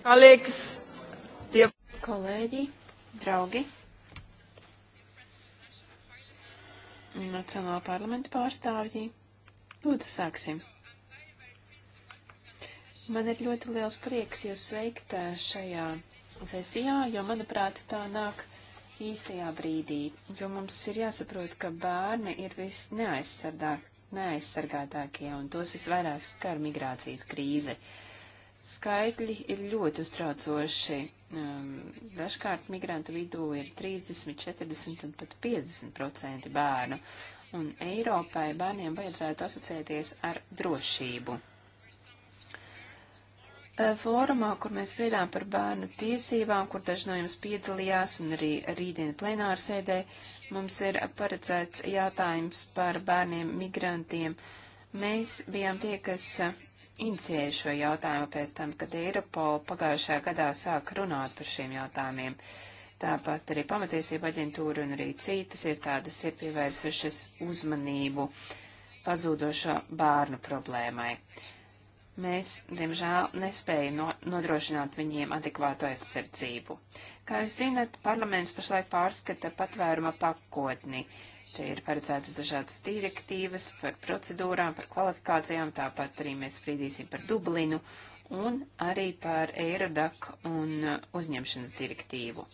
Kolēģis, tie kolēģi, draugi, Nacionālā parlamenta pārstāvji, lūdzu sāksim. Man ir ļoti liels prieks jūs sveikt eh, šajā sesijā, jo, manuprāt, tā nāk īstajā brīdī, jo mums ir jāsaprot, ka bērni ir vis neaizsargātākie un tos visvairāk skar migrācijas krīze. Uh, Skaitļi ir ļoti uztraucoši. Um, dažkārt migrantu vidū ir 30, 40 un pat 50 procenti bērnu, un Eiropai bērniem vajadzētu asociēties ar drošību. Uh, fórumā, kur mēs spriedām par bērnu tiesībām, kur daži no jums piedalījās un arī rītdien plenārsēdē, mums ir paredzēts jātājums par bērniem migrantiem. Mēs bijām tie, kas inicijēju šo jautājumu pēc tam, kad Eiropola pagājušajā gadā sāk runāt par šiem jautājumiem. Tāpat arī pamatiesība aģentūra un arī citas iestādes ir pievērsušas uzmanību pazūdošo bērnu problēmai. Mēs, diemžēl, nespējam no, nodrošināt viņiem adekvātu aizsardzību. Kā jūs zinat, parlaments pašlaik pārskata patvēruma pakotni. Te ir paredzētas dažādas direktīvas par procedūrām, par kvalifikācijām, tāpat arī mēs sprīdīsim par Dublinu un arī par Eirodak un uh, uzņemšanas direktīvu.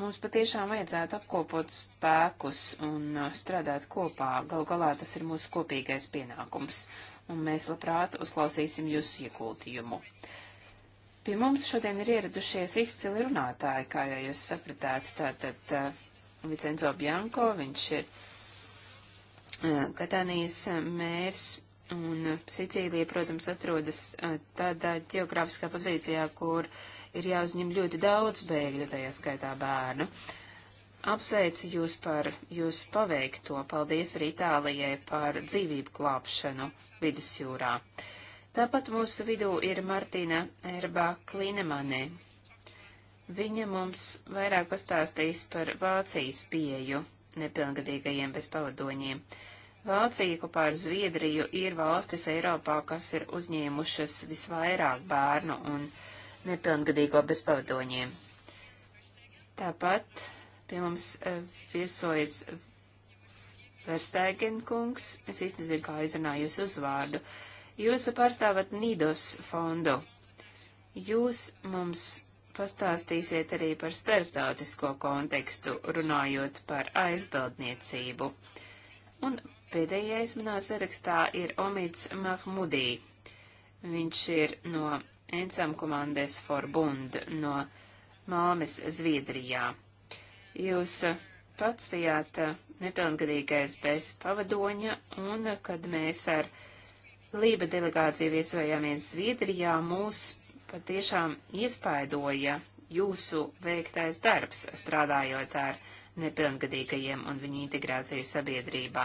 Mums patiešām vajadzētu apkopot spēkus un uh, strādāt kopā. Gal galā tas ir mūsu kopīgais pienākums, un mēs labprāt uzklausīsim jūsu iekultījumu. Pie mums šodien ir ieradušies izcili runātāji, kā jau jūs sapratāt, tātad uh, Vicenzo Bjanko, viņš ir uh, eh, Katānijas mērs, un Sicīlija, protams, atrodas uh, tādā ģeogrāfiskā pozīcijā, kur ir jāuzņem ļoti daudz bēgļu, tajā skaitā bērnu. Apsveicu jūs par jūsu paveikto, paldies arī Itālijai par dzīvību klāpšanu vidusjūrā. Tāpat mūsu vidū ir Martina Erbā Klinemane, Viņa mums vairāk pastāstīs par Vācijas pieju nepilngadīgajiem bezpavadoņiem. Vācija kopā ar Zviedriju ir valstis Eiropā, kas ir uzņēmušas visvairāk bērnu un nepilngadīgo bezpavadoņiem. Tāpat pie mums eh, viesojas Verstēgen kungs, es īsti nezinu, kā izrunāju jūsu uzvārdu. Jūs pārstāvat Nīdos fondu. Jūs mums pastāstīsiet arī par starptautisko kontekstu, runājot par aizbildniecību. Un pēdējais manā sarakstā ir Omids Mahmudī. Viņš ir no Ensam komandes Forbund no Malmes, Zviedrijā. Jūs eh, pats bijāt eh, nepilngadīgais bez pavadoņa, un kad mēs ar Lība delegāciju viesojāmies Zviedrijā, mūs patiešām iespaidoja jūsu veiktais darbs, strādājot ar nepilngadīgajiem un viņu integrāciju sabiedrībā,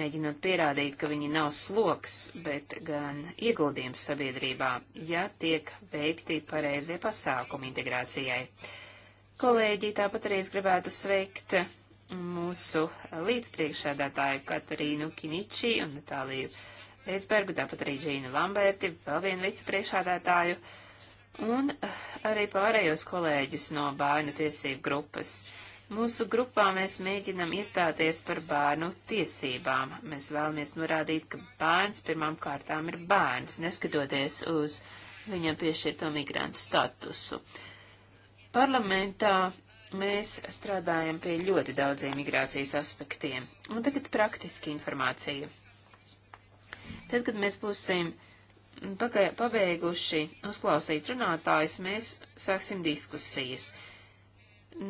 mēģinot pierādīt, ka viņi nav sloks, bet gan ieguldījums sabiedrībā, ja tiek veikti pareizie pasākumi integrācijai. Kolēģi, tāpat arī es gribētu sveikt mūsu līdzpriekšēdātāju Katarīnu Kiniči un Natāliju Reisbergu, tāpat arī Žīnu Lamberti, vēl vienu vicepriekšādātāju un eh, arī pārējos kolēģus no bērnu tiesību grupas. Mūsu grupā mēs mēģinam iestāties par bērnu tiesībām. Mēs vēlamies norādīt, ka bērns pirmām kārtām ir bērns, neskatoties uz viņam piešķirto migrantu statusu. Parlamentā mēs strādājam pie ļoti daudziem migrācijas aspektiem. Un tagad praktiski informācija. Tad, kad mēs būsim pagai, pabeiguši uzklausīt runātājus, mēs sāksim diskusijas.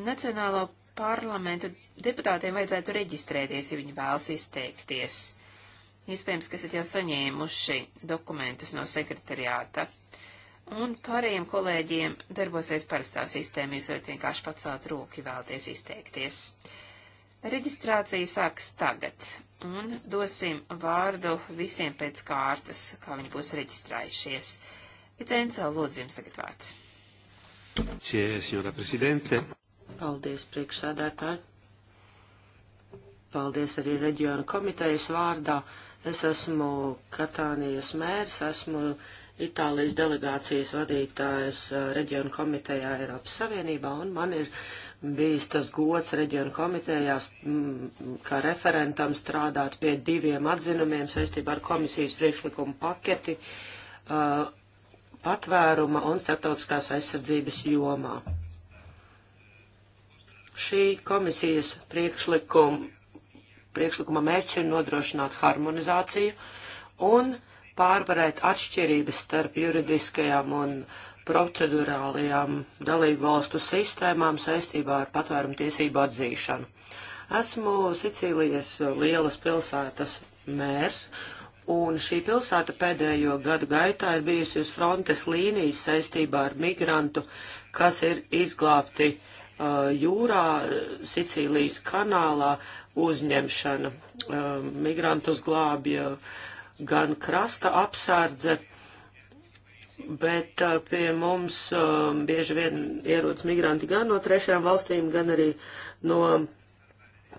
Nacionālo parlamentu deputātiem vajadzētu reģistrēties, ja viņi vēlas izteikties. Iespējams, ka esat jau saņēmuši dokumentus no sekretariāta. Un pārējiem kolēģiem darbosies parastā sistēma, jūs varat vienkārši pacelt roku, ja vēlaties izteikties. Reģistrācija sākas tagad un dosim vārdu visiem pēc kārtas, kā viņi būs reģistrējušies. Vicenco, lūdzu, jums tagad vārds. Cies, jūra prezidente. Paldies, priekšsādātāji. Paldies arī reģiona komitejas vārdā. Es esmu Katānijas mērs, esmu Itālijas delegācijas vadītājs eh, reģiona komitejā Eiropas Savienībā, un man ir bijis tas gods reģionu komitejās, m, mm, kā referentam strādāt pie diviem atzinumiem saistībā ar komisijas priekšlikumu paketi uh, patvēruma un starptautiskās aizsardzības jomā. Šī komisijas priekšlikuma, priekšlikuma mērķi ir nodrošināt harmonizāciju un pārvarēt atšķirības starp juridiskajām un uh, procedurālajām dalību valstu sistēmām saistībā ar patvērumu tiesību atzīšanu. Esmu Sicīlijas lielas pilsētas mērs, un šī pilsēta pēdējo gadu gaitā ir bijusi uz frontes līnijas saistībā ar migrantu, kas ir izglābti uh, jūrā Sicīlijas kanālā uzņemšana. Uh, migrantus glābja gan krasta apsardze, uh, bet uh, pie mums um, bieži vien ierodas migranti gan no trešajām valstīm, gan arī no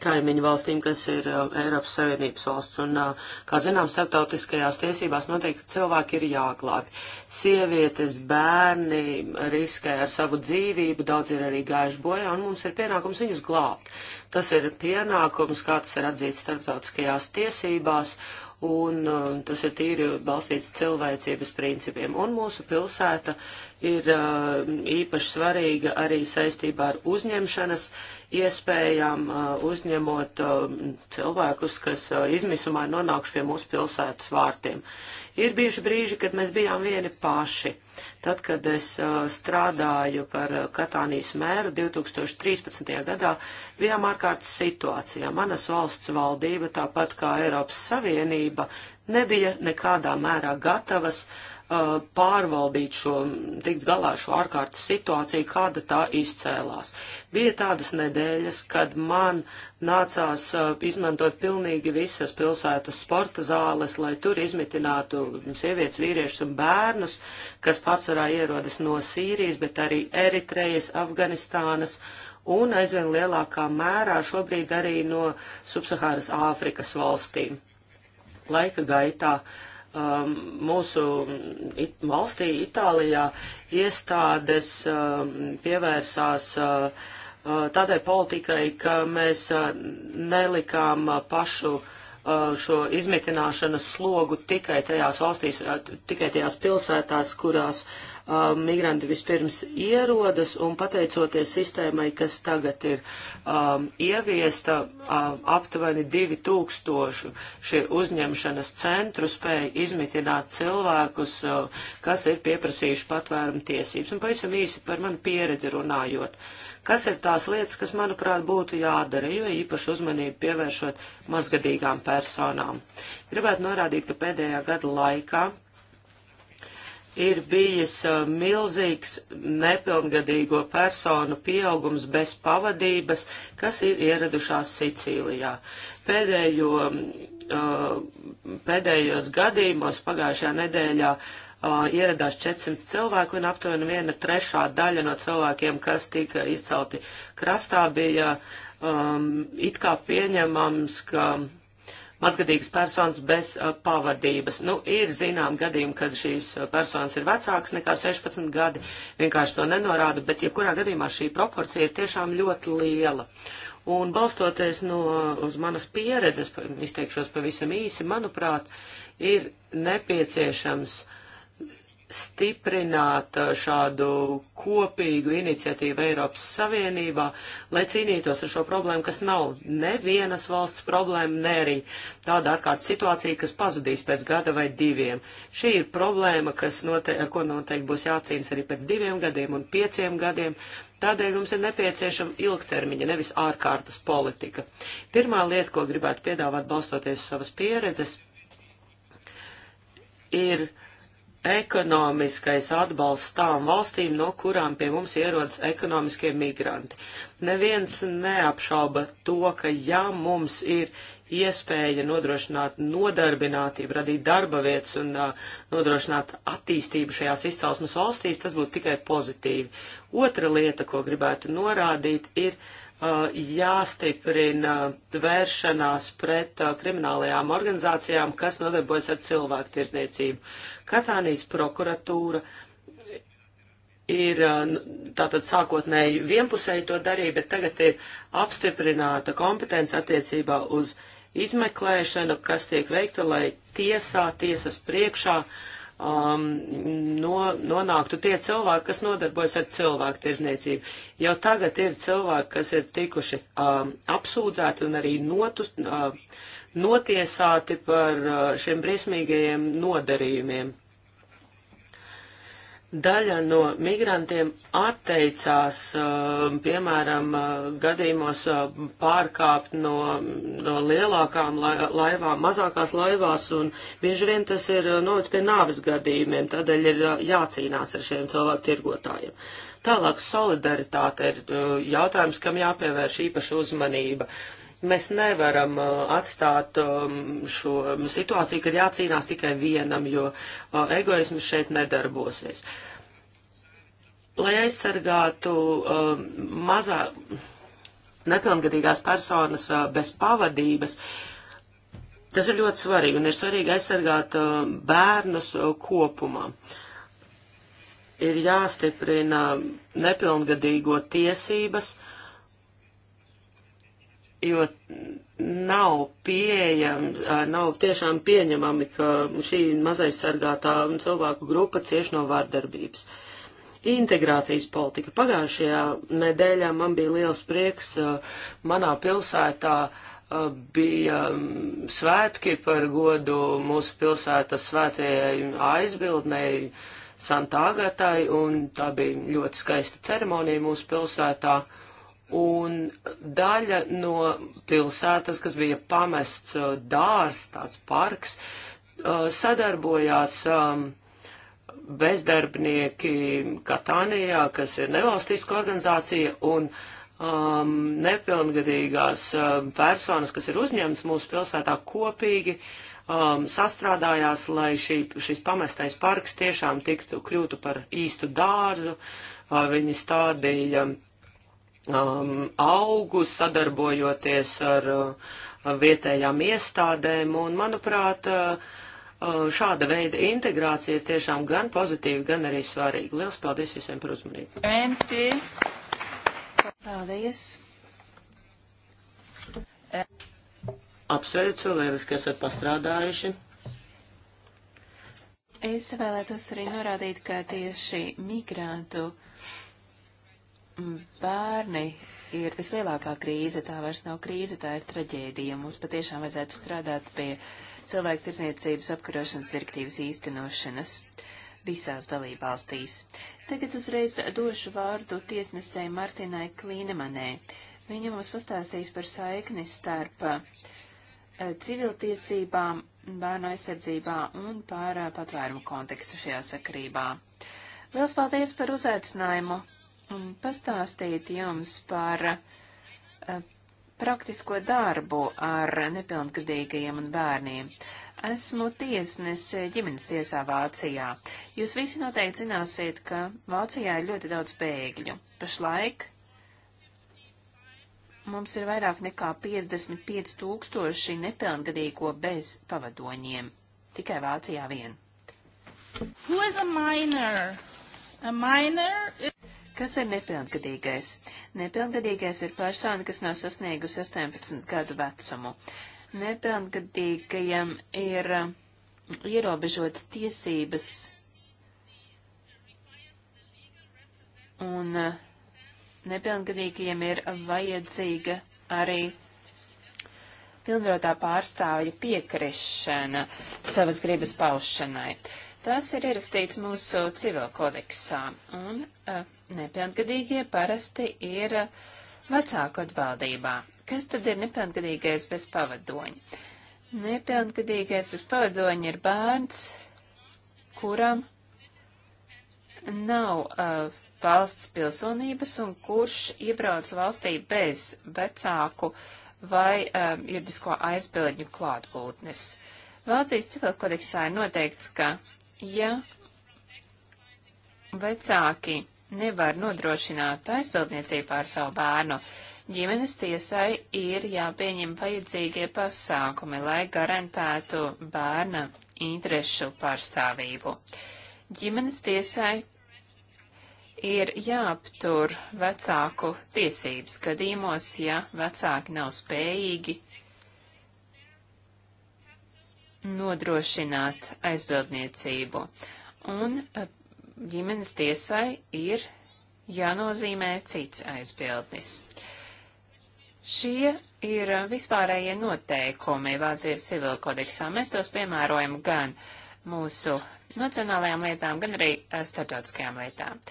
kaimiņu valstīm, kas ir uh, Eiropas Savienības valsts. Un, uh, kā zināms, starptautiskajās tiesībās noteikti cilvēki ir jāglābi. Sievietes, bērni riskē ar savu dzīvību, daudz ir arī gājuši bojā, un mums ir pienākums viņus glābt. Tas ir pienākums, kā tas ir atzīts starptautiskajās tiesībās, un um, tas ir tīri balstīts cilvēcības principiem. Un mūsu pilsēta ir uh, īpaši svarīga arī saistībā ar uzņemšanas iespējām, uh, uzņemot uh, cilvēkus, kas uh, izmisumā nonākuši pie mūsu pilsētas vārtiem. Ir bijuši brīži, kad mēs bijām vieni paši. Tad, kad es uh, strādāju par uh, Katānijas mēru 2013. gadā, bijām ārkārtas situācijā. Manas valsts valdība, tāpat kā Eiropas Savienība, nebija nekādā mērā gatavas uh, uh, pārvaldīt šo, tikt galā šo ārkārtas situāciju, kāda tā izcēlās. Bija tādas nedēļas, kad man nācās uh, izmantot pilnīgi visas pilsētas sporta zāles, lai tur izmitinātu sievietes, vīriešus un bērnus, kas pārsvarā ierodas no Sīrijas, bet arī Eritrejas, Afganistānas un aizvien lielākā mērā šobrīd arī no subsahāras Āfrikas valstīm. Laika gaitā uh, um, mūsu it, valstī, Itālijā, iestādes um, pievērsās uh, uh, tādai politikai, ka mēs uh, nelikām uh, pašu uh, šo izmitināšanas slogu tikai tajās valstīs, uh, tikai tajās pilsētās, kurās uh, uh, migranti vispirms ierodas un pateicoties sistēmai, kas tagad ir um, ieviesta, um, aptuveni 2000 šie uzņemšanas centru spēja izmitināt cilvēkus, uh, kas ir pieprasījuši patvērumu tiesības. Un pavisam īsi par manu pieredzi runājot. Kas ir tās lietas, kas, manuprāt, būtu jādara, jo īpaši uzmanību pievēršot mazgadīgām personām? Gribētu norādīt, ka pēdējā gada laikā ir bijis milzīgs nepilngadīgo personu pieaugums bez pavadības, kas ir ieradušās Sicīlijā. Pēdējo, pēdējos gadījumos pagājušajā nedēļā ieradās 400 cilvēku un aptuveni viena trešā daļa no cilvēkiem, kas tika izcelti krastā, bija um, it kā pieņemams, ka mazgadīgas personas bez uh, pavadības. Nu, ir zinām gadījumi, kad šīs uh, personas ir vecākas nekā 16 gadi, vienkārši to nenorāda, bet jebkurā gadījumā šī proporcija ir tiešām ļoti liela. Un balstoties no, uz manas pieredzes, izteikšos pavisam īsi, manuprāt, ir nepieciešams uh, stiprināt uh, šādu kopīgu iniciatīvu Eiropas Savienībā, lai cīnītos ar šo problēmu, kas nav nevienas valsts problēma, ne arī tāda ārkārtas situācija, kas pazudīs pēc gada vai diviem. Šī ir problēma, kas note, ar ko noteikti būs jācīnas arī pēc diviem gadiem un pieciem gadiem. Tādēļ mums ir nepieciešama ilgtermiņa, nevis ārkārtas politika. Pirmā lieta, ko gribētu piedāvāt balstoties uz savas pieredzes, ir ekonomiskais atbalsts tām valstīm, no kurām pie mums ierodas ekonomiskie migranti. Neviens neapšauba to, ka ja mums ir iespēja nodrošināt nodarbinātību, radīt darba vietas un uh, nodrošināt attīstību šajās izcelsmes valstīs, tas būtu tikai pozitīvi. Otra lieta, ko gribētu norādīt, ir uh, jāstiprina vēršanās pret uh, kriminālajām organizācijām, kas nodarbojas ar cilvēku tirzniecību. Uh, Katānijas prokuratūra ir eh, tātad sākotnēji vienpusēji to darīja, bet tagad ir apstiprināta kompetence attiecībā uz izmeklēšanu, kas tiek veikta, lai tiesā, tiesas priekšā um, no, nonāktu tie cilvēki, kas nodarbojas ar cilvēku tirzniecību. Jau tagad ir cilvēki, kas ir tikuši um, apsūdzēti un arī notus, um, notiesāti par uh, šiem briesmīgajiem nodarījumiem. Daļa no migrantiem atteicās, uh, piemēram, uh, gadījumos pārkāpt no, no lielākām laivām, mazākās laivās, un bieži vien tas ir novic pie nāves gadījumiem, tādēļ ir jācīnās ar šiem cilvēku tirgotājiem. Tālāk solidaritāte ir jautājums, kam jāpievērš īpaša uzmanība. Uh, Mēs nevaram uh, atstāt um, šo situāciju, kad jācīnās tikai vienam, jo uh, egoisms šeit nedarbosies. Lai aizsargātu um, mazā nepilngadīgās personas uh, bez pavadības, tas ir ļoti svarīgi un ir svarīgi aizsargāt bērnus kopumā ir jāstiprina nepilngadīgo tiesības, jo nav pieejam, nav tiešām pieņemami, ka šī mazaizsargātā cilvēku grupa cieš no vārdarbības. Integrācijas politika. Pagājušajā nedēļā man bija liels prieks manā pilsētā bija svētki par godu mūsu pilsētas svētajai aizbildnei Santāgatai, un tā bija ļoti skaista ceremonija mūsu pilsētā. Uh, Un daļa no pilsētas, kas bija pamests uh, dārs, tāds parks, uh, sadarbojās um, bezdarbnieki Katānijā, kas ir nevalstiska organizācija, un um, nepilngadīgās um, personas, kas ir uzņemts mūsu pilsētā kopīgi, um, sastrādājās, lai šī, šis pamestais parks tiešām tiktu, kļūtu par īstu dārzu. Uh, viņi stādīja um, augu, sadarbojoties ar uh, vietējām iestādēm, un, manuprāt, uh, uh, šāda veida integrācija ir tiešām gan pozitīva, gan arī svarīga. Liels paldies visiem par uzmanību. Enti. Paldies. Apsveicu, lieliski esat pastrādājuši. Es vēlētos arī norādīt, ka tieši migrantu Mm, bērni ir vislielākā krīze, tā vairs nav krīze, tā ir traģēdija. Mums patiešām vajadzētu strādāt pie cilvēku tirdzniecības apkarošanas direktīvas īstenošanas visās dalībvalstīs. Tagad uzreiz došu vārdu tiesnesēji Martinai Klīnemanē. Viņa mums pastāstīs par saikni starp eh, civiltiesībām, bērnu aizsardzībā un par eh, patvērumu kontekstu šajā sakarībā. Liels paldies par uzaicinājumu Um, pastāstīt jums par uh, praktisko darbu ar nepilngadīgajiem un bērniem. Esmu tiesnese ģimenes tiesā Vācijā. Jūs visi noteikti zināsiet, ka Vācijā ir ļoti daudz bēgļu. Pašlaik mums ir vairāk nekā 55 tūkstoši nepilngadīgo bez pavadoņiem. Tikai Vācijā vien. Who is a minor? A minor is... Kas ir nepilngadīgais? Nepilngadīgais ir persona, kas nav sasniegusi 18 gadu vecumu. Nepilngadīgajam ir um, ierobežotas tiesības un uh, nepilngadīgajiem ir vajadzīga arī pilnvarotā pārstāvja piekrišana savas gribas paušanai. Tas ir ierakstīts mūsu civilkodeksā, un uh, nepilngadīgie parasti ir vecāku atbildībā. Kas tad ir nepilngadīgais bez pavadoņa? Nepilngadīgais bez pavadoņa ir bērns, kuram nav uh, valsts pilsonības un kurš iebrauc valstī bez vecāku vai uh, juridisko aizbildņu klātbūtnes. Vācijas civilkodeksā ir noteikts, ka ja vecāki nevar nodrošināt aizbildniecību pār savu bērnu, ģimenes tiesai ir jāpieņem vajadzīgie pasākumi, lai garantētu bērna interešu pārstāvību. Ģimenes tiesai ir jāaptur vecāku tiesības gadījumos, ja vecāki nav spējīgi nodrošināt aizbildniecību. Un ģimenes tiesai ir jānozīmē cits aizbildnis. Šie ir vispārējie noteikumi Vācijas civila kodeksā. Mēs tos piemērojam gan mūsu nacionālajām lietām, gan arī eh, starptautiskajām lietām.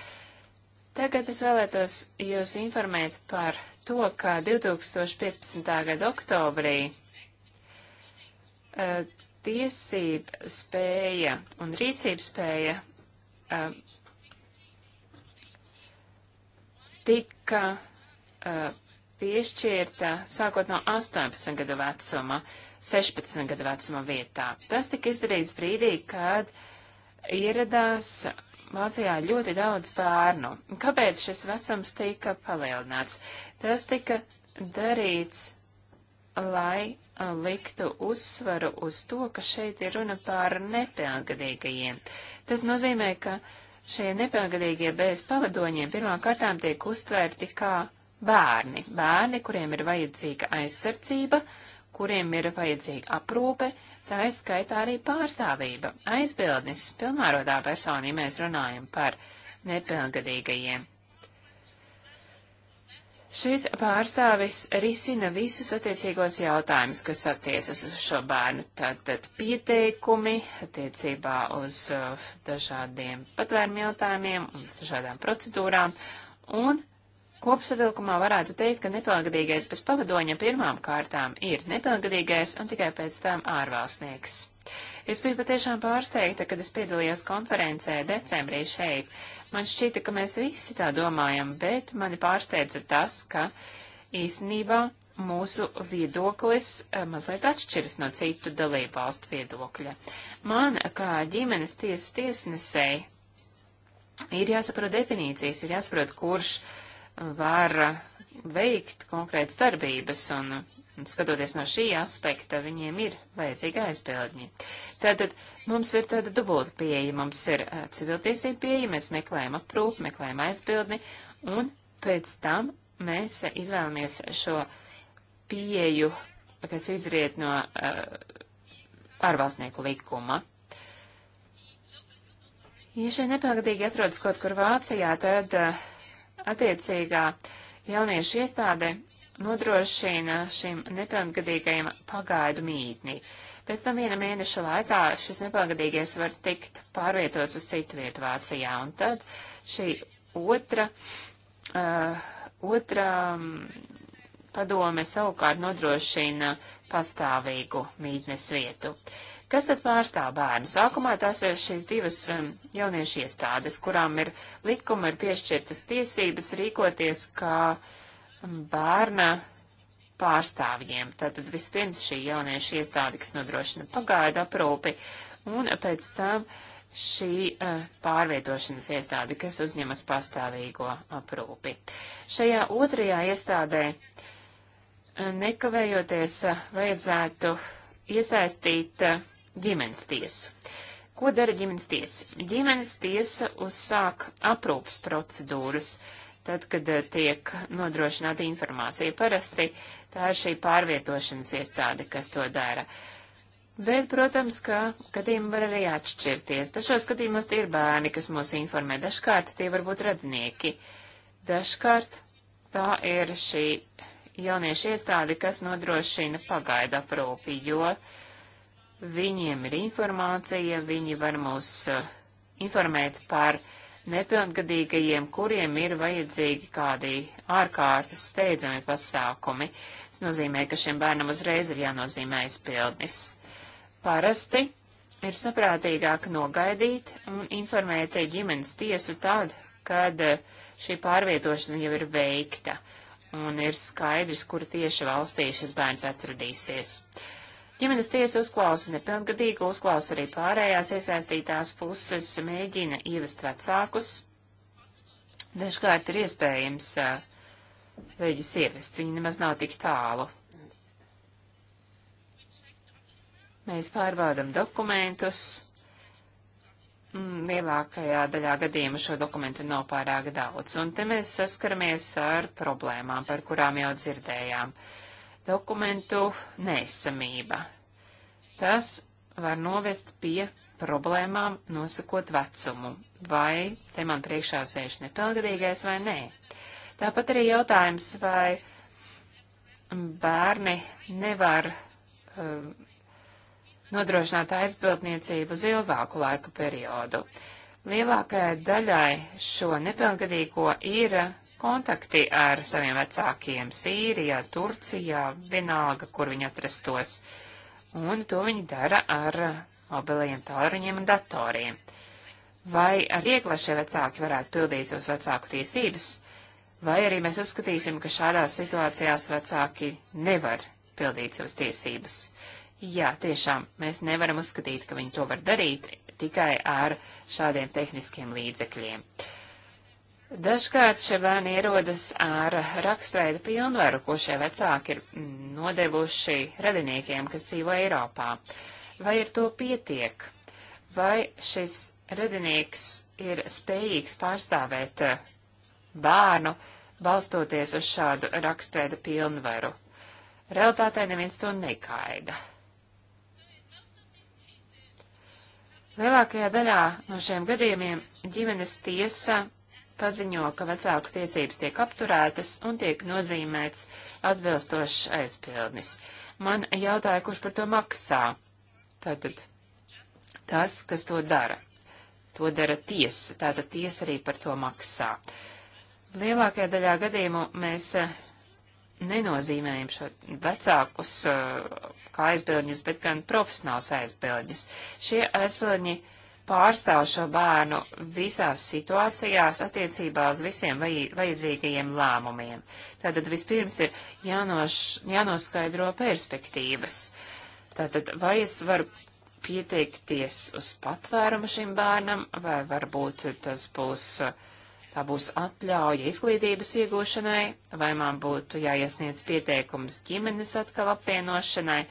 Tagad es vēlētos jūs informēt par to, ka 2015. gada oktobrī uh, eh, tiesība spēja un rīcības spēja uh, tika uh, piešķirta sākot no 18 gadu vecuma, 16 gadu vecuma vietā. Tas tika izdarīts brīdī, kad ieradās Vācijā ļoti daudz bērnu. Kāpēc šis vecums tika palielināts? Tas tika darīts, lai liktu uzsvaru uz to, ka šeit ir runa par nepilngadīgajiem. Tas nozīmē, ka šie nepilngadīgie bez pavadoņiem pirmām kārtām tiek uztvērti kā bērni. Bērni, kuriem ir vajadzīga aizsardzība, kuriem ir vajadzīga aprūpe, tā izskaitā arī pārstāvība. Aizbildnis, pilnvārotā personī mēs runājam par nepilngadīgajiem. Šis pārstāvis risina visus attiecīgos jautājumus, kas attiecas uz šo bērnu. Tātad pieteikumi attiecībā uz uh, dažādiem patvērumu jautājumiem un dažādām procedūrām. Un Kopsavilkumā varētu teikt, ka nepilngadīgais pēc pavadoņa pirmām kārtām ir nepilngadīgais un tikai pēc tam ārvalstnieks. Es biju patiešām pārsteigta, kad es piedalījos konferencē decembrī šeit. Man šķita, ka mēs visi tā domājam, bet mani pārsteidza tas, ka īstenībā mūsu viedoklis eh, mazliet atšķiras no citu dalību valstu viedokļa. Man, kā ģimenes tiesas tiesnesei, ir jāsaprot definīcijas, ir jāsaprot, kurš uh, var veikt konkrētas darbības, un skatoties no šī aspekta, viņiem ir vajadzīga aizbildņi. Tātad mums ir tāda dubulta pieeja, mums ir eh, civiltiesība pieeja, mēs meklējam aprūpi, meklējam aizbildni, un pēc tam mēs izvēlamies šo pieeju, kas izriet no uh, ārvalstnieku likuma. Ja šie nepilngadīgi atrodas kaut kur Vācijā, tad uh, Attiecīgā jauniešu iestāde nodrošina šim nepilngadīgajam pagaidu mītni. Pēc tam viena mēneša laikā šis nepilngadīgais var tikt pārvietots uz citu vietu Vācijā, un tad šī otra, uh, otra mm, padome savukārt nodrošina pastāvīgu mītnes vietu. Uh, Kas tad pārstāv bērnu? Sākumā tās ir šīs divas um, jauniešu iestādes, kurām ir likuma, ir piešķirtas tiesības rīkoties kā um, bērna pārstāvjiem. Tātad vispirms šī jauniešu iestāde, kas nodrošina pagaidu aprūpi, un pēc tam šī uh, pārvietošanas iestāde, kas uzņemas pastāvīgo aprūpi. Šajā otrajā iestādē uh, nekavējoties uh, vajadzētu iesaistīt uh, ģimenes tiesu. Ko dara ģimenes tiesa? Ģimenes tiesa uzsāk aprūpas procedūras, tad, kad eh, tiek nodrošināta informācija. Parasti tā ir šī pārvietošanas iestāde, kas to dara. Bet, protams, ka gadījumi var arī atšķirties. Dažos gadījumos tie ir bērni, kas mūs informē. Dažkārt tie var būt radinieki. Dažkārt tā ir šī jauniešu iestāde, kas nodrošina pagaidu aprūpi, jo uh, Viņiem ir informācija, viņi var mūs eh, informēt par nepilngadīgajiem, kuriem ir vajadzīgi kādi ārkārtas steidzami pasākumi. Tas nozīmē, ka šiem bērnam uzreiz ir jānozīmē izpildnis. Parasti ir saprātīgāk nogaidīt un informēt ģimenes tiesu tad, kad eh, šī pārvietošana jau ir veikta un ir skaidrs, kur tieši valstī šis bērns atradīsies. Uh, Ģimenes tiesa uzklausa nepilngadīgu, uzklausa arī pārējās iesaistītās puses, mēģina ievest vecākus. Dažkārt ir iespējams eh, veģis ievest, viņi nemaz nav tik tālu. Mēs pārbaudam dokumentus. Mm, lielākajā daļā gadījumu šo dokumentu nav pārāk daudz, un te mēs saskaramies ar problēmām, par kurām jau dzirdējām. Uh, dokumentu nesamība. Tas var novest pie problēmām nosakot vecumu, vai te man priekšā sēž nepilngadīgais vai nē. Tāpat arī jautājums, vai bērni nevar um, nodrošināt aizbildniecību uz ilgāku laika periodu. Lielākajai daļai šo nepilngadīgo ir kontakti ar saviem vecākiem Sīrijā, Turcijā, vienalga, kur viņi atrastos. Un to viņi dara ar mobilajiem tālruņiem un datoriem. Vai ar iegla šie vecāki varētu pildīt savus vecāku tiesības, vai arī mēs uzskatīsim, ka šādās situācijās vecāki nevar pildīt savas tiesības. Jā, tiešām, mēs nevaram uzskatīt, ka viņi to var darīt tikai ar šādiem tehniskiem līdzekļiem. Uh, Dažkārt šie bērni ierodas ar rakstveida pilnvaru, ko šie vecāki ir nodevuši radiniekiem, kas dzīvo Eiropā. Vai ar to pietiek? Vai šis radinieks ir spējīgs pārstāvēt eh, bērnu, balstoties uz šādu rakstveida pilnvaru? Realtātē neviens to nekaida. Lielākajā daļā no šiem gadījumiem ģimenes tiesa paziņo, ka vecāku tiesības tiek apturētas un tiek nozīmēts atbilstošs aizpildnis. Man jautāja, kurš par to maksā. Tātad tas, kas to dara. To dara tiesa, tātad tiesa arī par to maksā. Lielākajā daļā gadījumu mēs eh, nenozīmējam šo vecākus eh, kā aizbildņus, bet gan profesionāls aizbildņus. Šie aizbildņi pārstāv šo bērnu visās situācijās attiecībā uz visiem vajadzīgajiem lēmumiem. Tātad vispirms ir jānoš, jānoskaidro perspektīvas. Tātad vai es varu pieteikties uz patvērumu šim bērnam, vai varbūt tas būs, tā būs atļauja izglītības iegūšanai, vai man būtu jāiesniedz pieteikums ģimenes atkal apvienošanai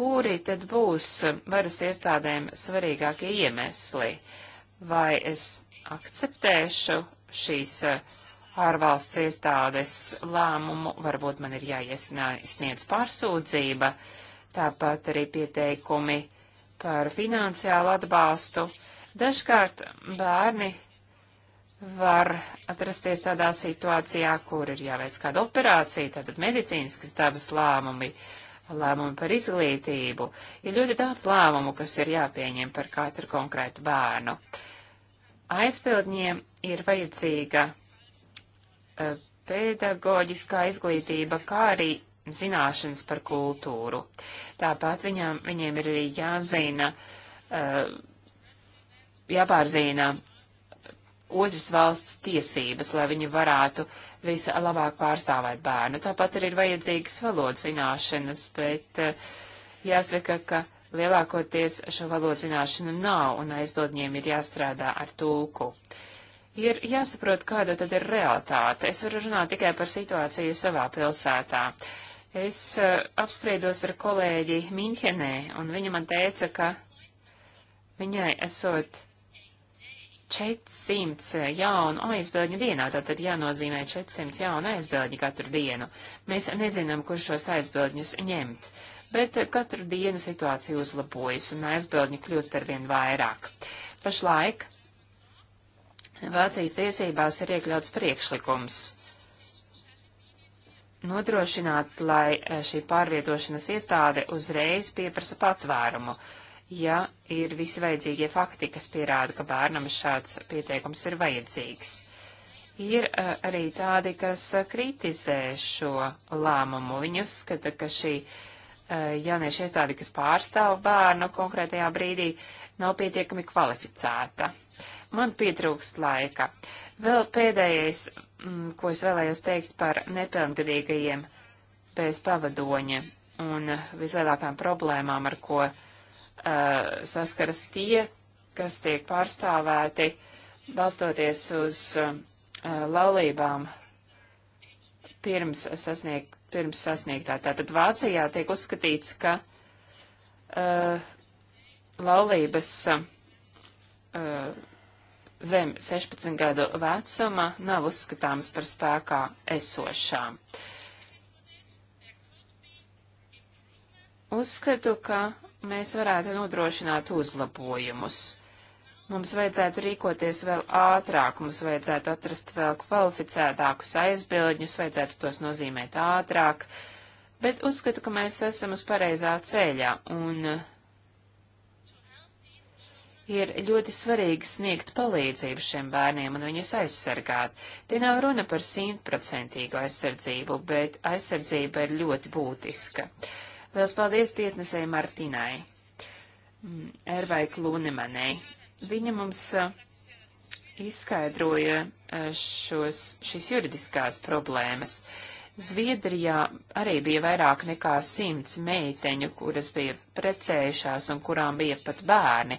kuri tad būs varas iestādēm svarīgākie iemesli? Vai es akceptēšu šīs eh, ārvalsts iestādes lēmumu, varbūt man ir jāiesniedz pārsūdzība, tāpat arī pieteikumi par finansiālu atbalstu. Dažkārt bērni var atrasties tādā situācijā, kur ir jāveic kāda operācija, tātad medicīniskas dabas lēmumi, lēmumi par izglītību. Ir ļoti daudz lēmumu, kas ir jāpieņem par katru konkrētu bērnu. Aizpildņiem ir vajadzīga e, pedagoģiskā izglītība, kā arī zināšanas par kultūru. Tāpat viņām, viņiem ir arī jāzina, e, jāpārzina otras valsts tiesības, lai viņi varētu vislabāk pārstāvēt bērnu. Tāpat arī ir vajadzīgas valodas zināšanas, bet eh, jāsaka, ka lielākoties šo valodas zināšanu nav un aizbildņiem ir jāstrādā ar tulku. Ir jāsaprot, kāda tad ir realitāte. Es varu runāt tikai par situāciju savā pilsētā. Es uh, apspriedos ar kolēģi Minhenē, un viņa man teica, ka viņai esot 400 jaunu aizbēgņu dienā, tātad jānozīmē 400 jaunu aizbēgņu katru dienu. Mēs nezinām, kurš šos aizbēgņus ņemt, bet katru dienu situācija uzlabojas un aizbēgņu kļūst arvien vairāk. Pašlaik Vācijas tiesībās ir iekļauts priekšlikums nodrošināt, lai šī pārvietošanas iestāde uzreiz pieprasa patvērumu. Uh, ja ir visi vajadzīgie fakti, kas pierāda, ka bērnam šāds pieteikums ir vajadzīgs. Ir uh, arī tādi, kas eh, kritizē šo lēmumu. Viņi uzskata, ka šī uh, jauniešu iestāde, kas pārstāv bērnu konkrētajā brīdī, nav pietiekami kvalificēta. Man pietrūkst laika. Vēl pēdējais, mm, ko es vēlējos teikt par nepilngadīgajiem bez pavadoņa un vislielākām problēmām, ar ko uh, uh, saskaras tie, kas tiek pārstāvēti balstoties uz um, uh, laulībām pirms, sasniegt, pirms sasniegtā. Tātad Vācijā tiek uzskatīts, ka uh, laulības um, uh, zem 16 gadu vecuma nav uzskatāmas par spēkā esošām. Uzskatu, ka mēs varētu nodrošināt uzlabojumus. Mums vajadzētu rīkoties vēl ātrāk, mums vajadzētu atrast vēl kvalificētākus aizbildņus, vajadzētu tos nozīmēt ātrāk, bet uzskatu, ka mēs esam uz pareizā ceļā un ir ļoti svarīgi sniegt palīdzību šiem bērniem un viņus aizsargāt. Te nav runa par simtprocentīgu aizsardzību, bet aizsardzība ir ļoti būtiska. Uh, Lielas paldies tiesnesēji Martinai, mm, Ervai Klūnemanai. Viņa mums uh, izskaidroja uh, šos, šīs juridiskās problēmas. Zviedrijā arī bija vairāk nekā simts meiteņu, kuras bija precējušās un kurām bija pat bērni,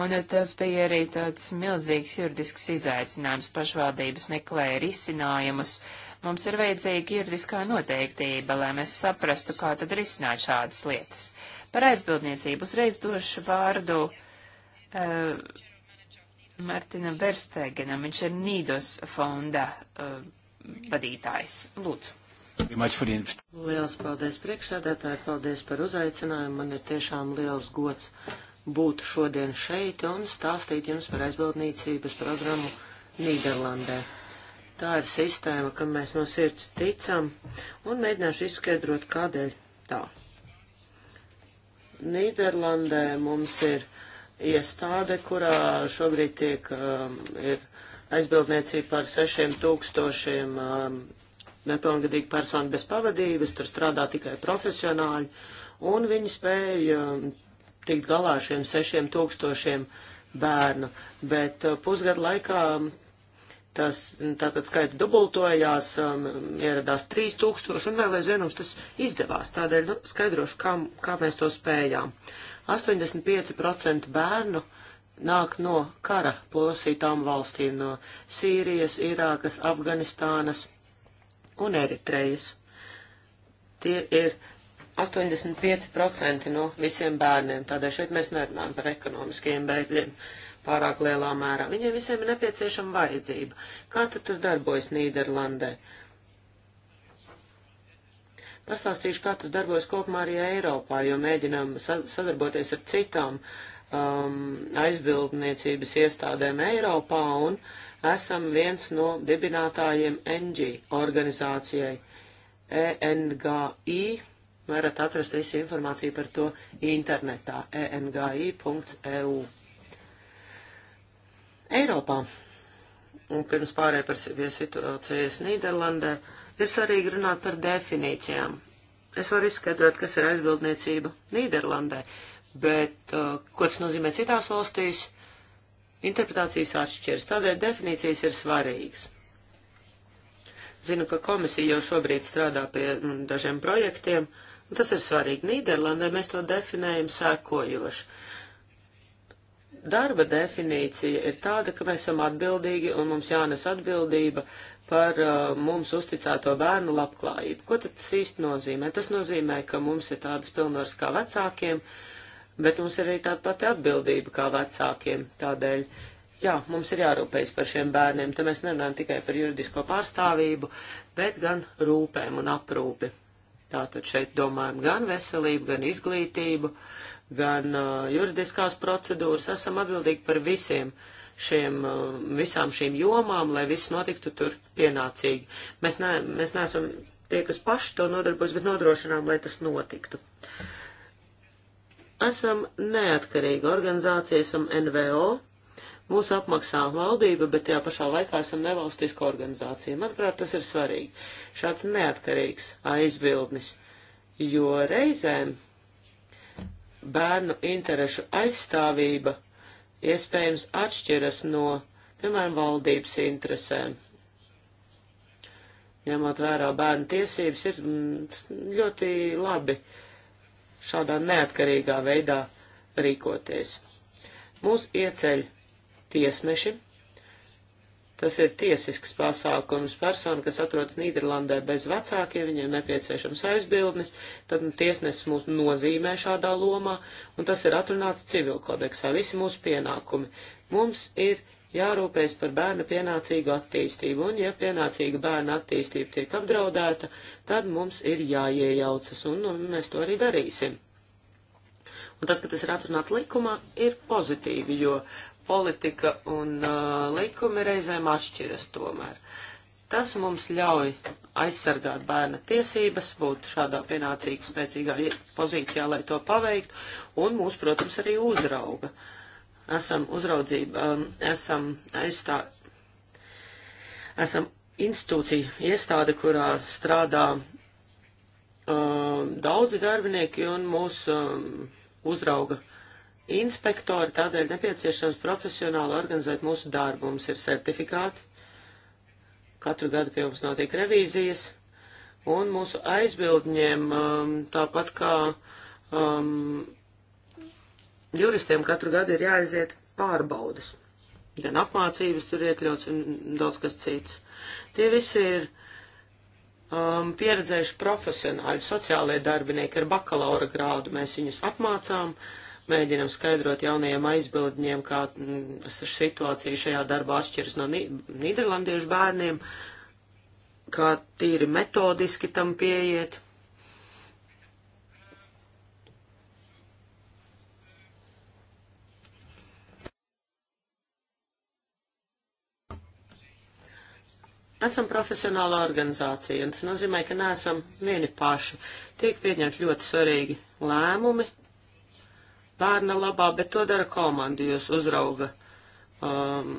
un uh, tas bija arī tāds milzīgs juridisks izaicinājums pašvaldības meklēja risinājumus, uh, Mums ir vajadzīga juridiskā noteiktība, lai mēs saprastu, kā tad risināt šādas lietas. Par aizbildniecību uzreiz došu vārdu uh, eh, Martinam Verstegenam, viņš ir Nīdos fonda uh, vadītājs. Lūdzu. Lielas paldies priekšsēdētāji, paldies par uzaicinājumu. Man ir tiešām liels gods būt šodien šeit un stāstīt jums par aizbildniecības programmu Nīderlandē. Tā ir sistēma, kam mēs no sirds ticam, un mēģināšu izskaidrot, kādēļ tā. Nīderlandē mums ir iestāde, kurā šobrīd tiek um, ir aizbildniecība par sešiem tūkstošiem um, nepilngadīgu personu bez pavadības, tur strādā tikai profesionāļi, un viņi spēja um, tikt galā ar šiem sešiem tūkstošiem bērnu, bet uh, pusgadu laikā Tas tātad skaita dubultojās, um, ieradās 3000 un vēl aizvien mums tas izdevās. Tādēļ nu, skaidrošu, kā, kā mēs to spējām. 85% bērnu nāk no kara polasītām valstīm, no Sīrijas, Irākas, Afganistānas un Eritrejas. Tie ir 85% no visiem bērniem, tādēļ šeit mēs nerunājam par ekonomiskajiem bēgļiem. Uh, pārāk lielā mērā. Viņiem visiem ir nepieciešama vajadzība. Kā tad tas darbojas Nīderlandē? Pastāstīšu, kā tas darbojas kopumā arī Eiropā, jo mēģinām sadarboties ar citām um, aizbildniecības iestādēm Eiropā un esam viens no dibinātājiem NG organizācijai ENGI varat atrast visu informāciju par to internetā engi.eu. Eiropā. Un pirms pārējai par situācijas Nīderlandē ir svarīgi runāt par definīcijām. Es varu izskaidrot, kas ir aizbildniecība Nīderlandē, bet uh, ko tas nozīmē citās valstīs, interpretācijas atšķiras. Tādēļ definīcijas ir svarīgas. Zinu, ka komisija jau šobrīd strādā pie m, mm, dažiem projektiem, un tas ir svarīgi. Nīderlandē mēs to definējam sēkojoši darba definīcija ir tāda, ka mēs esam atbildīgi un mums jānes atbildība par uh, mums uzticēto bērnu labklājību. Ko tad tas īsti nozīmē? Tas nozīmē, ka mums ir tādas pilnvaras kā vecākiem, bet mums ir arī tāda pati atbildība kā vecākiem. Tādēļ, jā, mums ir jārūpējas par šiem bērniem. Te mēs nerunājam tikai par juridisko pārstāvību, bet gan rūpēm un aprūpi. Tātad šeit domājam gan veselību, gan izglītību, gan uh, juridiskās procedūras, esam atbildīgi par visiem šiem, uh, visām šīm jomām, lai viss notiktu tur pienācīgi. Mēs, ne, mēs neesam tie, kas paši to nodarbojas, bet nodrošinām, lai tas notiktu. Esam neatkarīga organizācija, esam NVO, mūsu apmaksā valdība, bet tajā pašā laikā esam nevalstiska organizācija. Manuprāt, tas ir svarīgi. Šāds neatkarīgs aizbildnis, jo reizēm bērnu interešu aizstāvība iespējams atšķiras no, piemēram, valdības interesēm. Ņemot vērā bērnu tiesības, ir mm, ļoti labi šādā neatkarīgā veidā rīkoties. Mūs ieceļ tiesneši, Tas ir tiesisks pasākums. Persona, kas atrodas Nīderlandē bez vecākiem, viņiem nepieciešams aizbildnis, tad nu, tiesnesis mūs nozīmē šādā lomā, un tas ir atrunāts civilkodeksā. Visi mūsu pienākumi. Mums ir jārūpējas par bērnu pienācīgu attīstību, un ja pienācīga bērna attīstība tiek apdraudēta, tad mums ir jāiejaucas, un nu, mēs to arī darīsim. Un tas, ka tas ir atrunāts likumā, ir pozitīvi, jo politika un uh, likumi reizēm atšķiras tomēr. Tas mums ļauj aizsargāt bērna tiesības, būt šādā pienācīgā, spēcīgā pozīcijā, lai to paveiktu, un mūs, protams, arī uzrauga. Esam uzraudzība, um, esam aizstā, esam institūcija, iestāde, kurā strādā um, daudzi darbinieki un mūs um, uzrauga uh, inspektori, tādēļ nepieciešams profesionāli organizēt mūsu darbu. Mums ir certifikāti, katru gadu pie mums notiek revīzijas, un mūsu aizbildņiem, um, tāpat kā um, juristiem, katru gadu ir jāaiziet pārbaudas. Gan apmācības tur iekļauts un daudz kas cits. Tie visi ir um, pieredzējuši profesionāļi, sociālie darbinieki ar bakalaura grādu. Mēs viņus apmācām. Uh, mēģinam skaidrot jaunajiem aizbildņiem, kā mm, situācija šajā darbā atšķiras no nīderlandiešu bērniem, kā tīri metodiski tam pieiet. Esam profesionāla organizācija, un tas nozīmē, ka neesam vieni paši. Tiek pieņemt ļoti svarīgi lēmumi, bērna labā, bet to dara komanda. Jūs uzrauga um,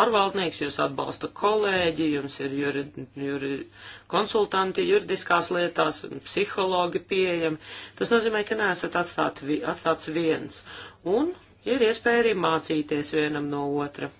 ārvaldnieks, jūs atbalsta kolēģi, jums ir juri, juri, konsultanti juridiskās lietās, psihologi pieejami. Tas nozīmē, ka neesat atstāt, vi, atstāts viens. Un ir iespēja arī mācīties vienam no otra.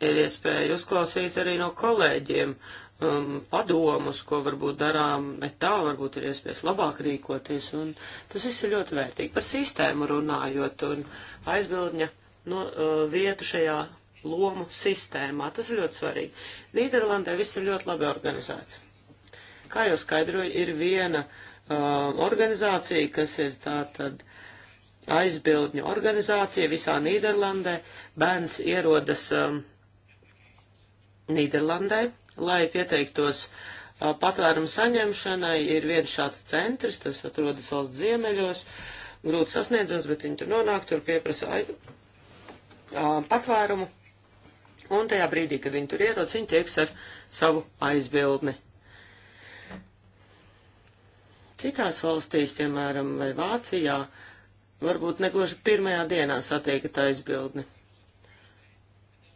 Ir iespēja uzklausīt arī no kolēģiem. Uh, um, padomus, ko varbūt darām ne tā, varbūt ir iespējas labāk rīkoties, un tas viss ir ļoti vērtīgi par sistēmu runājot, un aizbildņa no, uh, vietu šajā lomu sistēmā, tas ir ļoti svarīgi. Nīderlandē viss ir ļoti labi organizēts. Kā jau skaidroju, ir viena uh, organizācija, kas ir tā tad aizbildņu organizācija visā Nīderlandē, bērns ierodas um, Nīderlandē, lai pieteiktos patvērumu saņemšanai, ir viens šāds centrs, tas atrodas valsts ziemeļos, grūti sasniedzams, bet viņi tur nonāk, tur pieprasa a, patvērumu, un tajā brīdī, kad viņi tur ierodas, viņi tieks ar savu aizbildni. Citās valstīs, piemēram, vai Vācijā, varbūt negluži pirmajā dienā satiekat aizbildni.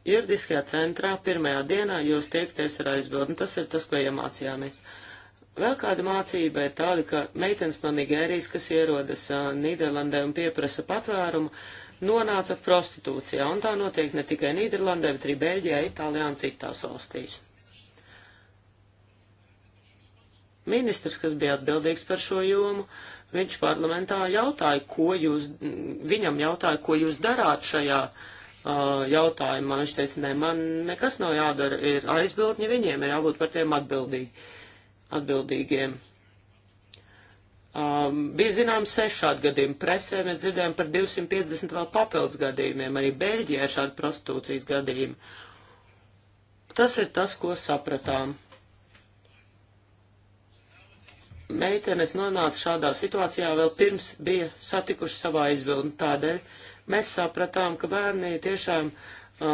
Juridiskajā centrā pirmajā dienā jūs tiekties ar aizbildni, tas ir tas, ko iemācījāmies. Vēl kāda mācība ir tāda, ka meitenes no Nigērijas, kas ierodas uh, Nīderlandē un pieprasa patvērumu, nonāca prostitūcijā, un tā notiek ne tikai Nīderlandē, bet arī Beļģijā, Itālijā un citās valstīs. Ministrs, kas bija atbildīgs par šo jomu, viņš parlamentā jautāja, ko jūs, viņam jautāja, ko jūs darāt šajā uh, jautājumu, man viņš teica, nē, man nekas nav jādara, ir aizbildņi viņiem, ir jābūt par tiem atbildīgi, atbildīgiem. Um, bija zināms seši šādi gadījumi. Presē mēs dzirdējām par 250 vēl papildus gadījumiem, arī Beļģijā ir šādi prostitūcijas gadījumi. Tas ir tas, ko sapratām. Meitenes nonāca šādā situācijā vēl pirms bija satikuši savā aizbildni tādēļ, Mēs sapratām, ka bērni tiešām uh,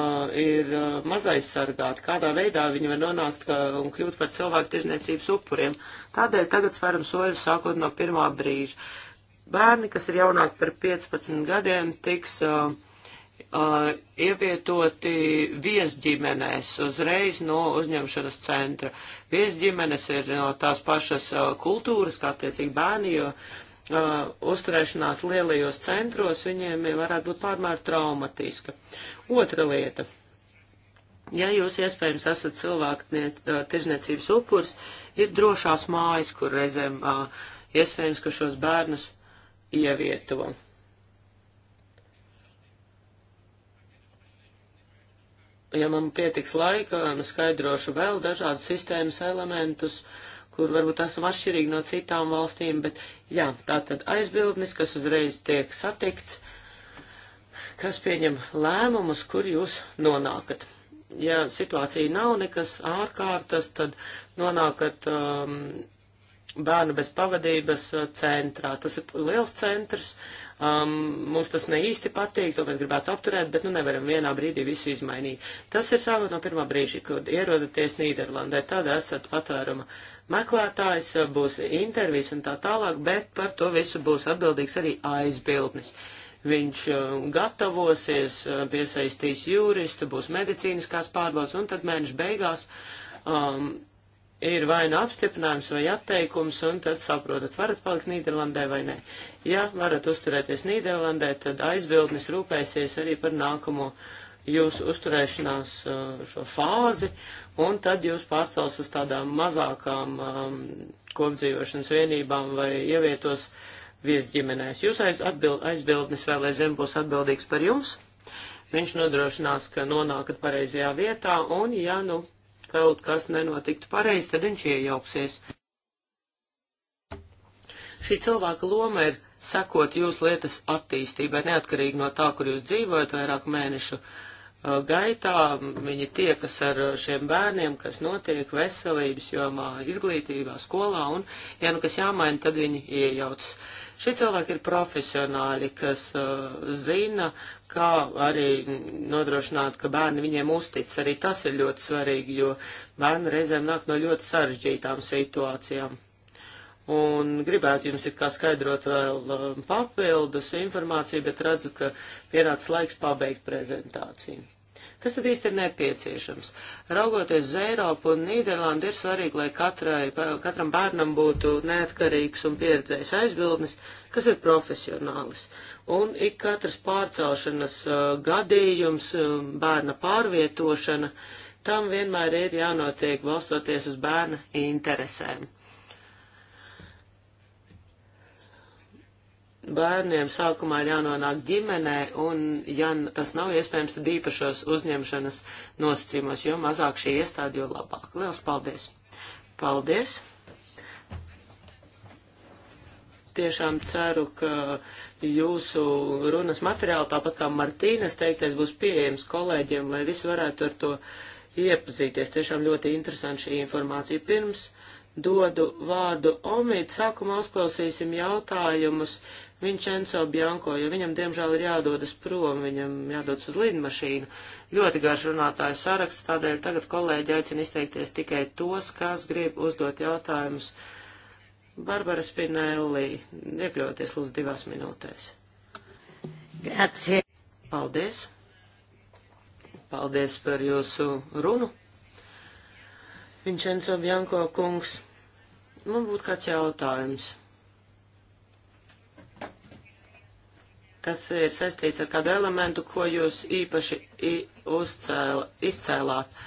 ir uh, mazaizsargāti, kādā veidā viņi var nonākt ka, un kļūt par cilvēku tirzniecības upuriem. Tādēļ tagad sveram soļu sākot no pirmā brīža. Bērni, kas ir jaunāki par 15 gadiem, tiks uh, uh, ievietoti viesģimenēs uzreiz no uzņemšanas centra. Viesģimenes ir no uh, tās pašas uh, kultūras, kā attiecīgi bērni, jo uh, uh, uzturēšanās lielajos centros viņiem varētu būt pārmēr traumatiska. Otra lieta. Ja jūs iespējams esat cilvēku uh, tirzniecības upurs, ir drošās mājas, kur reizēm uh, iespējams, ka šos bērnus ievieto. Ja man pietiks laika, skaidrošu vēl dažādas sistēmas elementus. Uh, kur varbūt esam atšķirīgi no citām valstīm, bet jā, tā tad aizbildnis, kas uzreiz tiek satikts, kas pieņem lēmumus, kur jūs nonākat. Ja situācija nav nekas ārkārtas, tad nonākat um, bērnu bez pavadības uh, centrā. Tas ir liels centrs, um, mums tas ne īsti patīk, to mēs gribētu apturēt, bet nu nevaram vienā brīdī visu izmainīt. Tas ir sākot no pirmā brīža, kad ierodaties Nīderlandē, tad esat patvēruma meklētājs, eh, būs intervijas un tā tālāk, bet par to visu būs atbildīgs arī aizbildnis. Viņš eh, gatavosies, eh, piesaistīs juristu, būs medicīniskās pārbaudas, un tad mēneša beigās um, ir vai nu apstiprinājums vai atteikums, un tad saprotat, varat palikt Nīderlandē vai nē. Ja varat uzturēties Nīderlandē, tad aizbildnis rūpēsies arī par nākamo jūsu uzturēšanās šo fāzi, un tad jūs pārcels uz tādām mazākām um, kopdzīvošanas vienībām vai ievietos viesģimenēs. Jūs aiz, atbild, aizbildnis vēl aizvien būs atbildīgs par jums. Viņš nodrošinās, ka nonākat pareizajā vietā, un ja nu kaut kas nenotiktu pareizi, tad viņš iejauksies. Šī cilvēka loma ir sekot jūsu lietas attīstībai, neatkarīgi no tā, kur jūs dzīvojat vairāk mēnešu uh, gaitā viņi tiekas ar šiem bērniem, kas notiek veselības jomā, izglītībā, skolā, un, ja nu kas jāmaina, tad viņi iejaucas. Šie cilvēki ir profesionāļi, kas uh, zina, kā arī nodrošināt, ka bērni viņiem uztic. Arī tas ir ļoti svarīgi, jo bērni reizēm nāk no ļoti sarežģītām situācijām un gribētu jums it kā skaidrot vēl um, papildus informāciju, bet redzu, ka pienācis laiks pabeigt prezentāciju. Kas tad īsti ir nepieciešams? Raugoties uz Eiropu un Nīderlandi, ir svarīgi, lai katrai, katram bērnam būtu neatkarīgs un pieredzējis aizbildnis, kas ir profesionālis. Un ik katrs pārcelšanas uh, gadījums, um, bērna pārvietošana, tam vienmēr ir jānotiek balstoties uz bērna interesēm. bērniem sākumā ir jānonāk ģimenē, un ja tas nav iespējams, tad īpašos uzņemšanas nosacījumos, jo mazāk šī iestāde, jo labāk. Liels paldies! Paldies! tiešām ceru, ka jūsu runas materiāli, tāpat kā Martīnas teiktais, būs pieejams kolēģiem, lai visi varētu ar to iepazīties. Tiešām ļoti interesanti šī informācija. Pirms dodu vārdu Omid, sākumā uzklausīsim jautājumus Vincenzo Bianco, jo viņam diemžēl ir jādodas prom, viņam jādodas uz lidmašīnu. Ļoti garš runātāju saraksts, tādēļ tagad kolēģi aicina izteikties tikai tos, kas grib uzdot jautājumus. Barbara Spinelli, iekļauties lūdzu divās minūtēs. Grazie. Paldies. Paldies par jūsu runu. Vincenzo Bianco kungs, man būtu kāds jautājums kas ir saistīts ar kādu elementu, ko jūs īpaši uzcēla, izcēlāt.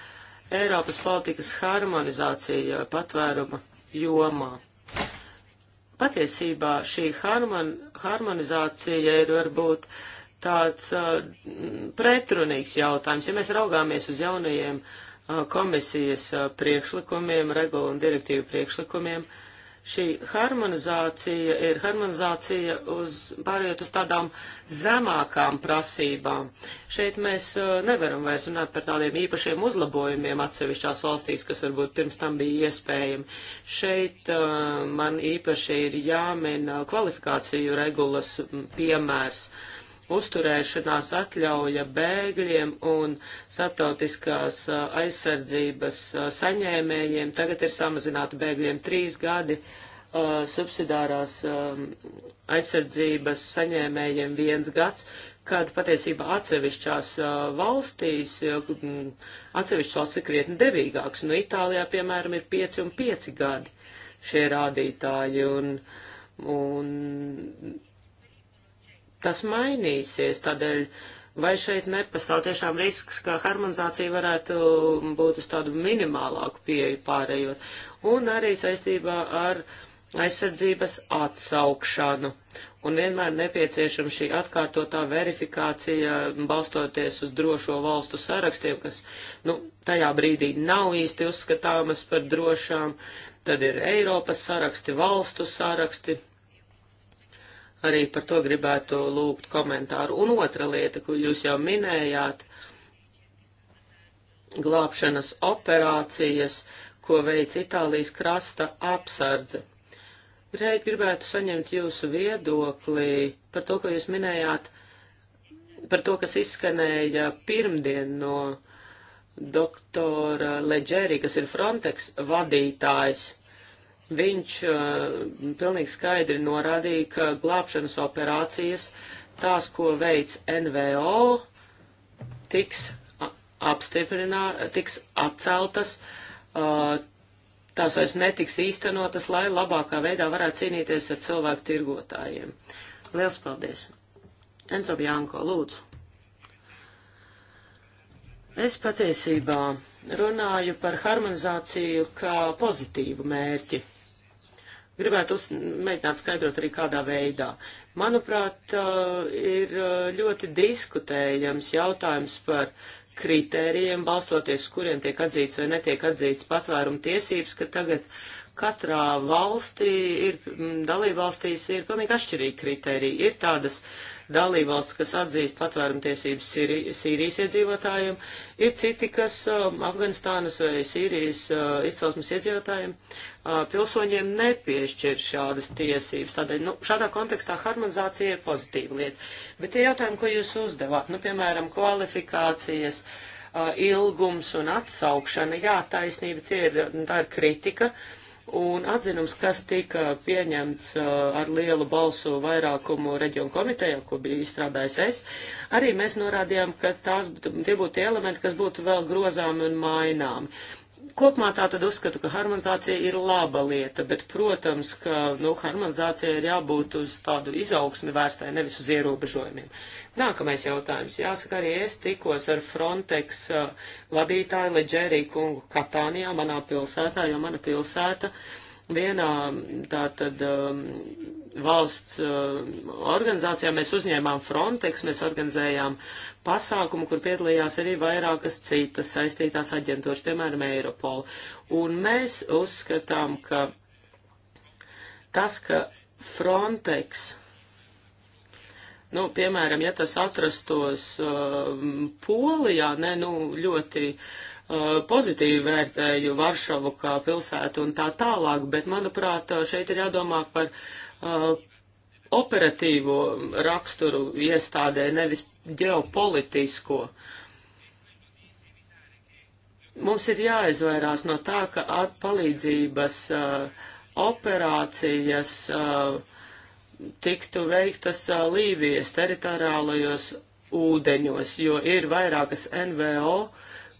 Eiropas politikas harmonizācija patvēruma jomā. Patiesībā šī harmon, harmonizācija ir varbūt tāds uh, pretrunīgs jautājums. Ja mēs raugāmies uz jaunajiem uh, komisijas uh, priekšlikumiem, regulu un direktīvu priekšlikumiem, uh, šī harmonizācija ir harmonizācija uz pāriet uz tādām zemākām prasībām. Šeit mēs uh, nevaram vairs runāt par tādiem īpašiem uzlabojumiem atsevišķās valstīs, kas varbūt pirms tam bija iespējami. Šeit uh, man īpaši ir jāmin uh, kvalifikāciju regulas mm, piemērs. Uh, uzturēšanās atļauja bēgļiem un starptautiskās aizsardzības saņēmējiem. Tagad ir samazināta bēgļiem trīs gadi, uh, subsidārās um, aizsardzības saņēmējiem viens gads, kad patiesībā atsevišķās uh, valstīs um, atsevišķas valsts ir krietni devīgāks. Nu, Itālijā, piemēram, ir pieci un pieci gadi šie rādītāji. Un, un tas mainīsies. Tādēļ vai šeit nepastāv tiešām risks, ka harmonizācija varētu būt uz tādu minimālāku pieeju pārējot. Un arī saistībā ar aizsardzības atsaukšanu. Un vienmēr nepieciešama šī atkārtotā verifikācija, balstoties uz drošo valstu sarakstiem, kas nu, tajā brīdī nav īsti uzskatāmas par drošām. Tad ir Eiropas saraksti, valstu saraksti, arī par to gribētu lūgt komentāru. Un otra lieta, ko jūs jau minējāt, glābšanas operācijas, ko veic Itālijas krasta apsardze. Greit gribētu saņemt jūsu viedokli par to, ko jūs minējāt, par to, kas izskanēja pirmdien no doktora Leģeri, kas ir Frontex vadītājs Viņš uh, pilnīgi skaidri norādīja, ka glābšanas operācijas, tās, ko veic NVO, tiks apstiprinā, tiks atceltas, uh, tās vairs netiks īstenotas, lai labākā veidā varētu cīnīties ar cilvēku tirgotājiem. Liels paldies! Enzo Bjanko, lūdzu! Es patiesībā runāju par harmonizāciju kā pozitīvu mērķi Gribētu uz, mēģināt skaidrot arī kādā veidā. Manuprāt, uh, ir uh, ļoti diskutējams jautājums par kritērijiem, balstoties, kuriem tiek atzīts vai netiek atzīts patvērumu tiesības, ka tagad katrā valstī ir, dalībvalstīs ir pilnīgi atšķirīgi kritēriji. Ir tādas uh, dalībvalsts, kas atzīst patvērumtiesības Sīri, Sīrijas iedzīvotājiem, ir citi, kas um, Afganistānas vai Sīrijas uh, izcelsmes iedzīvotājiem, uh, pilsoņiem nepiešķir šādas tiesības. Tādēļ nu, šādā kontekstā harmonizācija ir pozitīva lieta. Bet tie jautājumi, ko jūs uzdevāt, nu, piemēram, kvalifikācijas, uh, ilgums un atsaukšana, jā, taisnība, tie ir, tā ir kritika. Uh, Un atzinums, kas tika pieņemts uh, ar lielu balsu vairākumu reģionu komitejā, ko bija izstrādājis es, arī mēs norādījām, ka tās, tie būtu elementi, kas būtu vēl grozāmi un maināmi. Kopumā tā tad uzskatu, ka harmonizācija ir laba lieta, bet, protams, ka nu, harmonizācija ir jābūt uz tādu izaugsmi vērstai, nevis uz ierobežojumiem. Nākamais jautājums. Jāsaka, arī es tikos ar Frontex uh, vadītāju Leģēriju kungu Katānijā, manā pilsētā, jo mana pilsēta uh, vienā tātad um, valsts uh, organizācijā mēs uzņēmām Frontex, mēs organizējām pasākumu, kur piedalījās arī vairākas citas saistītās aģentūras, piemēram, Eiropol. Un mēs uzskatām, ka tas, ka Frontex nu, piemēram, ja tas atrastos uh, Polijā, ne, nu, ļoti Uh, pozitīvi vērtēju Varšavu kā pilsētu un tā tālāk, bet, manuprāt, uh, šeit ir jādomā par uh, operatīvo raksturu iestādē, nevis ģeopolitisko. Mums ir jāizvairās no tā, ka palīdzības uh, operācijas uh, tiktu veiktas uh, Lībijas teritoriālajos ūdeņos, jo ir vairākas NVO,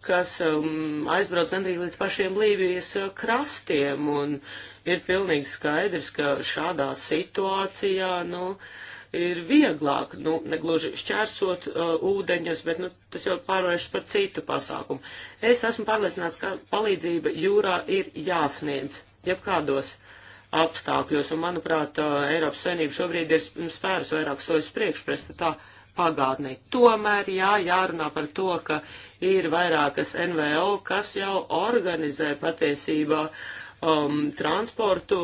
kas um, aizbrauc gandrīz līdz pašiem Lībijas uh, krastiem, un ir pilnīgi skaidrs, ka šādā situācijā, nu, ir vieglāk, nu, negluži šķērsot uh, ūdeņus, bet, nu, tas jau pārvēršas par citu pasākumu. Es esmu pārliecināts, ka palīdzība jūrā ir jāsniedz, jebkādos apstākļos, un, manuprāt, uh, Eiropas Savienība šobrīd ir spērus vairāk soļus priekšprestatā pagātnē. Tomēr, jā, jārunā par to, ka ir vairākas NVO, kas jau organizē patiesībā um, transportu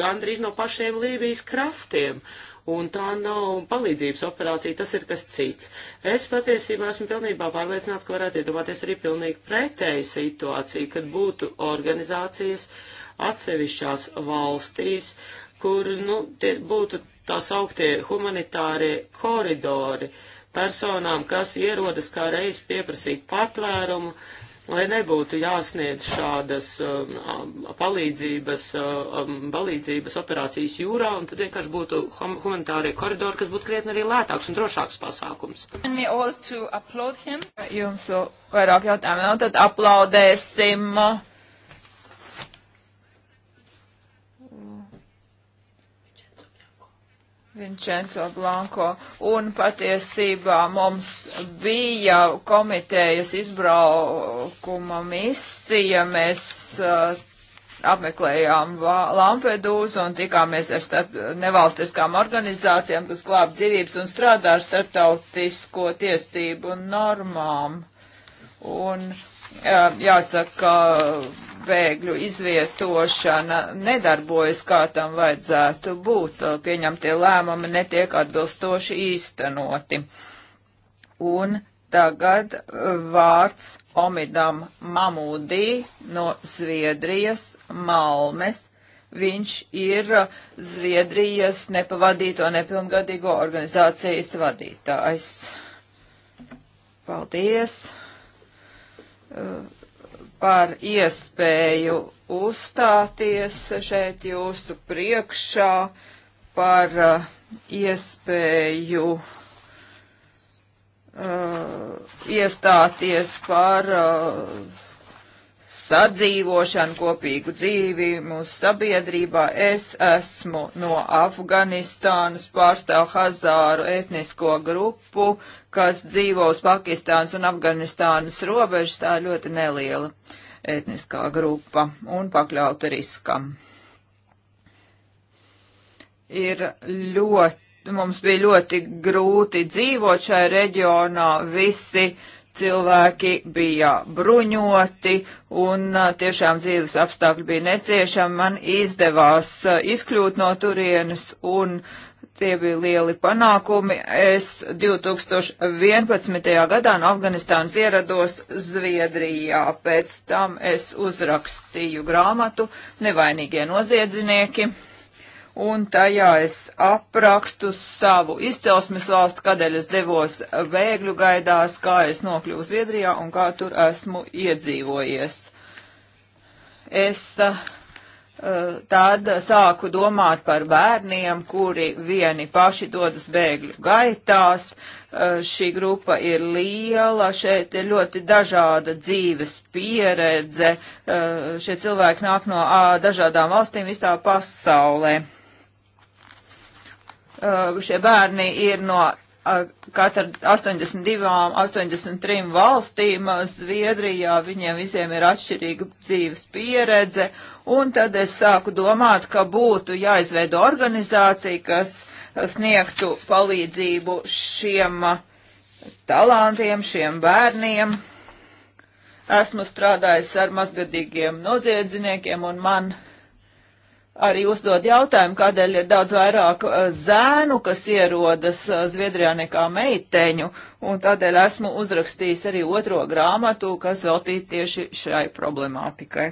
gandrīz no pašiem Lībijas krastiem. Un tā nav palīdzības operācija, tas ir kas cits. Es patiesībā esmu pilnībā pārliecināts, ka varētu iedomāties arī pilnīgi pretēju situāciju, kad būtu organizācijas atsevišķās valstīs, kur nu, tie būtu tā sauktie humanitārie koridori, uh, personām, kas ierodas kā reiz pieprasīt patvērumu, lai nebūtu jāsniedz šādas um, palīdzības, um, palīdzības operācijas jūrā, un tad vienkārši būtu hum humanitārie koridori, kas būtu krietni arī lētāks un drošāks pasākums. Jums vairāk jautājumu nav, tad aplaudēsim. Uh, Vincenzo Blanko, un patiesībā mums bija komitejas izbraukuma misija, mēs uh, apmeklējām Lampedūzu un tikāmies ar starp, nevalstiskām organizācijām, kas glāb dzīvības un strādā ar starptautisko tiesību normām. Un uh, jāsaka, bēgļu izvietošana nedarbojas, kā tam vajadzētu būt. Pieņemtie lēmumi netiek atbilstoši īstenoti. Un tagad vārds Omidam Mamudī no Zviedrijas Malmes. Viņš ir Zviedrijas nepavadīto nepilngadīgo organizācijas vadītājs. Paldies! Uh par iespēju uzstāties šeit jūsu priekšā, par uh, iespēju uh, iestāties par uh, sadzīvošanu, kopīgu dzīvi mūsu sabiedrībā. Es esmu no Afganistānas, pārstāvu Hazāru etnisko grupu, kas dzīvo uz Pakistānas un Afganistānas robežas. Tā ir ļoti neliela etniskā grupa un pakļauta riskam. Ir ļoti, mums bija ļoti grūti dzīvot šajā reģionā visi cilvēki bija bruņoti un tiešām dzīves apstākļi bija neciešami. Man izdevās izkļūt no turienes un tie bija lieli panākumi. Es 2011. gadā no Afganistānas ierados Zviedrijā. Pēc tam es uzrakstīju grāmatu Nevainīgie noziedznieki un tajā es aprakstu savu izcelsmes valstu, kādēļ es devos bēgļu gaidās, kā es nokļuvu Zviedrijā un kā tur esmu iedzīvojies. Es uh, tad sāku domāt par bērniem, kuri vieni paši dodas bēgļu gaitās. Eh, šī grupa ir liela, šeit ir ļoti dažāda dzīves pieredze. Eh, šie cilvēki nāk no dažādām valstīm visā pasaulē. Uh, šie bērni ir no uh, katra 82, 83 valstīm uh, Zviedrijā, viņiem visiem ir atšķirīga dzīves pieredze, un tad es sāku domāt, ka būtu jāizveido organizācija, kas sniegtu palīdzību šiem talantiem, šiem bērniem. Esmu strādājis ar mazgadīgiem noziedziniekiem, un man uh, arī uzdod jautājumu, kādēļ ir daudz vairāk eh, zēnu, kas ierodas eh, Zviedrijā nekā meiteņu, un tādēļ esmu uzrakstījis arī otro grāmatu, kas veltīta tieši šai problemātikai.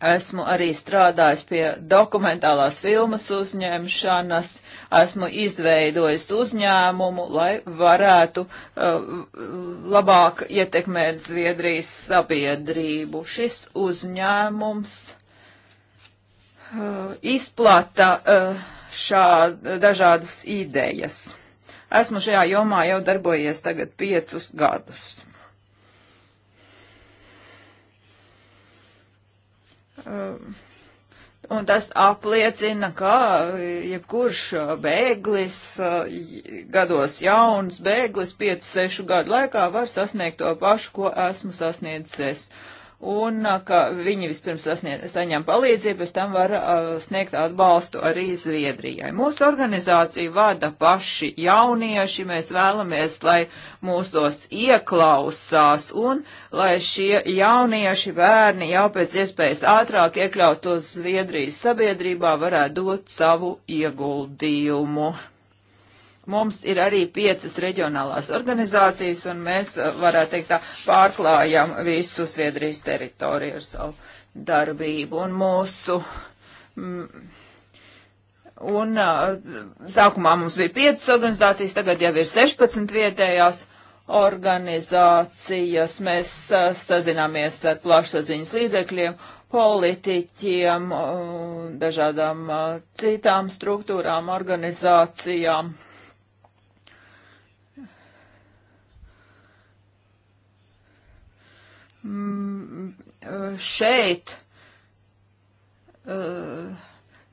Esmu arī strādājis pie dokumentālās filmas uzņemšanas, esmu izveidojis uzņēmumu, lai varētu uh, labāk ietekmēt Zviedrijas sabiedrību. Šis uzņēmums Eh, izplata eh, šādi dažādas idejas. Esmu šajā jomā jau darbojies tagad piecus gadus. Eh, un tas apliecina, ka jebkurš bēglis, gados jauns bēglis, 5-6 gadu laikā var sasniegt to pašu, ko esmu sasniedzis es un uh, ka viņi vispirms sasniedz, saņem palīdzību, pēc tam var uh, sniegt atbalstu arī Zviedrijai. Mūsu organizāciju vada paši jaunieši, mēs vēlamies, lai mūsos ieklausās un lai šie jaunieši bērni jau pēc iespējas ātrāk iekļautos Zviedrijas sabiedrībā, varētu dot savu ieguldījumu. Mums ir arī piecas reģionālās organizācijas, un mēs, eh, varētu teikt, tā, pārklājam visu Zviedrijas teritoriju ar savu darbību un mūsu. Mm, Un eh, sākumā mums bija piecas organizācijas, tagad jau ir 16 vietējās organizācijas. Mēs eh, sazināmies ar plašsaziņas līdzekļiem, politiķiem, dažādām citām struktūrām, organizācijām. Mm, eh, šeit eh,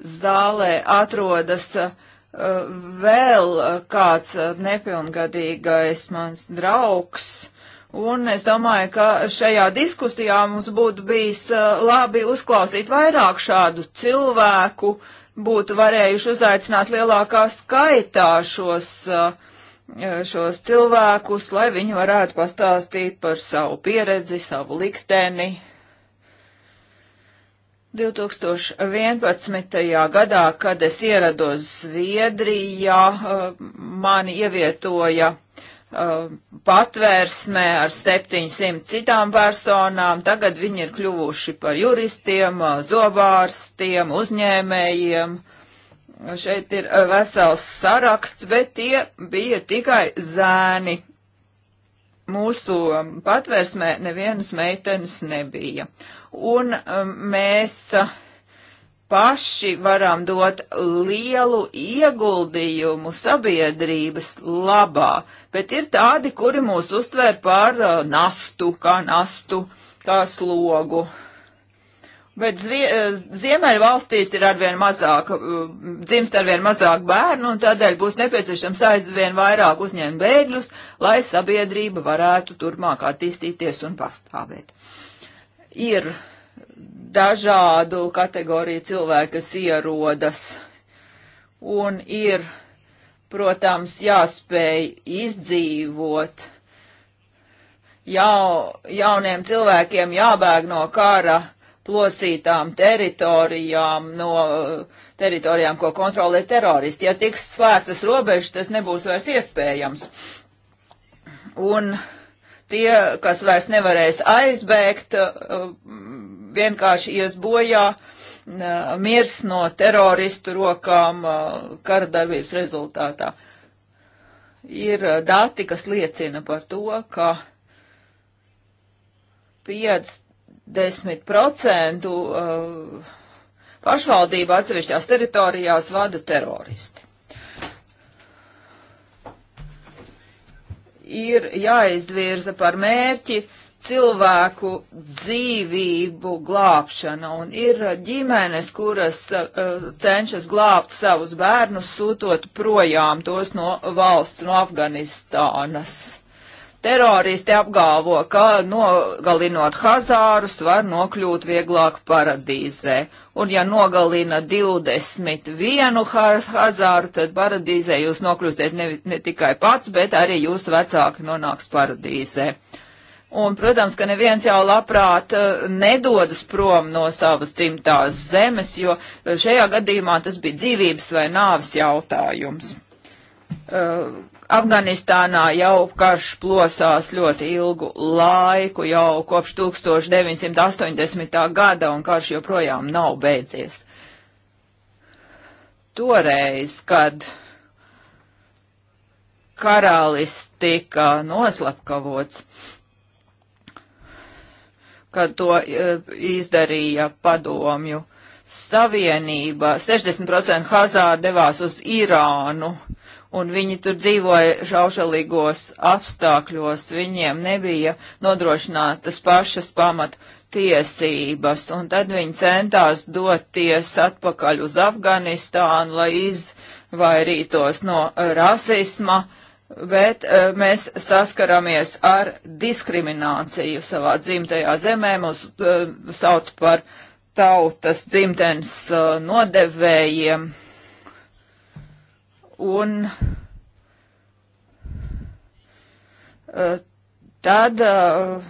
zālē atrodas eh, vēl kāds nepilngadīgais mans draugs. Un es domāju, ka šajā diskusijā mums būtu bijis labi uzklausīt vairāk šādu cilvēku, būtu varējuši uzaicināt lielākā skaitā šos uh, E, šos cilvēkus, lai viņi varētu pastāstīt par savu pieredzi, savu likteni. 2011. gadā, kad es ierados Zviedrijā, e, mani ievietoja e, patvērsmē ar 700 citām personām. Tagad viņi ir kļuvuši par juristiem, zobārstiem, uzņēmējiem. Uh, Šeit ir eh, vesels saraksts, bet tie bija tikai zēni. Mūsu um, patvērsmē nevienas meitenes nebija. Un um, mēs uh, paši varam dot lielu ieguldījumu sabiedrības labā, bet ir tādi, kuri mūs uztver par uh, nastu, kā nastu, kā slogu. Uh, Bet eh, Ziemeļvalstīs ir arvien mazāk, eh, dzimst arvien mazāk bērnu, un tādēļ būs nepieciešams aizvien vairāk uzņemt bēgļus, lai sabiedrība varētu turpmāk attīstīties un pastāvēt. Ir dažādu kategoriju cilvēku, kas ierodas, un ir, protams, jāspēj izdzīvot jau, jauniem cilvēkiem jābēg no kara plosītām teritorijām, no teritorijām, ko kontrolē teroristi. Ja tiks slēgtas robežas, tas nebūs vairs iespējams. Un tie, kas vairs nevarēs aizbēgt, uh, vienkārši ies bojā, uh, mirs no teroristu rokām uh, kara darbības rezultātā. Ir dati, kas liecina par to, ka 5 10% uh, pašvaldību atsevišķās teritorijās vada teroristi. Ir jāizvirza par mērķi cilvēku dzīvību glābšana, un ir ģimenes, kuras uh, cenšas glābt savus bērnus, sūtot projām tos no valsts, no Afganistānas. Teroristi apgalvo, ka nogalinot hazārus var nokļūt vieglāk paradīzē. Un ja nogalina 21 hazāru, tad paradīzē jūs nokļūsiet ne, ne tikai pats, bet arī jūsu vecāki nonāks paradīzē. Un, protams, ka neviens jau labprāt eh, nedodas prom no savas dzimtās zemes, jo eh, šajā gadījumā tas bija dzīvības vai nāves jautājums. Uh, Afganistānā jau karš plosās ļoti ilgu laiku, jau kopš 1980. gada, un karš joprojām nav beidzies. Toreiz, kad karalis tika noslapkavots, kad to eh, izdarīja padomju savienība, 60% Hazāra devās uz Irānu, uh, un viņi tur dzīvoja žaužalīgos apstākļos, viņiem nebija nodrošinātas pašas pamat tiesības, un tad viņi centās doties atpakaļ uz Afganistānu, lai izvairītos no rasisma, bet eh, mēs saskaramies ar diskrimināciju savā dzimtajā zemē, mūs eh, sauc par tautas dzimtenes eh, nodevējiem un uh, tad uh,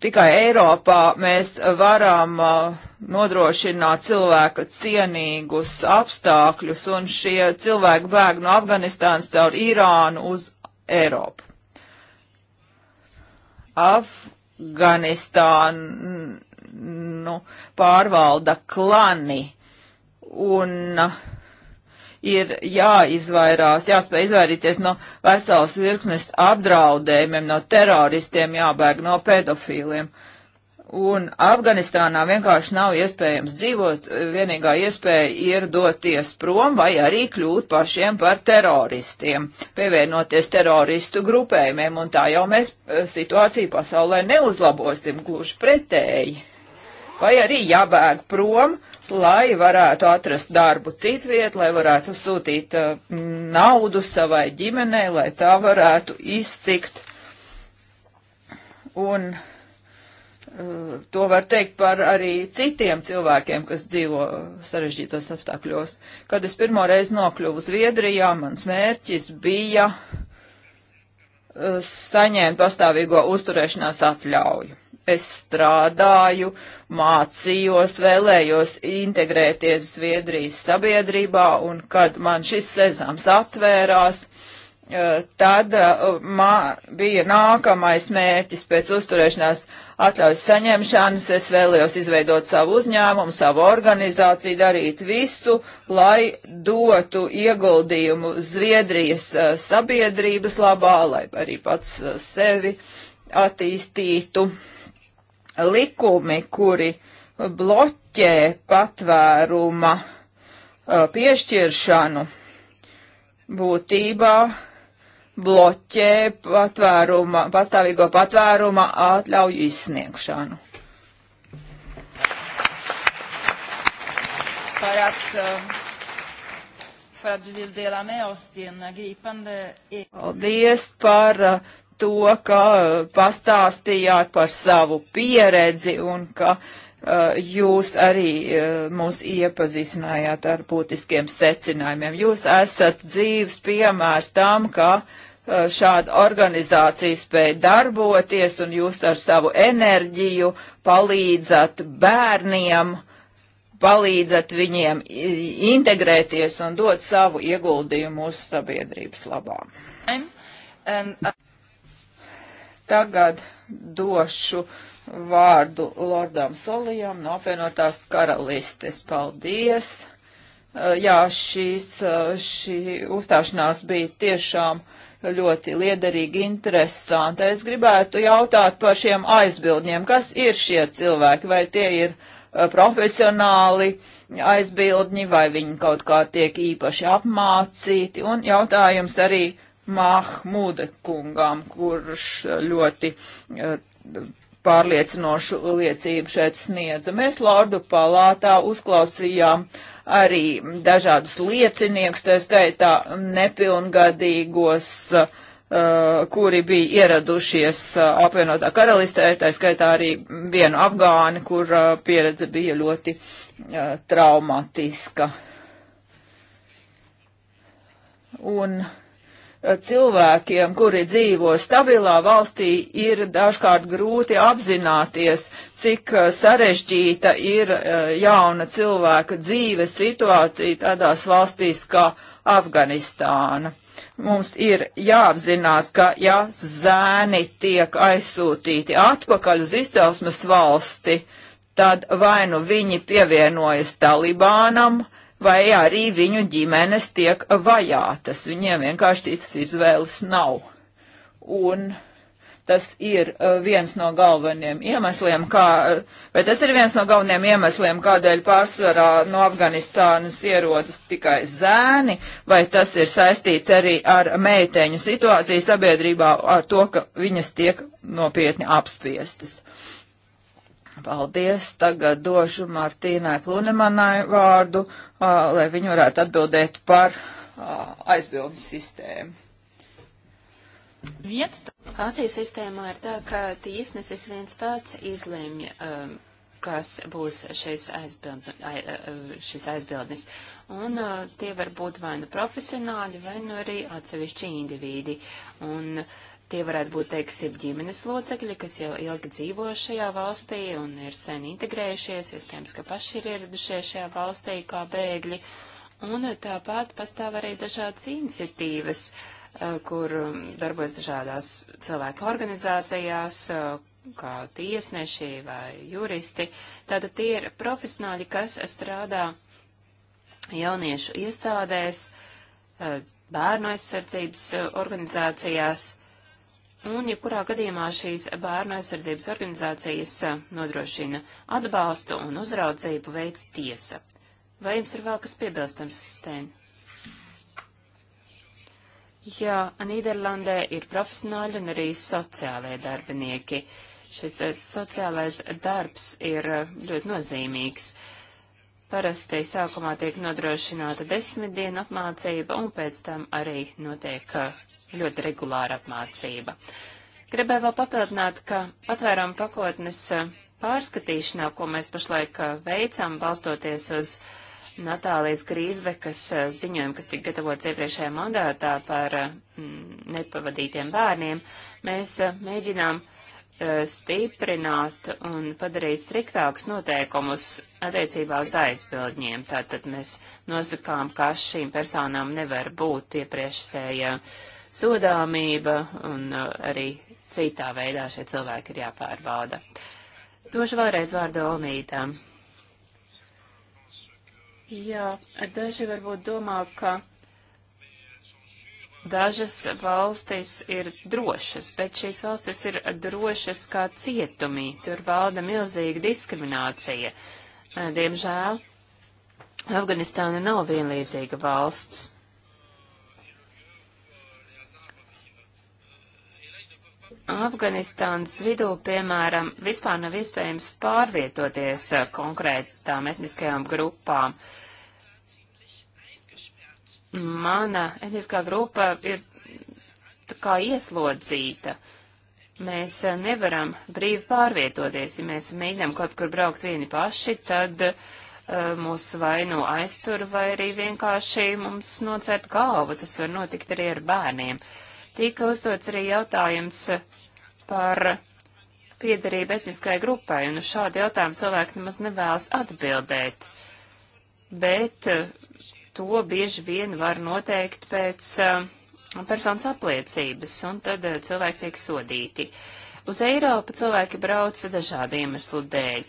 tikai Eiropā mēs varam uh, nodrošināt cilvēka cienīgus apstākļus, un šie cilvēki bēg no Afganistānas caur Irānu uz Eiropu. Afganistānu pārvalda klani, un uh, ir jāizvairās, jāspēj izvairīties no veselas virknes apdraudējumiem, no teroristiem, jābēg no pedofīliem. Un Afganistānā vienkārši nav iespējams dzīvot, vienīgā iespēja ir doties prom vai arī kļūt pašiem par teroristiem, pievienoties teroristu grupējumiem, un tā jau mēs e, situāciju pasaulē neuzlabosim, gluži pretēji. Vai arī jābēg prom, uh, lai varētu atrast darbu citviet, lai varētu sūtīt uh, naudu savai ģimenei, lai tā varētu iztikt. Un uh, to var teikt par arī citiem cilvēkiem, kas dzīvo sarežģītos apstākļos. Kad es pirmo reizi nokļuvu Zviedrijā, mans mērķis bija uh, saņēma pastāvīgo uzturēšanās atļauju es strādāju, mācījos, vēlējos integrēties Zviedrijas sabiedrībā, un kad man šis sezams atvērās, eh, tad eh, mā, bija nākamais mērķis pēc uzturēšanās atļaujas saņemšanas. Es vēlējos izveidot savu uzņēmumu, savu organizāciju, darīt visu, lai dotu ieguldījumu Zviedrijas eh, sabiedrības labā, lai arī pats sevi attīstītu likumi, kuri bloķē patvēruma piešķiršanu, būtībā bloķē patvēruma, pastāvīgo patvēruma atļauju izsniegšanu. För att, för att du vill dela med oss din gripande... E- Paldies par to, ka uh, pastāstījāt par savu pieredzi un ka uh, jūs arī uh, mūs iepazīstinājāt ar būtiskiem secinājumiem. Jūs esat dzīves piemērs tam, ka uh, šāda organizācija spēja darboties un jūs ar savu enerģiju palīdzat bērniem palīdzat viņiem integrēties un dot savu ieguldījumu mūsu sabiedrības labā. Um, uh... Tagad došu vārdu Lordam Solijam no apvienotās karalistes. Paldies! Eh, jā, šīs, eh, šī uzstāšanās bija tiešām ļoti liederīgi interesanti. Es gribētu jautāt par šiem aizbildņiem. Kas ir šie cilvēki? Vai tie ir eh, profesionāli aizbildņi, vai viņi kaut kā tiek īpaši apmācīti? Un jautājums arī Mahmuda kungām, kurš ļoti eh, pārliecinošu liecību šeit sniedza. Mēs Lordu palātā uzklausījām arī dažādus lieciniekus, tā skaitā nepilngadīgos, eh, kuri bija ieradušies eh, apvienotā karalistē, tā skaitā arī vienu afgāni, kur pieredze bija ļoti traumatiska. Un cilvēkiem, kuri dzīvo stabilā valstī, ir dažkārt grūti apzināties, cik eh, sarežģīta ir eh, jauna cilvēka dzīves situācija tādās valstīs kā Afganistāna. Mums ir jāapzinās, ka ja zēni tiek aizsūtīti atpakaļ uz izcelsmes valsti, tad vai nu viņi pievienojas Talibānam, uh, vai arī viņu ģimenes tiek vajātas. Viņiem vienkārši citas izvēles nav. Un tas ir uh, viens no galveniem iemesliem, kā, uh, vai tas ir viens no galveniem iemesliem, kādēļ pārsvarā no Afganistānas ierodas tikai zēni, vai tas ir saistīts arī ar meiteņu situāciju sabiedrībā, ar to, ka viņas tiek nopietni apspiestas. Paldies, tagad došu Martīnai Plunemanai vārdu, lai viņi varētu atbildēt par aizbildņu sistēmu. Viens Vācijas sistēmā ir tā, ka tiesnesis viens pats izlēmj, um, kas būs šis, aizbildni, šis aizbildnis. Un uh, tie var būt vai nu profesionāļi, vai nu arī atsevišķi indivīdi. Un uh, Tie varētu būt, teiksim, ģimenes locekļi, kas jau ilgi dzīvo šajā valstī un ir sen integrējušies, iespējams, ka paši ir ieradušies šajā valstī kā bēgļi. Un tāpat pastāv arī dažādas iniciatīvas, eh, kur um, darbojas dažādās cilvēku organizācijās, eh, kā tiesneši vai juristi. Tātad tie ir profesionāļi, kas strādā jauniešu iestādēs, eh, bērnu aizsardzības organizācijās Un, ja kurā gadījumā šīs bērnu aizsardzības organizācijas eh, nodrošina atbalstu un uzraudzību veids tiesa. Vai jums ir vēl kas piebilstams, Stēn? Jā, Nīderlandē ir profesionāļi un arī sociālie darbinieki. Šis eh, sociālais darbs ir eh, ļoti nozīmīgs. Uh, Parasti sākumā tiek nodrošināta desmit dienu apmācība, un pēc tam arī notiek uh, ļoti regulāra apmācība. Gribēju vēl papildināt, ka patvērumu pakotnes uh, pārskatīšanā, ko mēs pašlaik uh, veicam, balstoties uz Natālijas Grīsbekas ziņojumu, kas tika gatavots iepriekšējā mandātā par mm, nepavadītiem bērniem, mēs mēģinām uh, E, stiprināt un padarīt striktākus noteikumus attiecībā uz aizbildņiem. Tātad mēs nosakām, ka šīm personām nevar būt iepriekšēja sodāmība un e, arī citā veidā šie cilvēki ir jāpārbauda. Došu vēlreiz vārdu Olmītam. Jā, daži varbūt domā, ka Dažas valstis ir drošas, bet šīs valstis ir drošas kā cietumī. Tur valda milzīga diskriminācija. Eh, diemžēl Afganistāna nav vienlīdzīga valsts. Afganistānas vidū, piemēram, vispār nav iespējams pārvietoties eh, konkrētām etniskajām grupām. Uh, mana etniskā grupa ir tā kā ieslodzīta. Mēs nevaram brīvi pārvietoties. Ja mēs mēģinām kaut kur braukt vieni paši, tad uh, mūs vai nu aiztur, vai arī vienkārši mums nocērt galvu. Tas var notikt arī ar bērniem. Tika uzdots arī jautājums par piederību etniskai grupai, un uz šādu jautājumu cilvēki nemaz nevēlas atbildēt. Bet uh, to bieži vien var noteikt pēc uh, personas apliecības, un tad uh, cilvēki tiek sodīti. Uz Eiropu cilvēki brauc dažādu iemeslu dēļ.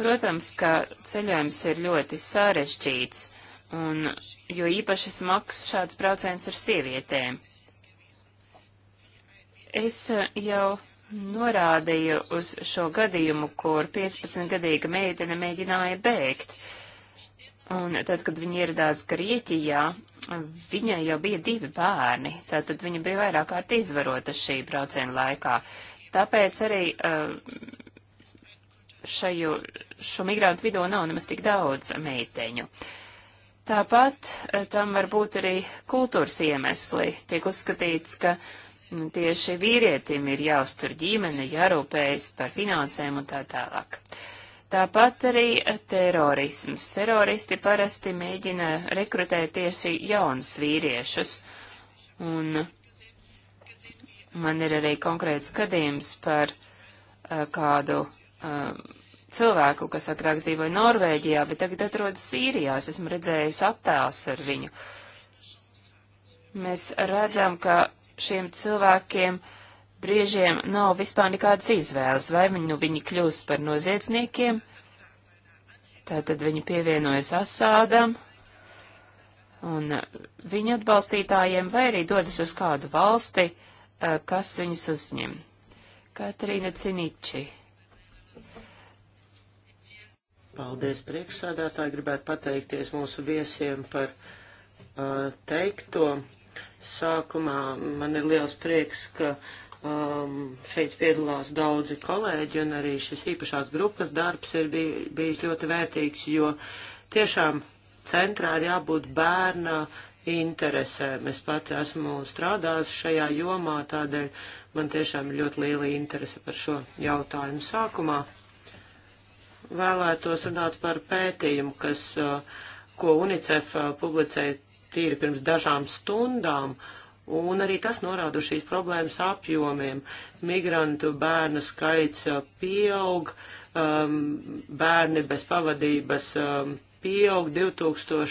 Protams, ka ceļojums ir ļoti sarežģīts, un jo īpaši smags šāds brauciens ar sievietēm. Es uh, jau norādīju uz šo gadījumu, kur 15-gadīga meitene mēģināja bēgt. Uh, Un tad, kad viņa ieradās Grieķijā, viņai jau bija divi bērni, tātad viņa bija vairāk kārt izvarota šī brauciena laikā. Tāpēc arī eh, šaju, šo migrantu vidū nav nemaz tik daudz meiteņu. Tāpat eh, tam var būt arī kultūras iemesli. Tiek uzskatīts, ka nu, tieši vīrietim ir jāuztur ģimene, jārūpējas par finansēm un tā tālāk. Uh, Tāpat arī terorisms. Teroristi parasti mēģina rekrutēt tieši jaunus vīriešus. Un man ir arī konkrēts skatījums par uh, kādu uh, cilvēku, kas agrāk dzīvoja Norvēģijā, bet tagad atrodas Sīrijā. Es esmu redzējis attēls ar viņu. Mēs redzam, ka šiem cilvēkiem uh, Spriežiem nav vispār nekādas izvēles, vai viņi, nu, viņi kļūst par noziedzniekiem, tātad viņi pievienojas Asādam un viņu atbalstītājiem, vai arī dodas uz kādu valsti, eh, kas viņus uzņem. Katrīna Ciniči. Paldies priekšsādātāji, gribētu pateikties mūsu viesiem par uh, teikto. Sākumā man ir liels prieks, ka uh, Um, šeit piedalās daudzi kolēģi, un arī šis īpašās grupas darbs ir bij, bijis ļoti vērtīgs, jo tiešām centrā ir jābūt bērna interesēm. Es pati esmu strādājis šajā jomā, tādēļ man tiešām ir ļoti liela interese par šo jautājumu sākumā. Vēlētos runāt par pētījumu, kas, uh, ko UNICEF uh, publicēja tīri pirms dažām stundām. Uh, Un arī tas norāda šīs problēmas apjomiem. Migrantu bērnu skaits uh, pieaug, um, bērni bez pavadības um, pieaug 2016.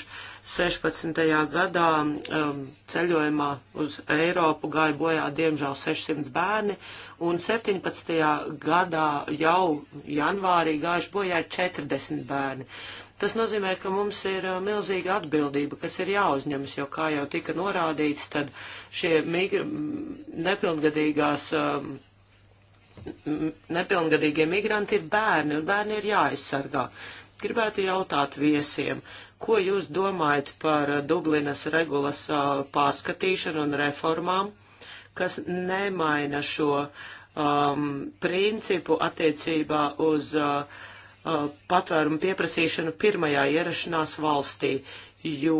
gadā um, ceļojumā uz Eiropu gāja bojā diemžēl 600 bērni, un 17. gadā jau janvārī gājuši bojā 40 bērni. Uh, Tas nozīmē, ka mums ir uh, milzīga atbildība, kas ir jāuzņemas, jo, kā jau tika norādīts, tad šie migra nepilngadīgās. Um, nepilngadīgie migranti ir bērni, un bērni ir jāaizsargā. Gribētu jautāt viesiem, ko jūs domājat par uh, Dublinas regulas uh, pārskatīšanu un reformām, kas nemaina šo um, principu attiecībā uz uh, uh, patvērumu pieprasīšanu pirmajā ierašanās valstī, jo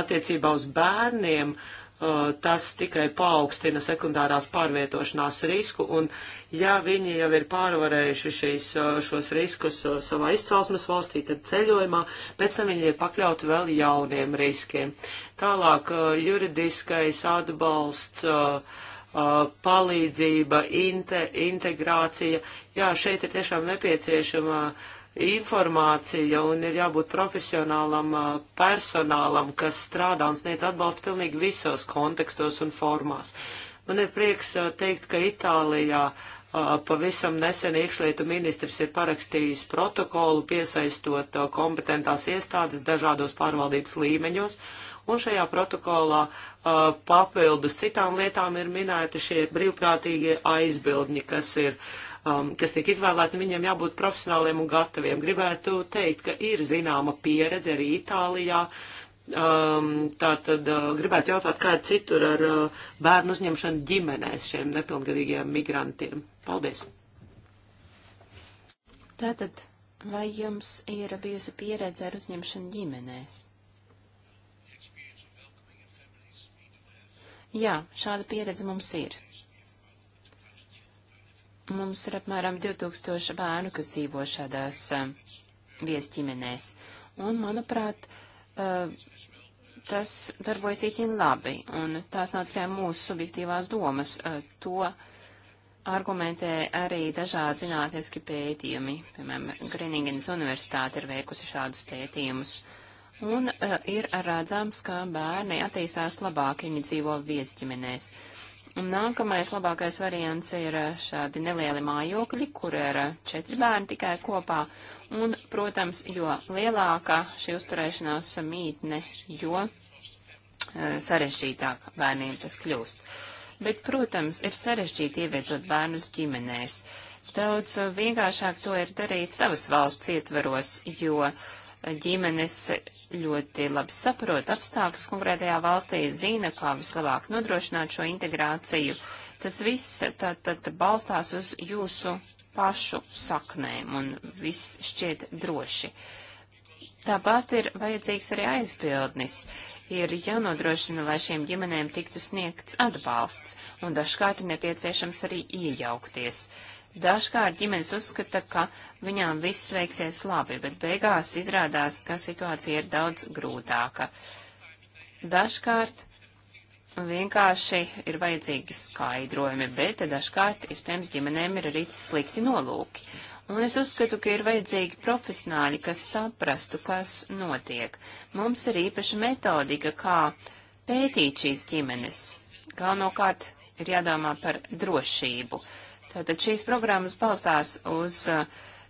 attiecībā uz bērniem uh, tas tikai paaugstina sekundārās pārvietošanās risku, un ja viņi jau ir pārvarējuši šīs, uh, šos riskus uh, savā izcelsmes valstī, tad ceļojumā, pēc tam viņi ir pakļauti vēl jauniem riskiem. Tālāk uh, juridiskais atbalsts Uh, palīdzība, inte, integrācija. Jā, šeit ir tiešām nepieciešama informācija un ir jābūt profesionālam uh, personālam, kas strādā un sniedz atbalstu pilnīgi visos kontekstos un formās. Man ir prieks uh, teikt, ka Itālijā pavisam nesen iekšlietu ministrs ir parakstījis protokolu, piesaistot kompetentās iestādes dažādos pārvaldības līmeņos. Uh, Un šajā protokolā uh, papildus citām lietām ir minēti šie brīvprātīgie aizbildņi, kas ir um, kas tiek izvēlēti, viņiem jābūt profesionāliem un gataviem. Gribētu teikt, ka ir zināma pieredze arī Itālijā, Um, tā tad uh, gribētu jautāt, kā ir citur ar uh, bērnu uzņemšanu ģimenēs šiem nepilngadīgiem migrantiem. Paldies! Tātad, vai jums ir bijusi pieredze ar uzņemšanu ģimenēs? Jā, šāda pieredze mums ir. Mums ir apmēram 2000 bērnu, kas dzīvo šādās um, viesģimenēs. Un, manuprāt, a, uh, tas darbojas itin labi. Un tās nav tikai mūsu subjektīvās domas. A, uh, to argumentē arī dažādi zinātniski pētījumi. Piemēram, Greningenas universitāte ir veikusi šādus pētījumus. Uh, un uh, ir redzams, ka bērni attīstās labāk, viņi dzīvo viesģimenēs. Un nākamais labākais variants ir šādi nelieli mājokļi, kur ir četri bērni tikai kopā. Un, protams, jo lielāka šī uzturēšanās mītne, jo e, sarežģītāk bērniem tas kļūst. Bet, protams, ir sarežģīti ievietot bērnus ģimenēs. Daudz vienkāršāk to ir darīt savas valsts ietveros, jo ģimenes ļoti labi saprot apstākļus konkrētajā valstī, zina, kā vislabāk nodrošināt šo integrāciju. Tas viss tad, tad balstās uz jūsu pašu saknēm un viss šķiet droši. Tāpat ir vajadzīgs arī aizbildnis. Ir jānodrošina, lai šiem ģimenēm tiktu sniegts atbalsts, un dažkārt ir nepieciešams arī iejaukties. Dažkārt ģimenes uzskata, ka viņām viss veiksies labi, bet beigās izrādās, ka situācija ir daudz grūtāka. Dažkārt vienkārši ir vajadzīgi skaidrojumi, bet dažkārt, iespējams, ģimenēm ir arī slikti nolūki. Un es uzskatu, ka ir vajadzīgi profesionāļi, kas saprastu, kas notiek. Mums ir īpaša metodika, kā pētīt šīs ģimenes. Galvenokārt ir jādomā par drošību. Uh, Tātad šīs programmas balstās uz uh,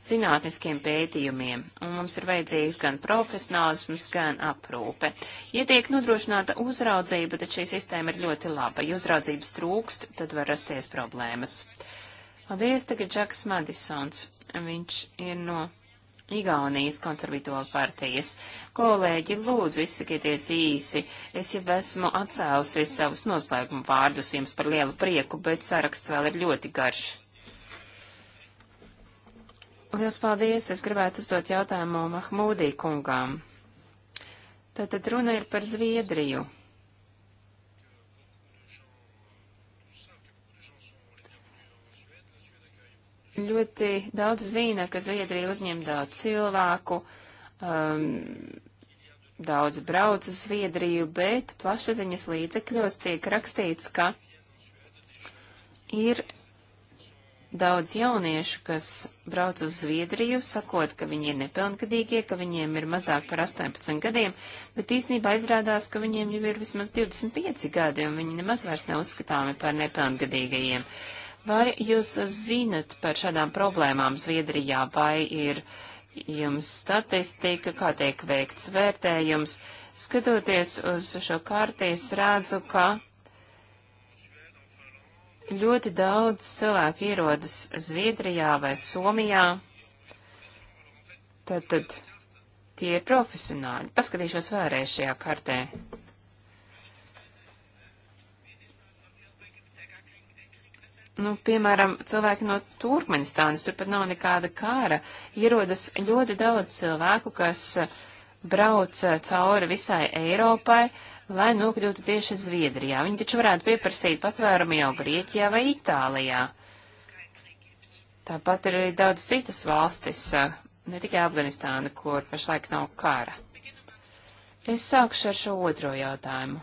zinātniskiem pētījumiem, un mums ir vajadzīgs gan profesionālisms, gan aprūpe. Ja tiek nodrošināta uzraudzība, tad šī sistēma ir ļoti laba. Ja uzraudzības trūkst, tad var rasties problēmas. Paldies, tagad Džaks Madisons. Viņš ir no Igaunijas konservatīvo partijas. Kolēģi, lūdzu, izsakieties īsi. Es jau esmu atcēlusies savus noslēguma vārdus jums par lielu prieku, bet saraksts vēl ir ļoti garš. Liels paldies! Es gribētu uzdot jautājumu Mahmūdī kungām. Tātad runa ir par Zviedriju. Ļoti daudz zina, ka Zviedrija uzņem daudz cilvēku, um, daudz brauc uz Zviedriju, bet plašsaziņas līdzekļos tiek rakstīts, ka ir daudz jauniešu, kas brauc uz Zviedriju, sakot, ka viņi ir nepilngadīgie, ka viņiem ir mazāk par 18 gadiem, bet īsnībā izrādās, ka viņiem jau ir vismaz 25 gadi, un viņi nemaz vairs neuzskatāmi par nepilngadīgajiem. Uh, Vai jūs zinat par šādām problēmām Zviedrijā, vai ir jums statistika, kā tiek veikts vērtējums? Skatoties uz šo karti, es redzu, ka ļoti daudz cilvēku ierodas Zviedrijā vai Somijā. Tad, tad tie ir profesionāļi. Paskatīšos vēlreiz šajā kartē. nu, piemēram, cilvēki no Turkmenistānas, tur pat nav nekāda kāra, ierodas ļoti daudz cilvēku, kas eh, brauc eh, cauri visai Eiropai, lai nokļūtu tieši Zviedrijā. Viņi taču varētu pieprasīt patvērumu jau Grieķijā vai Itālijā. Tāpat ir arī daudz citas valstis, eh, ne tikai Afganistāna, kur pašlaik nav kara. Es sākušu ar šo otro jautājumu.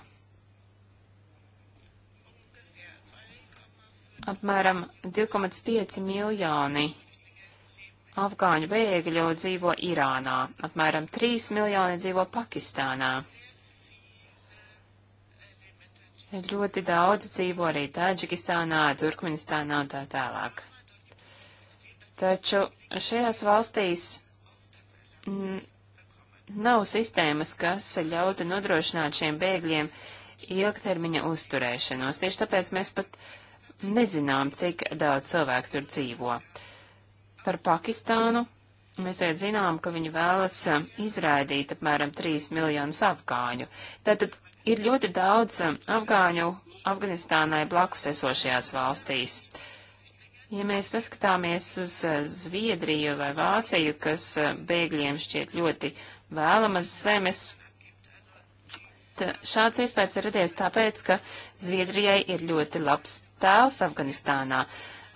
Apmēram 2,5 miljoni afgāņu bēgļu dzīvo Irānā, apmēram 3 miljoni dzīvo Pakistānā. Ļoti daudz dzīvo arī Tāģikistānā, Turkmenistānā un tā tālāk. Taču šajās valstīs nav sistēmas, kas ļautu nodrošināt šiem bēgļiem ilgtermiņa uzturēšanos. Tieši tāpēc mēs pat uh, nezinām, cik daudz cilvēku tur dzīvo. Par Pakistānu mēs jau zinām, ka viņi vēlas um, izraidīt apmēram 3 miljonus afgāņu. Tātad ir ļoti daudz um, afgāņu Afganistānai blakus esošajās valstīs. Ja mēs paskatāmies uz uh, Zviedriju vai Vāciju, kas uh, bēgļiem šķiet ļoti vēlamas zemes, Eh, šāds iespējas ir radies tāpēc, ka Zviedrijai ir ļoti labs tēls Afganistānā.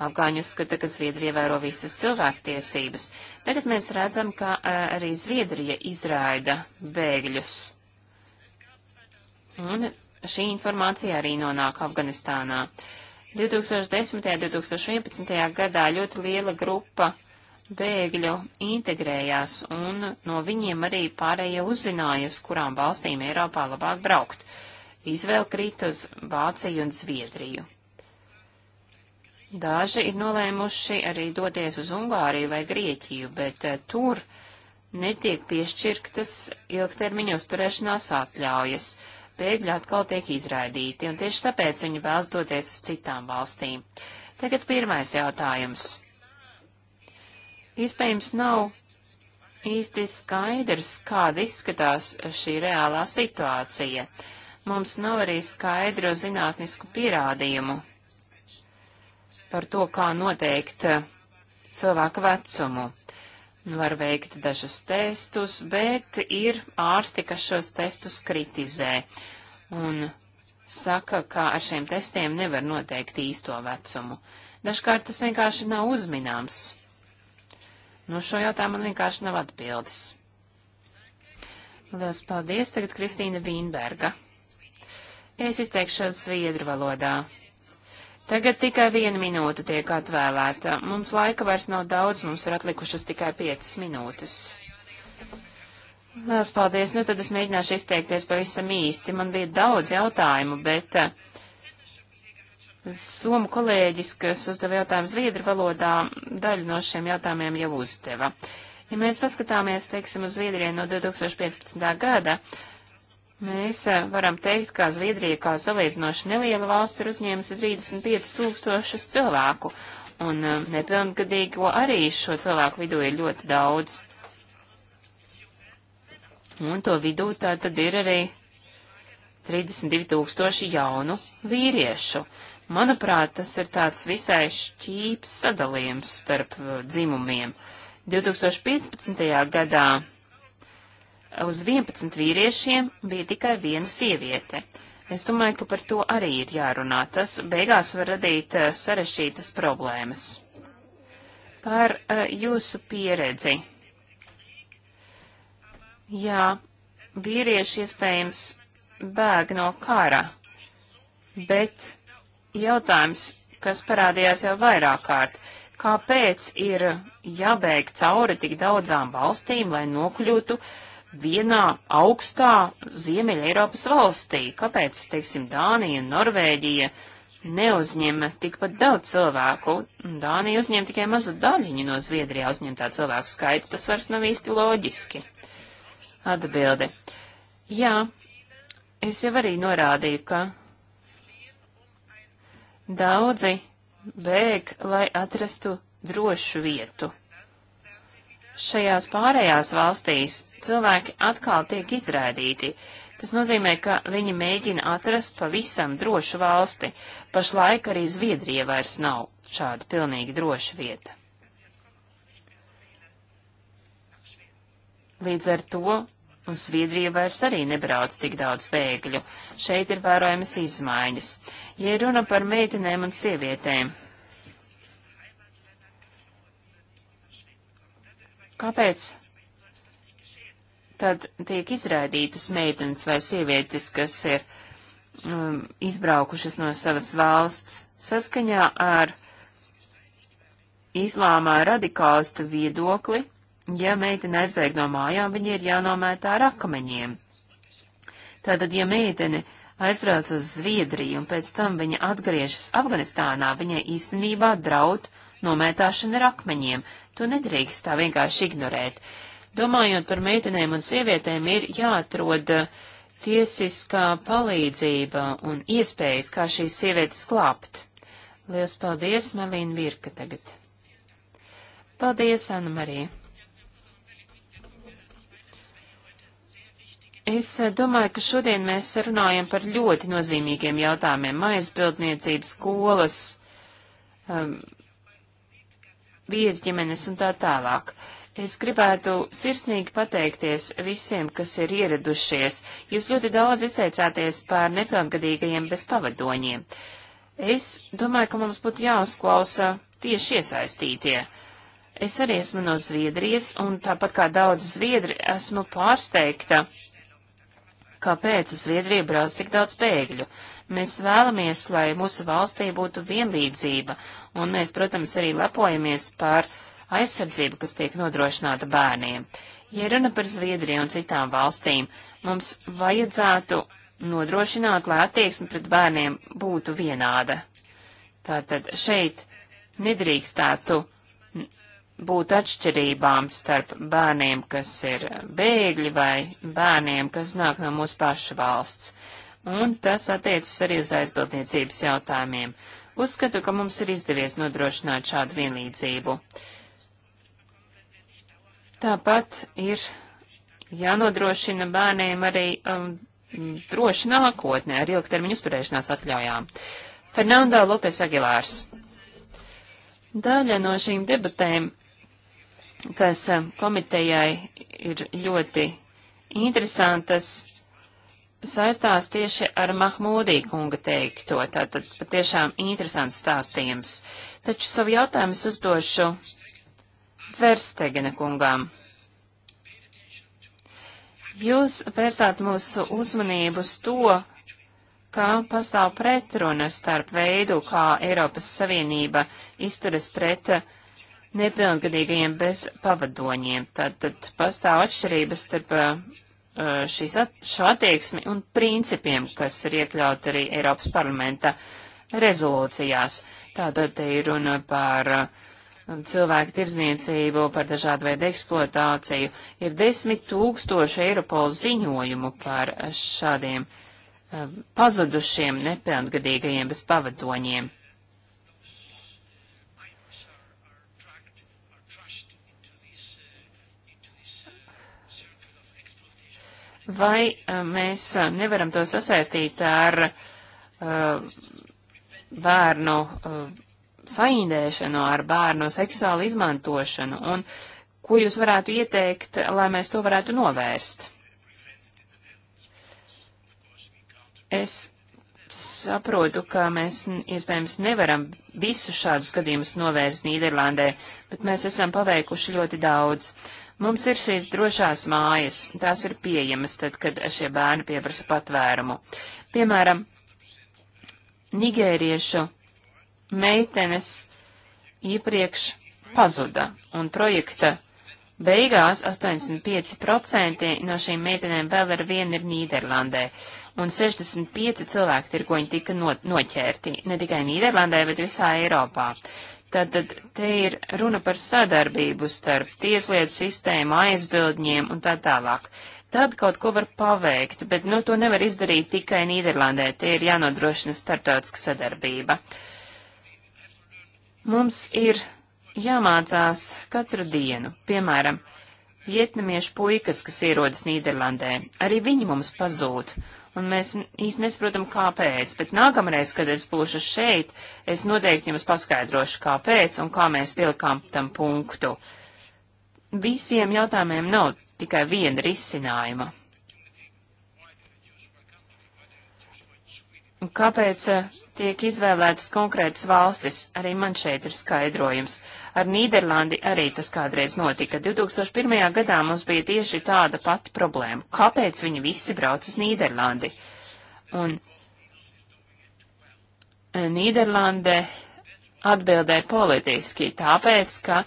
Afgāņi uzskata, ka Zviedrija vēro visas cilvēktiesības. Tagad mēs redzam, ka eh, arī Zviedrija izraida bēgļus. Un šī informācija arī nonāk Afganistānā. 2010. un 2011. gadā ļoti liela grupa bēgļu integrējās, un no viņiem arī pārējie uzzināja, uz kurām valstīm Eiropā labāk braukt. Izvēle krīt uz Vāciju un Zviedriju. Daži ir nolēmuši arī doties uz Ungāriju vai Grieķiju, bet eh, tur netiek piešķirtas ilgtermiņa uzturēšanās atļaujas. Bēgļi atkal tiek izraidīti, un tieši tāpēc viņi vēlas doties uz citām valstīm. Tagad pirmais jautājums. Iespējams, nav īsti skaidrs, kāda izskatās šī reālā situācija. Mums nav arī skaidru zinātnisku pierādījumu par to, kā noteikt eh, cilvēka vecumu. Nu, var veikt dažus testus, bet ir ārsti, kas šos testus kritizē un saka, ka ar šiem testiem nevar noteikt īsto vecumu. Dažkārt tas vienkārši nav uzmināms. Nu, šo jautājumu man vienkārši nav atbildes. Lielas paldies. Tagad Kristīna Vīnberga. Es izteikšos zviedru valodā. Tagad tikai viena minūte tiek atvēlēta. Mums laika vairs nav daudz, mums ir atlikušas tikai piecas minūtes. Lielas paldies. Nu, tad es mēģināšu izteikties pavisam īsti. Man bija daudz jautājumu, bet Somu kolēģis, kas uzdeva jautājumu zviedru valodā, daļu no šiem jautājumiem jau uzdeva. Ja mēs paskatāmies, teiksim, uz Zviedriju no 2015. gada, mēs eh, varam teikt, ka Zviedrija kā salīdzinoši neliela valsts ir uzņēmusi 35 tūkstošus cilvēku, un eh, nepilngadīgo arī šo cilvēku vidū ir ļoti daudz. Un to vidū tā tad ir arī 32 tūkstoši jaunu vīriešu. Manuprāt, tas ir tāds visai šķīps sadalījums starp uh, dzimumiem. 2015. gadā uz 11 vīriešiem bija tikai viena sieviete. Es domāju, ka par to arī ir jārunā. Tas beigās var radīt uh, sarešķītas problēmas. Par uh, jūsu pieredzi. Jā, vīrieši iespējams bēg no kara, bet jautājums, kas parādījās jau vairāk kārt. Kāpēc ir jābeig cauri tik daudzām valstīm, lai nokļūtu vienā augstā Ziemeļa Eiropas valstī? Kāpēc, teiksim, Dānija un Norvēģija neuzņem tikpat daudz cilvēku? Dānija uzņem tikai mazu daļiņu no Zviedrijā uzņemtā cilvēku skaita. Tas vairs nav īsti loģiski. Atbilde. Jā, es jau arī norādīju, ka Daudzi bēg, lai atrastu drošu vietu. Šajās pārējās valstīs cilvēki atkal tiek izraidīti. Tas nozīmē, ka viņi mēģina atrast pavisam drošu valsti. Pašlaik arī Zviedrija vairs nav šāda pilnīgi droša vieta. Līdz ar to Uz Zviedriju vairs arī nebrauc tik daudz bēgļu. Šeit ir vērojamas izmaiņas. Ja runa par meitenēm un sievietēm, kāpēc tad tiek izraidītas meitenes vai sievietes, kas ir um, izbraukušas no savas valsts saskaņā ar islāmā radikālistu viedokli? Ja meitene aizbēg no mājām, viņa ir jānomētā ar akmeņiem. Tātad, ja meitene aizbrauc uz Zviedriju un pēc tam viņa atgriežas Afganistānā, viņai īstenībā draud nomētāšana ar akmeņiem. To nedrīkst tā vienkārši ignorēt. Domājot par meitenēm un sievietēm, ir jāatrod uh, tiesiskā palīdzība un iespējas, kā šīs sievietes klāpt. Lielas paldies, Melīna Virka tagad. Paldies, Anna Marija. Es eh, domāju, ka šodien mēs runājam par ļoti nozīmīgiem jautājumiem - maizbildniecības, skolas, um, viesģimenes un tā tālāk. Es gribētu sirsnīgi pateikties visiem, kas ir ieradušies. Jūs ļoti daudz izteicāties par nepilngadīgajiem bez pavadoņiem. Es domāju, ka mums būtu jāuzklausa tieši iesaistītie. Es arī esmu no Zviedrijas, un tāpat kā daudz Zviedri, esmu pārsteigta kāpēc uz Zviedriju brauc tik daudz bēgļu. Mēs vēlamies, lai mūsu valstī būtu vienlīdzība, un mēs, protams, arī lepojamies par aizsardzību, kas tiek nodrošināta bērniem. Ja runa par Zviedriju un citām valstīm, mums vajadzētu nodrošināt, lai attieksme pret bērniem būtu vienāda. Tātad šeit nedrīkstētu būt atšķirībām starp bērniem, kas ir bēgļi vai bērniem, kas nāk no mūsu pašu valsts. Un tas attiecas arī uz aizbildniecības jautājumiem. Uzskatu, ka mums ir izdevies nodrošināt šādu vienlīdzību. Tāpat ir jānodrošina bērniem arī um, droši nākotnē ar ilgtermiņu uzturēšanās atļaujām. Fernando Lopes Aguilārs. Daļa no šīm debatēm kas eh, komitejai ir ļoti interesantas, saistās tieši ar Mahmūdī kunga teikto. Tātad patiešām interesants stāstījums. Taču savu jautājumu uzdošu Verstegene kungām. Jūs vērsāt mūsu uzmanību uz to, ka pastāv pretruna starp veidu, kā Eiropas Savienība izturas pret uh, nepilngadīgajiem bez pavadoņiem. Tātad pastāv atšķirības starp uh, uh, šīs at, šo attieksmi un principiem, kas ir iekļauti arī Eiropas parlamenta rezolūcijās. Tātad te ir runa par uh, cilvēku tirdzniecību, par dažādu veidu eksploatāciju. Ir desmit tūkstoši Eiropol ziņojumu par šādiem pazudušiem nepilngadīgajiem bez pavadoņiem. vai eh, mēs eh, nevaram to sasaistīt ar uh, bērnu uh, saindēšanu, ar bērnu seksuālu izmantošanu, un ko jūs varētu ieteikt, lai mēs to varētu novērst? Es saprotu, ka mēs iespējams nevaram visus šādus gadījumus novērst Nīderlandē, bet mēs esam paveikuši ļoti daudz. Uh, Mums ir šīs drošās mājas, tās ir pieejamas tad, kad šie bērni pieprasa patvērumu. Piemēram, nigēriešu meitenes iepriekš pazuda, un projekta beigās 85% no šīm meitenēm vēl ar vienu ir Nīderlandē, un 65 cilvēki tirgoņi tika no, noķerti, ne tikai Nīderlandē, bet visā Eiropā. Tātad te ir runa par sadarbību starp tieslietu sistēmu, aizbildņiem un tā tālāk. Tad kaut ko var paveikt, bet nu, to nevar izdarīt tikai Nīderlandē. Te ir jānodrošina starptautiska sadarbība. Mums ir jāmācās katru dienu, piemēram, vietnamiešu puikas, kas ierodas Nīderlandē. Arī viņi mums pazūd un mēs īsti nesaprotam, kāpēc, bet nākamreiz, kad es būšu šeit, es noteikti jums paskaidrošu, kāpēc un kā mēs pielikām tam punktu. Visiem jautājumiem nav tikai viena risinājuma. Kāpēc tiek izvēlētas konkrētas valstis, arī man šeit ir skaidrojums. Ar Nīderlandi arī tas kādreiz notika. 2001. gadā mums bija tieši tāda pati problēma. Kāpēc viņi visi brauc uz Nīderlandi? Un e, Nīderlande atbildēja politiski, tāpēc, ka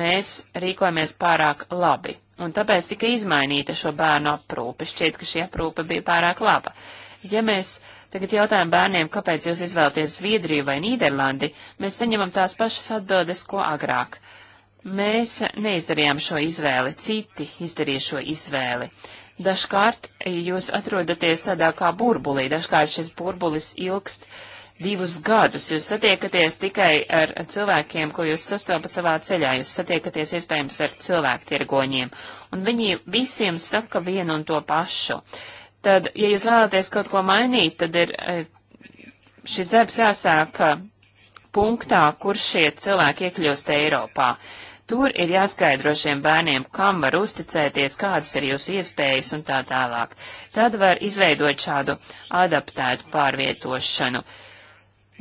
mēs rīkojamies pārāk labi. Un tāpēc tika izmainīta šo bērnu aprūpe. Šķiet, ka šī aprūpe bija pārāk laba. Ja mēs tagad jautājam bērniem, kāpēc jūs izvēlaties Zviedriju vai Nīderlandi, mēs saņemam tās pašas atbildes, ko agrāk. Mēs neizdarījām šo izvēli, citi izdarīja šo izvēli. Dažkārt jūs atrodaties tādā kā burbulī, dažkārt šis burbulis ilgst divus gadus. Jūs satiekaties tikai ar cilvēkiem, ko jūs sastopat savā ceļā. Jūs satiekaties iespējams ar cilvēktirgoņiem. Un viņi visiem saka vienu un to pašu tad, ja jūs vēlaties kaut ko mainīt, tad ir e, šis darbs jāsāk e, punktā, kur šie cilvēki iekļūst Eiropā. Tur ir jāskaidro šiem bērniem, kam var uzticēties, kādas ir jūsu iespējas un tā tālāk. Tad var izveidot šādu adaptētu pārvietošanu.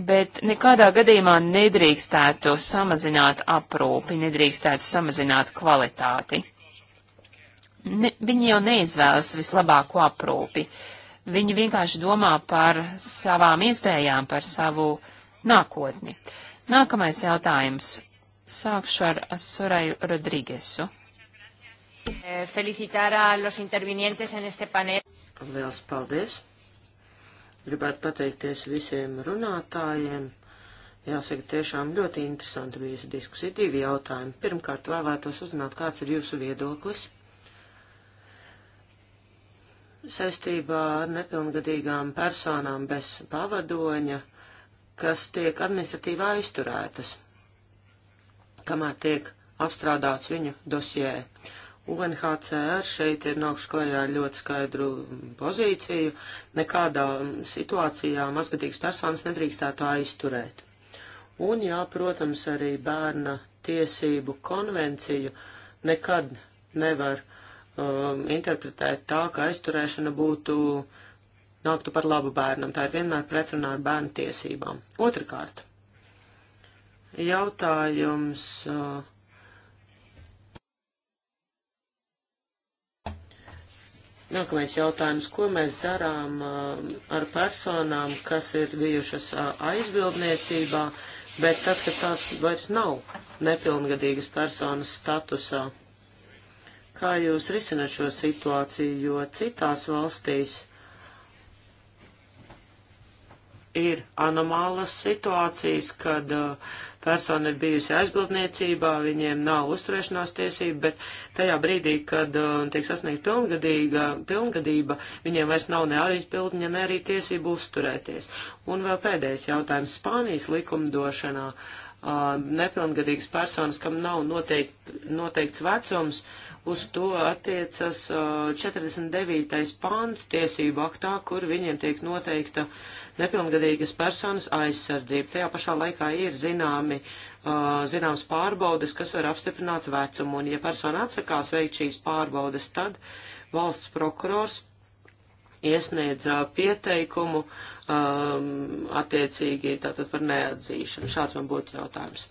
Bet nekādā gadījumā nedrīkstētu samazināt aprūpi, nedrīkstētu samazināt kvalitāti ne, viņi jau neizvēlas vislabāko aprūpi. Viņi vienkārši domā par savām iespējām, par savu nākotni. Nākamais jautājums. Sākšu ar Soraju Rodrīgesu. Eh, felicitar a los intervinientes en este panel. Liels paldies! Gribētu pateikties visiem runātājiem. Jāsaka, tiešām ļoti interesanti bijusi diskusija. Divi jautājumi. Pirmkārt, vēlētos uzzināt, kāds ir jūsu viedoklis saistībā ar nepilngadīgām personām bez pavadoņa, kas tiek administratīvi aizturētas, kamēr tiek apstrādāts viņu dosjē. UNHCR šeit ir nākuši klajā ļoti skaidru pozīciju. Nekādā situācijā mazgadīgas personas nedrīkstētu aizturēt. Un, jā, protams, arī bērna tiesību konvenciju nekad nevar um, interpretēt tā, ka aizturēšana būtu nāktu par labu bērnam. Tā ir vienmēr pretrunā ar bērnu tiesībām. Otrakārt, jautājums. Uh, Nākamais jautājums, ko mēs darām uh, ar personām, kas ir bijušas uh, aizbildniecībā, bet tad, kad tās vairs nav nepilngadīgas personas statusā, uh, Kā jūs risināt šo situāciju, jo citās valstīs ir anomālas situācijas, kad uh, persona ir bijusi aizbildniecībā, viņiem nav uzturēšanās tiesība, bet tajā brīdī, kad uh, tiek sasniegta pilngadība, viņiem vairs nav ne aizbildņa, ne arī tiesība uzturēties. Un vēl pēdējais jautājums. Spānijas likumdošanā uh, nepilngadīgas personas, kam nav noteikt, noteikts vecums, uh, uz to attiecas 49. pāns tiesību aktā, kur viņiem tiek noteikta nepilngadīgas personas aizsardzība. Tajā pašā laikā ir zināmi, zināms pārbaudes, kas var apstiprināt vecumu, un ja persona atsakās veikt šīs pārbaudes, tad valsts prokurors iesniedz pieteikumu um, attiecīgi tātad par neatzīšanu. Šāds man būtu jautājums.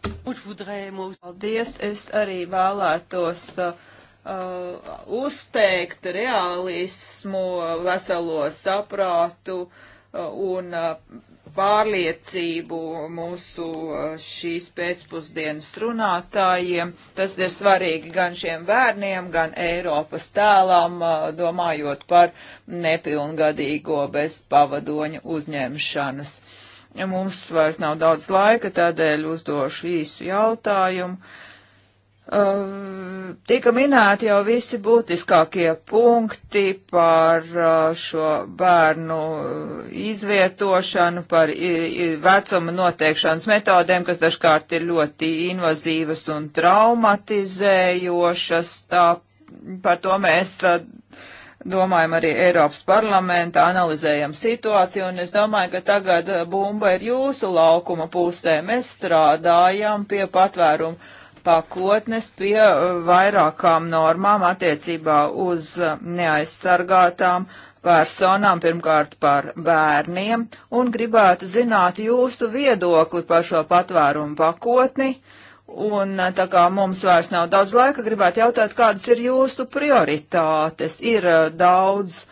Paldies, es arī vēlētos uh, uh, uzteikt realismu, veselo saprātu uh, un uh, pārliecību mūsu uh, šīs pēcpusdienas runātājiem. Tas ir svarīgi gan šiem bērniem, gan Eiropas tēlam, uh, domājot par nepilngadīgo bez pavadoņa uzņemšanas. Ja mums vairs nav daudz laika, tādēļ uzdošu īsu jautājumu. Uh, Um, tika minēti jau visi būtiskākie punkti par uh, šo bērnu uh, izvietošanu, par vecuma noteikšanas metodēm, kas dažkārt ir ļoti invazīvas un traumatizējošas. Tā, par to mēs uh, domājam arī Eiropas parlamentā, analizējam situāciju, un es domāju, ka tagad bumba ir jūsu laukuma pusē. Mēs strādājam pie patvērumu pakotnes pie uh, vairākām normām attiecībā uz uh, neaizsargātām personām, pirmkārt par bērniem, un gribētu zināt jūsu viedokli par šo patvērumu pakotni. Un uh, tā kā mums vairs nav daudz laika, gribētu jautāt, kādas ir jūsu prioritātes. Ir daudz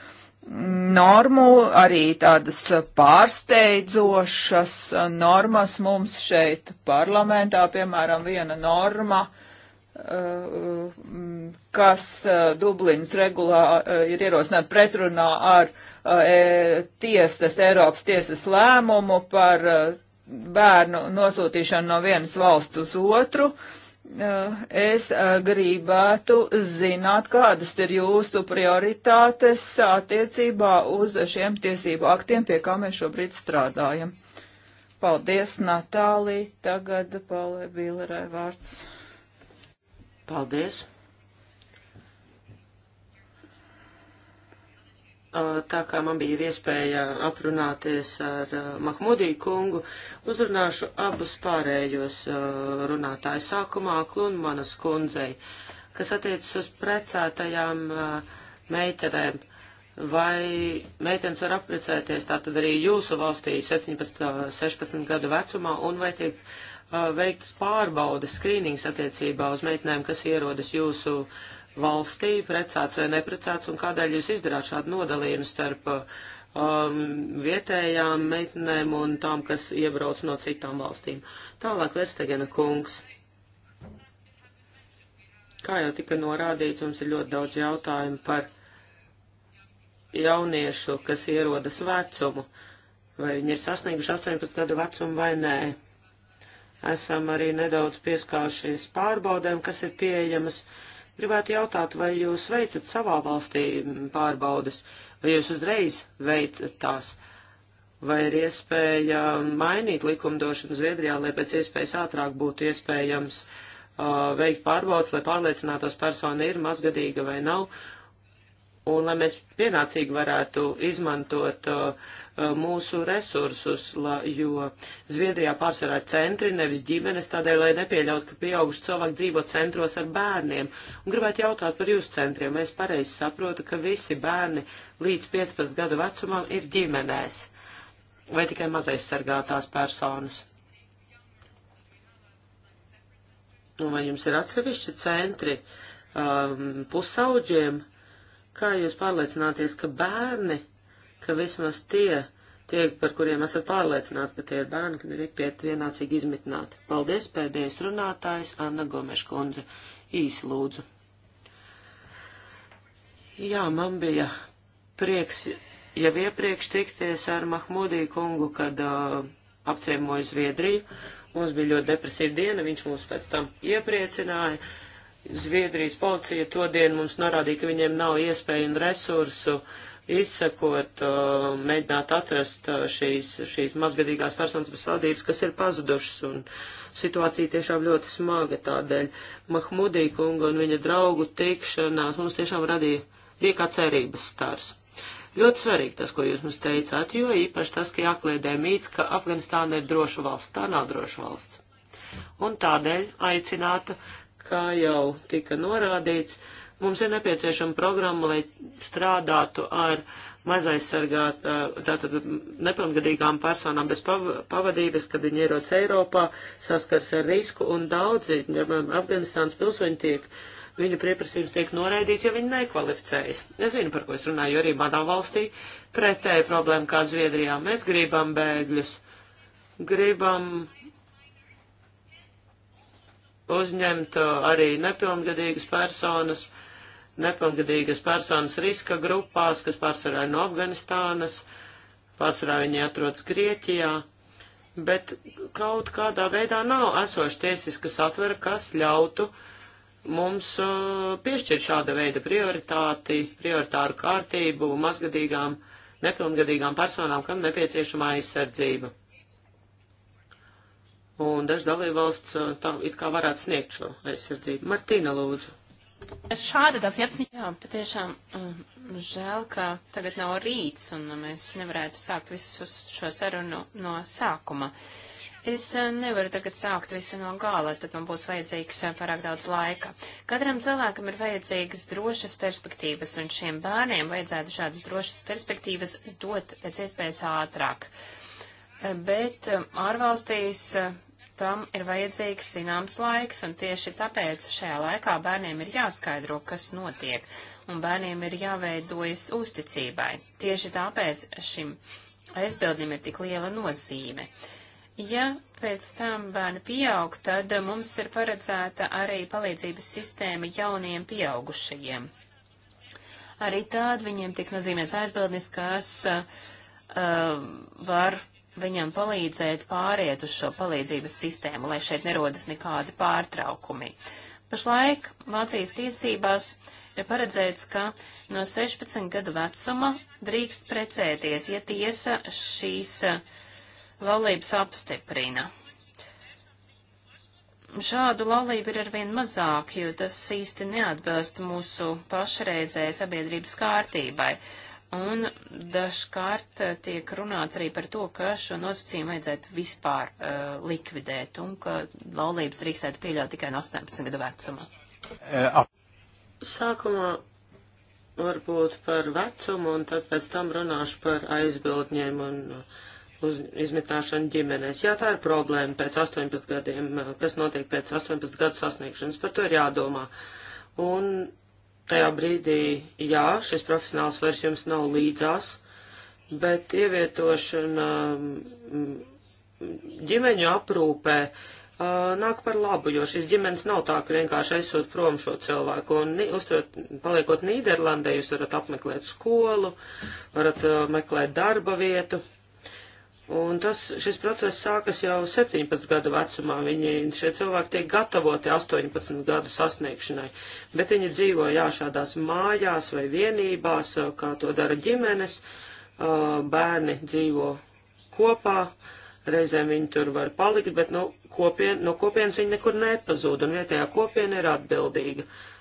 normu, arī tādas pārsteidzošas normas mums šeit parlamentā, piemēram, viena norma, eh, kas eh, Dublinas regulā eh, ir ierosināta pretrunā ar tiesas, Eiropas tiesas lēmumu par bērnu nosūtīšanu no vienas valsts uz otru. Uh, Eh, es eh, gribētu zināt, kādas ir jūsu prioritātes attiecībā uz šiem tiesību aktiem, pie kā mēs šobrīd strādājam. Paldies, Natālija. Tagad Paulē Bīlerē vārds. Paldies. tā kā man bija iespēja aprunāties ar Mahmudī kungu, uzrunāšu abus pārējos runātāju sākumā Klunmanas kundzei, kas attiecas uz precētajām meitenēm. Vai meitenes var apprecēties tātad arī jūsu valstī 17, 16 gadu vecumā un vai tiek Uh, veiktas pārbaudes, skrīnings attiecībā uz meitenēm, kas ierodas jūsu valstī, precēts vai neprecēts, un kādēļ jūs izdarāt šādu nodalījumu starp uh, um, vietējām meitenēm un tām, kas iebrauc no citām valstīm. Tālāk Vestegena kungs. Kā jau tika norādīts, mums ir ļoti daudz jautājumu par jauniešu, kas ierodas vecumu, vai viņi ir sasnieguši 18 gadu vecumu vai nē esam arī nedaudz pieskāršies pārbaudēm, kas ir pieejamas. Gribētu jautāt, vai jūs veicat savā valstī pārbaudes, vai jūs uzreiz veicat tās, vai ir iespēja mainīt likumdošanu Zviedrijā, lai pēc iespējas ātrāk būtu iespējams uh, veikt pārbaudes, lai pārliecinātos persona ir mazgadīga vai nav, un lai mēs pienācīgi varētu izmantot uh, Uh, mūsu resursus, la, jo Zviedrijā pārsvarā ir centri, nevis ģimenes, tādēļ, lai nepieļaut, ka pieauguši cilvēki dzīvo centros ar bērniem. Un gribētu jautāt par jūsu centriem. Es pareizi saprotu, ka visi bērni līdz 15 gadu vecumam ir ģimenēs vai tikai mazaizsargātās personas? Un vai jums ir atsevišķi centri um, pusauģiem? Kā jūs pārliecināties, ka bērni ka vismaz tie, tie, par kuriem esat pārliecināti, ka tie ir bērni, ka netiek piet vienācīgi izmitināti. Paldies, pēdējais runātājs, Anna Gomeša kundze, īsi lūdzu. Jā, man bija prieks jau iepriekš tikties ar Mahmudī kungu, kad uh, apciemoju Zviedriju. Mums bija ļoti depresīva diena, viņš mūs pēc tam iepriecināja. Zviedrijas policija to dienu mums norādīja, ka viņiem nav iespēju un resursu uh, izsekot, uh, mēģināt atrast uh, šīs, šīs mazgadīgās personas bez vadības, kas ir pazudušas, un situācija tiešām ļoti smaga tādēļ. Mahmudī kunga un viņa draugu tikšanās mums tiešām radīja, bija kā cerības stars. Ļoti svarīgi tas, ko jūs mums teicāt, jo īpaši tas, ka jākliedē mīts, ka Afganistāna ir droša valsts, tā nav droša valsts. Un tādēļ aicinātu, kā jau tika norādīts, uh, Mums ir nepieciešama programma, lai strādātu ar mazaizsargāt, tātad nepilngadīgām personām bez pavadības, kad viņi ierodas Eiropā, saskars ar risku, un daudzi, piemēram, Afganistānas pilsoņi tiek, viņu pieprasījums tiek noraidīts, jo viņi nekvalificējas. Es zinu, par ko es runāju, jo arī manā valstī pretēja problēma kā Zviedrijā. Mēs gribam bēgļus, gribam uzņemt uh, arī nepilngadīgas personas, uh, nepilngadīgas personas riska grupās, kas pārsvarā no Afganistānas, pārsvarā viņi atrodas Grieķijā, bet kaut kādā veidā nav esoša tiesiska satvera, kas ļautu mums uh, piešķirt šāda veida prioritāti, prioritāru kārtību mazgadīgām, nepilngadīgām personām, kam nepieciešama aizsardzība. Un daži dalībvalsts uh, tā it kā varētu sniegt šo aizsardzību. Martīna, lūdzu. Es šādi tas jetzt nicht. Jā, patiešām mm, žēl, ka tagad nav rīts un mēs nevarētu sākt visus šo sarunu no, no sākuma. Es eh, nevaru tagad sākt visu no gala, tad man būs vajadzīgs eh, pārāk daudz laika. Katram cilvēkam ir vajadzīgas drošas perspektīvas, un šiem bērniem vajadzētu šādas drošas perspektīvas dot pēc iespējas ātrāk. Eh, bet ārvalstīs tam ir vajadzīgs zināms laiks, un tieši tāpēc šajā laikā bērniem ir jāskaidro, kas notiek, un bērniem ir jāveidojas uzticībai. Tieši tāpēc šim aizbildnim ir tik liela nozīme. Ja pēc tam bērni pieaug, tad mums ir paredzēta arī palīdzības sistēma jauniem pieaugušajiem. Arī tād viņiem tiek nozīmēts aizbildnis, kas uh, var viņam palīdzēt pāriet uz šo palīdzības sistēmu, lai šeit nerodas nekādi pārtraukumi. Pašlaik Vācijas tiesībās ir paredzēts, ka no 16 gadu vecuma drīkst precēties, ja tiesa šīs eh, laulības apstiprina. Šādu laulību ir arvien mazāk, jo tas īsti neatbilst mūsu pašreizējai sabiedrības kārtībai. Uh, un dažkārt eh, tiek runāts arī par to, ka šo nosacījumu vajadzētu vispār uh, likvidēt un ka laulības drīkstētu pieļaut tikai no 18 gadu vecuma. Eh, Sākumā varbūt par vecumu un tad pēc tam runāšu par aizbildņiem un uz izmitināšanu ģimenēs. Jā, tā ir problēma pēc 18 gadiem, kas notiek pēc 18 gadu sasniegšanas, par to ir jādomā. Un tajā brīdī, jā, šis profesionāls vairs jums nav līdzās, bet ievietošana mm, ģimeņu aprūpē nāk par labu, jo šīs ģimenes nav tā, ka vienkārši aizsūt prom šo cilvēku. Un, uzturot, paliekot Nīderlandē, jūs varat apmeklēt skolu, varat meklēt darba vietu, Un tas, šis process sākas jau 17 gadu vecumā. Viņi, šie cilvēki tiek gatavoti 18 gadu sasniegšanai, bet viņi dzīvo jā, šādās mājās vai vienībās, kā to dara ģimenes. Bērni dzīvo kopā, reizēm viņi tur var palikt, bet no, nu, kopien, no kopienas viņi nekur nepazūd, un vietējā kopiena ir atbildīga. Uh,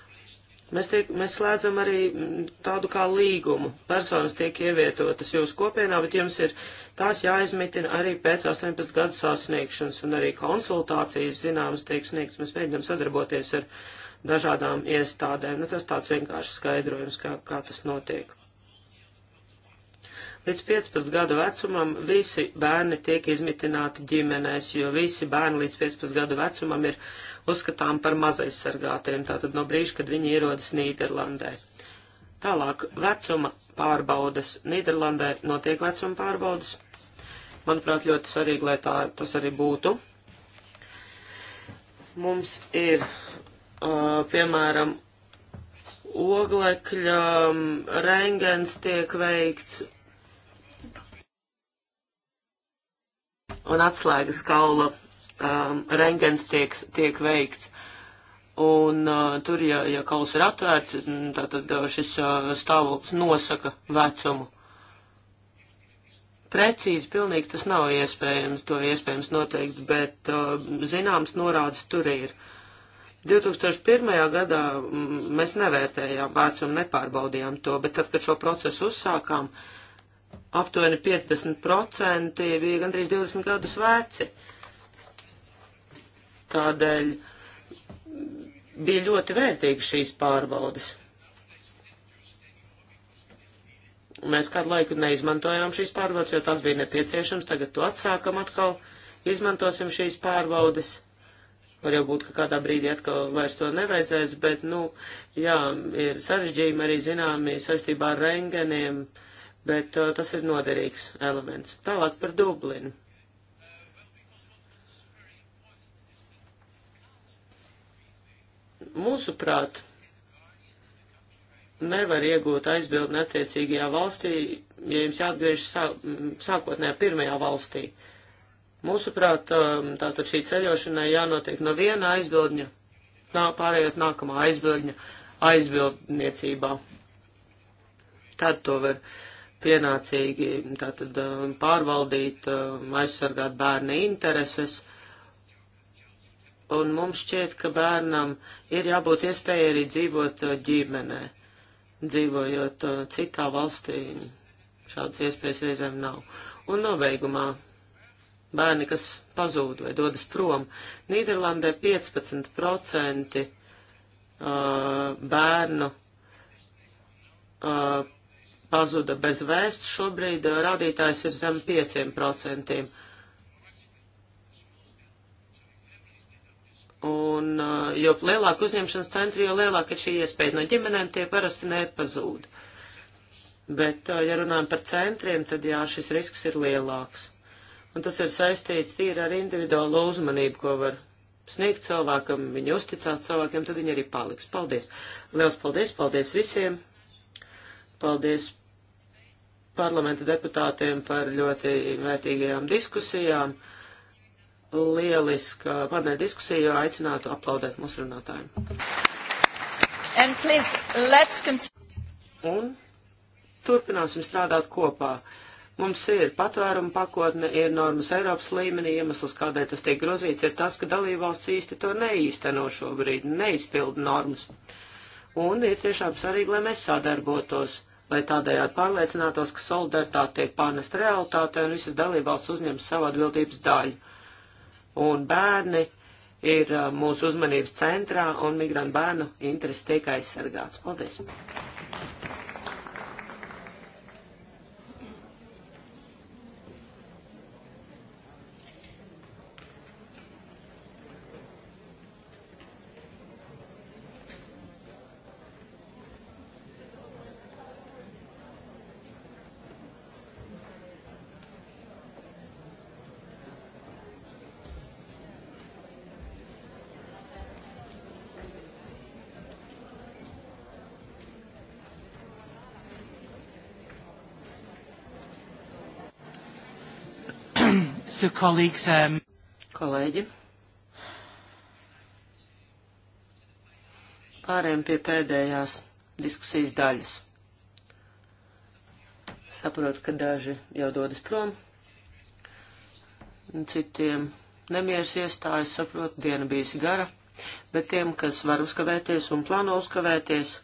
Mēs, tiek, mēs slēdzam arī mm, tādu kā līgumu. Personas tiek ievietotas jūsu kopienā, bet jums ir tās jāizmitina arī pēc 18 gadu sasniegšanas un arī konsultācijas zināmas tiek sniegts. Mēs mēģinām sadarboties ar dažādām iestādēm. Nu, tas tāds vienkārši skaidrojums, kā, kā tas notiek. Līdz 15 gadu vecumam visi bērni tiek izmitināti ģimenēs, jo visi bērni līdz 15 gadu vecumam ir uzskatām par mazaizsargātiem, tātad no brīža, kad viņi ierodas Nīderlandē. Tālāk vecuma pārbaudas. Nīderlandē notiek vecuma pārbaudas. Manuprāt, ļoti svarīgi, lai tā tas arī būtu. Mums ir, uh, piemēram, oglekļa rengens tiek veikts un atslēgas kaula um, rengens tiek, tiek veikts. Un uh, tur, ja, ja kauls ir atvērts, mm, tātad uh, šis uh, stāvoklis nosaka vecumu. Precīzi pilnīgi tas nav iespējams, to iespējams noteikt, bet uh, zināms norādes tur ir. 2001. gadā mm, mēs nevērtējām vecumu, nepārbaudījām to, bet tad, kad šo procesu uzsākām, aptuveni 50% bija gandrīz 20 gadus veci. Uh, Tādēļ bija ļoti vērtīgas šīs pārbaudes. Mēs kādu laiku neizmantojām šīs pārbaudes, jo tās bija nepieciešams. Tagad to atsākam atkal, izmantosim šīs pārbaudes. Var jau būt, ka kādā brīdī atkal vairs to nevajadzēs, bet, nu, jā, ir sarežģījumi arī zināmi saistībā ar rengeniem, bet uh, tas ir noderīgs elements. Tālāk par Dublinu. mūsuprāt, nevar iegūt aizbildni attiecīgajā valstī, ja jums jāatgriežas sā, sākotnējā pirmajā valstī. Mūsuprāt, um, tātad šī ceļošanai jānotiek no viena aizbildņa, nā, pārējot nākamā aizbildņa aizbildniecībā. Tad to var pienācīgi tātad, um, pārvaldīt, um, aizsargāt bērna intereses, uh, un mums šķiet, ka bērnam ir jābūt iespēja arī dzīvot uh, ģimenē, dzīvojot uh, citā valstī. Šādas iespējas reizēm nav. Un nobeigumā bērni, kas pazūd vai dodas prom, Nīderlandē 15% uh, bērnu pazuda bez vēsts, šobrīd rādītājs ir zem 5%. Un uh, jo lielāk uzņemšanas centri, jo lielāka ir šī iespēja. No ģimenēm tie parasti nepazūd. Bet, uh, ja runājam par centriem, tad jā, šis risks ir lielāks. Un tas ir saistīts tīri ar individuālo uzmanību, ko var sniegt cilvēkam, viņi uzticās cilvēkiem, tad viņi arī paliks. Paldies! Liels paldies! Paldies visiem! Paldies parlamenta deputātiem par ļoti vērtīgajām diskusijām! lieliska paneļa diskusija, jo aicinātu aplaudēt mūsu runātājiem. Please, Un turpināsim strādāt kopā. Mums ir patvēruma pakotne, ir normas Eiropas līmenī, iemesls, kādēļ tas tiek grozīts, ir tas, ka dalībvalsts īsti to neīsteno šobrīd, neizpilda normas. Un ir tiešām svarīgi, lai mēs sadarbotos, lai tādējādi pārliecinātos, ka solidaritāte tiek pārnest realitātē un visas dalībvalsts uzņems savu atbildības daļu un bērni ir uh, mūsu uzmanības centrā, un migrantu bērnu intereses tiek aizsargāts. Paldies! to colleagues. Um... Kolēģi. Pārējām pie pēdējās diskusijas daļas. Saprotu, ka daži jau dodas prom, citiem nemieris iestājas, saprotu, diena bijusi gara, bet tiem, kas var uzkavēties un plāno uzkavēties,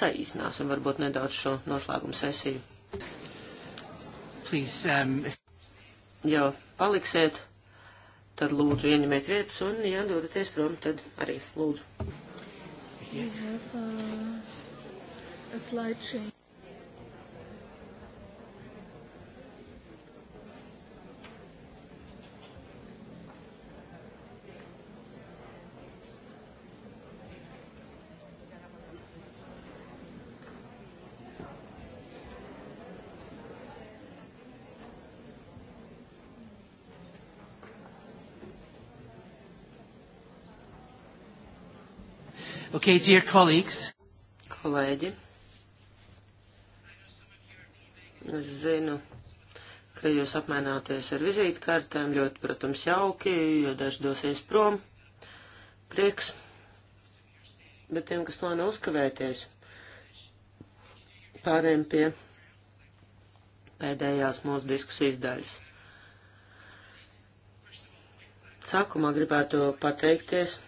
saīsināsim varbūt nedaudz šo noslēgumu sesiju please, um, if... Ja paliksiet, tad lūdzu ieņemiet vietas un, ja dodaties prom, tad arī lūdzu. Yeah. We have, uh, a slide change. Okay, dear colleagues. Kolēģi. Es zinu, ka jūs apmaināties ar vizītkartēm. Ļoti, protams, jauki, jo daži dosies prom. Prieks. Bet tiem, kas plāno uzkavēties, pārējiem pie pēdējās mūsu diskusijas daļas. Sākumā gribētu pateikties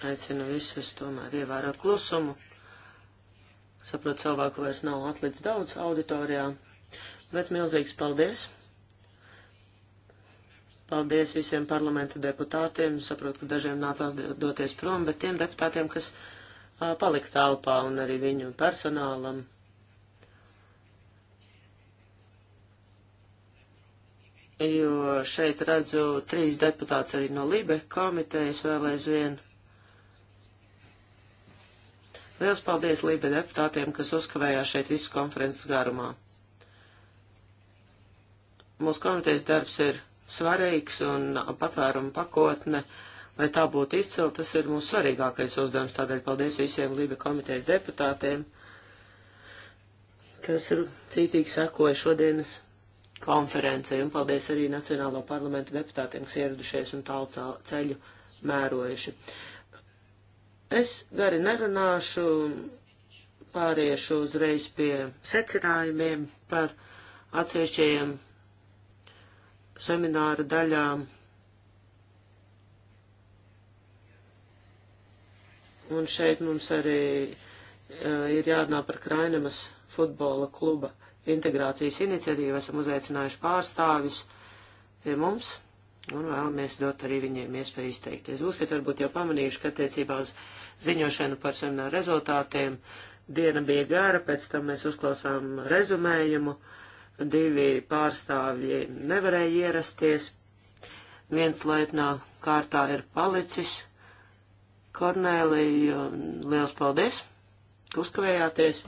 Aicinu visus tomēr ievērot klusumu. Saprotu, cilvēku vairs nav atlicis daudz auditorijā, bet milzīgs paldies! Paldies visiem parlamenta deputātiem. Saprotu, ka dažiem nācās doties prom, bet tiem deputātiem, kas uh, palika telpā un arī viņu personālam. Jo šeit redzu trīs deputātus arī no Libe komitejas vēl aizvienu. Liels paldies Lībe deputātiem, kas uzkavējās šeit visu konferences garumā. Mūsu komitejas darbs ir svarīgs un patvēruma pakotne, lai tā būtu izcila, tas ir mūsu svarīgākais uzdevums. Tādēļ paldies visiem Lībe komitejas deputātiem, kas ir cītīgi sekoja šodienas konferencei, un paldies arī Nacionālo parlamentu deputātiem, kas ieradušies un tālu ceļu mērojuši. Es gari nerunāšu, pāriešu uzreiz pie secinājumiem par atsevišķajiem semināra daļām. Un šeit mums arī uh, ir jārunā par Krainamas futbola kluba integrācijas iniciatīvu. Esam uzaicinājuši pārstāvis pie mums un vēlamies dot arī viņiem iespēju izteikties. Būsiet varbūt jau pamanījuši, ka attiecībā uz ziņošanu par semināru rezultātiem diena bija gara, pēc tam mēs uzklausām rezumējumu, divi pārstāvji nevarēja ierasties, viens laipnā kārtā ir palicis. Kornēlija, liels paldies, ka uzkavējāties!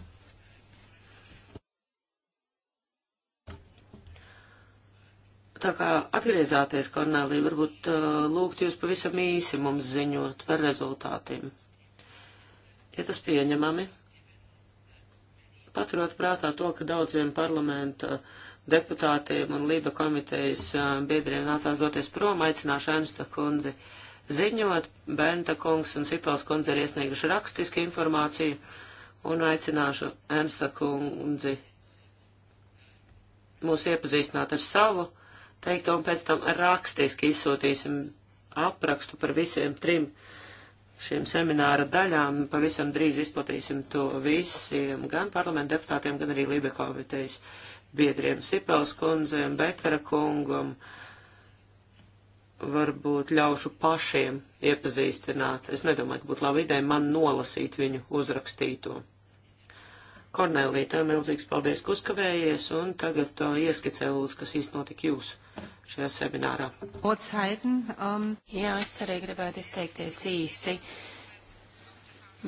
Tā kā atgriezāties, Kornelija, varbūt uh, lūgt jūs pavisam īsi mums ziņot par rezultātiem. Ja tas pieņemami, paturot prātā to, ka daudziem parlamenta deputātiem un Lība komitejas uh, biedriem nācās doties prom, aicināšu Ernsta kundzi ziņot, Benta kungs un Sipels kundze ir iesnieguši rakstisku informāciju un aicināšu Ernsta kundzi mūs iepazīstināt ar savu teikto, un pēc tam rakstiski izsūtīsim aprakstu par visiem trim šiem semināra daļām. Pavisam drīz izplatīsim to visiem, gan parlamenta deputātiem, gan arī Lībe komitejas biedriem Sipels kundzēm, Bekara kungam. Varbūt ļaušu pašiem iepazīstināt. Es nedomāju, ka būtu laba ideja man nolasīt viņu uzrakstīto. Kornelija, tev milzīgs paldies, ka uzkavējies, un tagad uh, ieskicē lūdzu, kas īsti notika jūs šajā seminārā. Ocaiden, um... Jā, es arī gribētu izteikties īsi.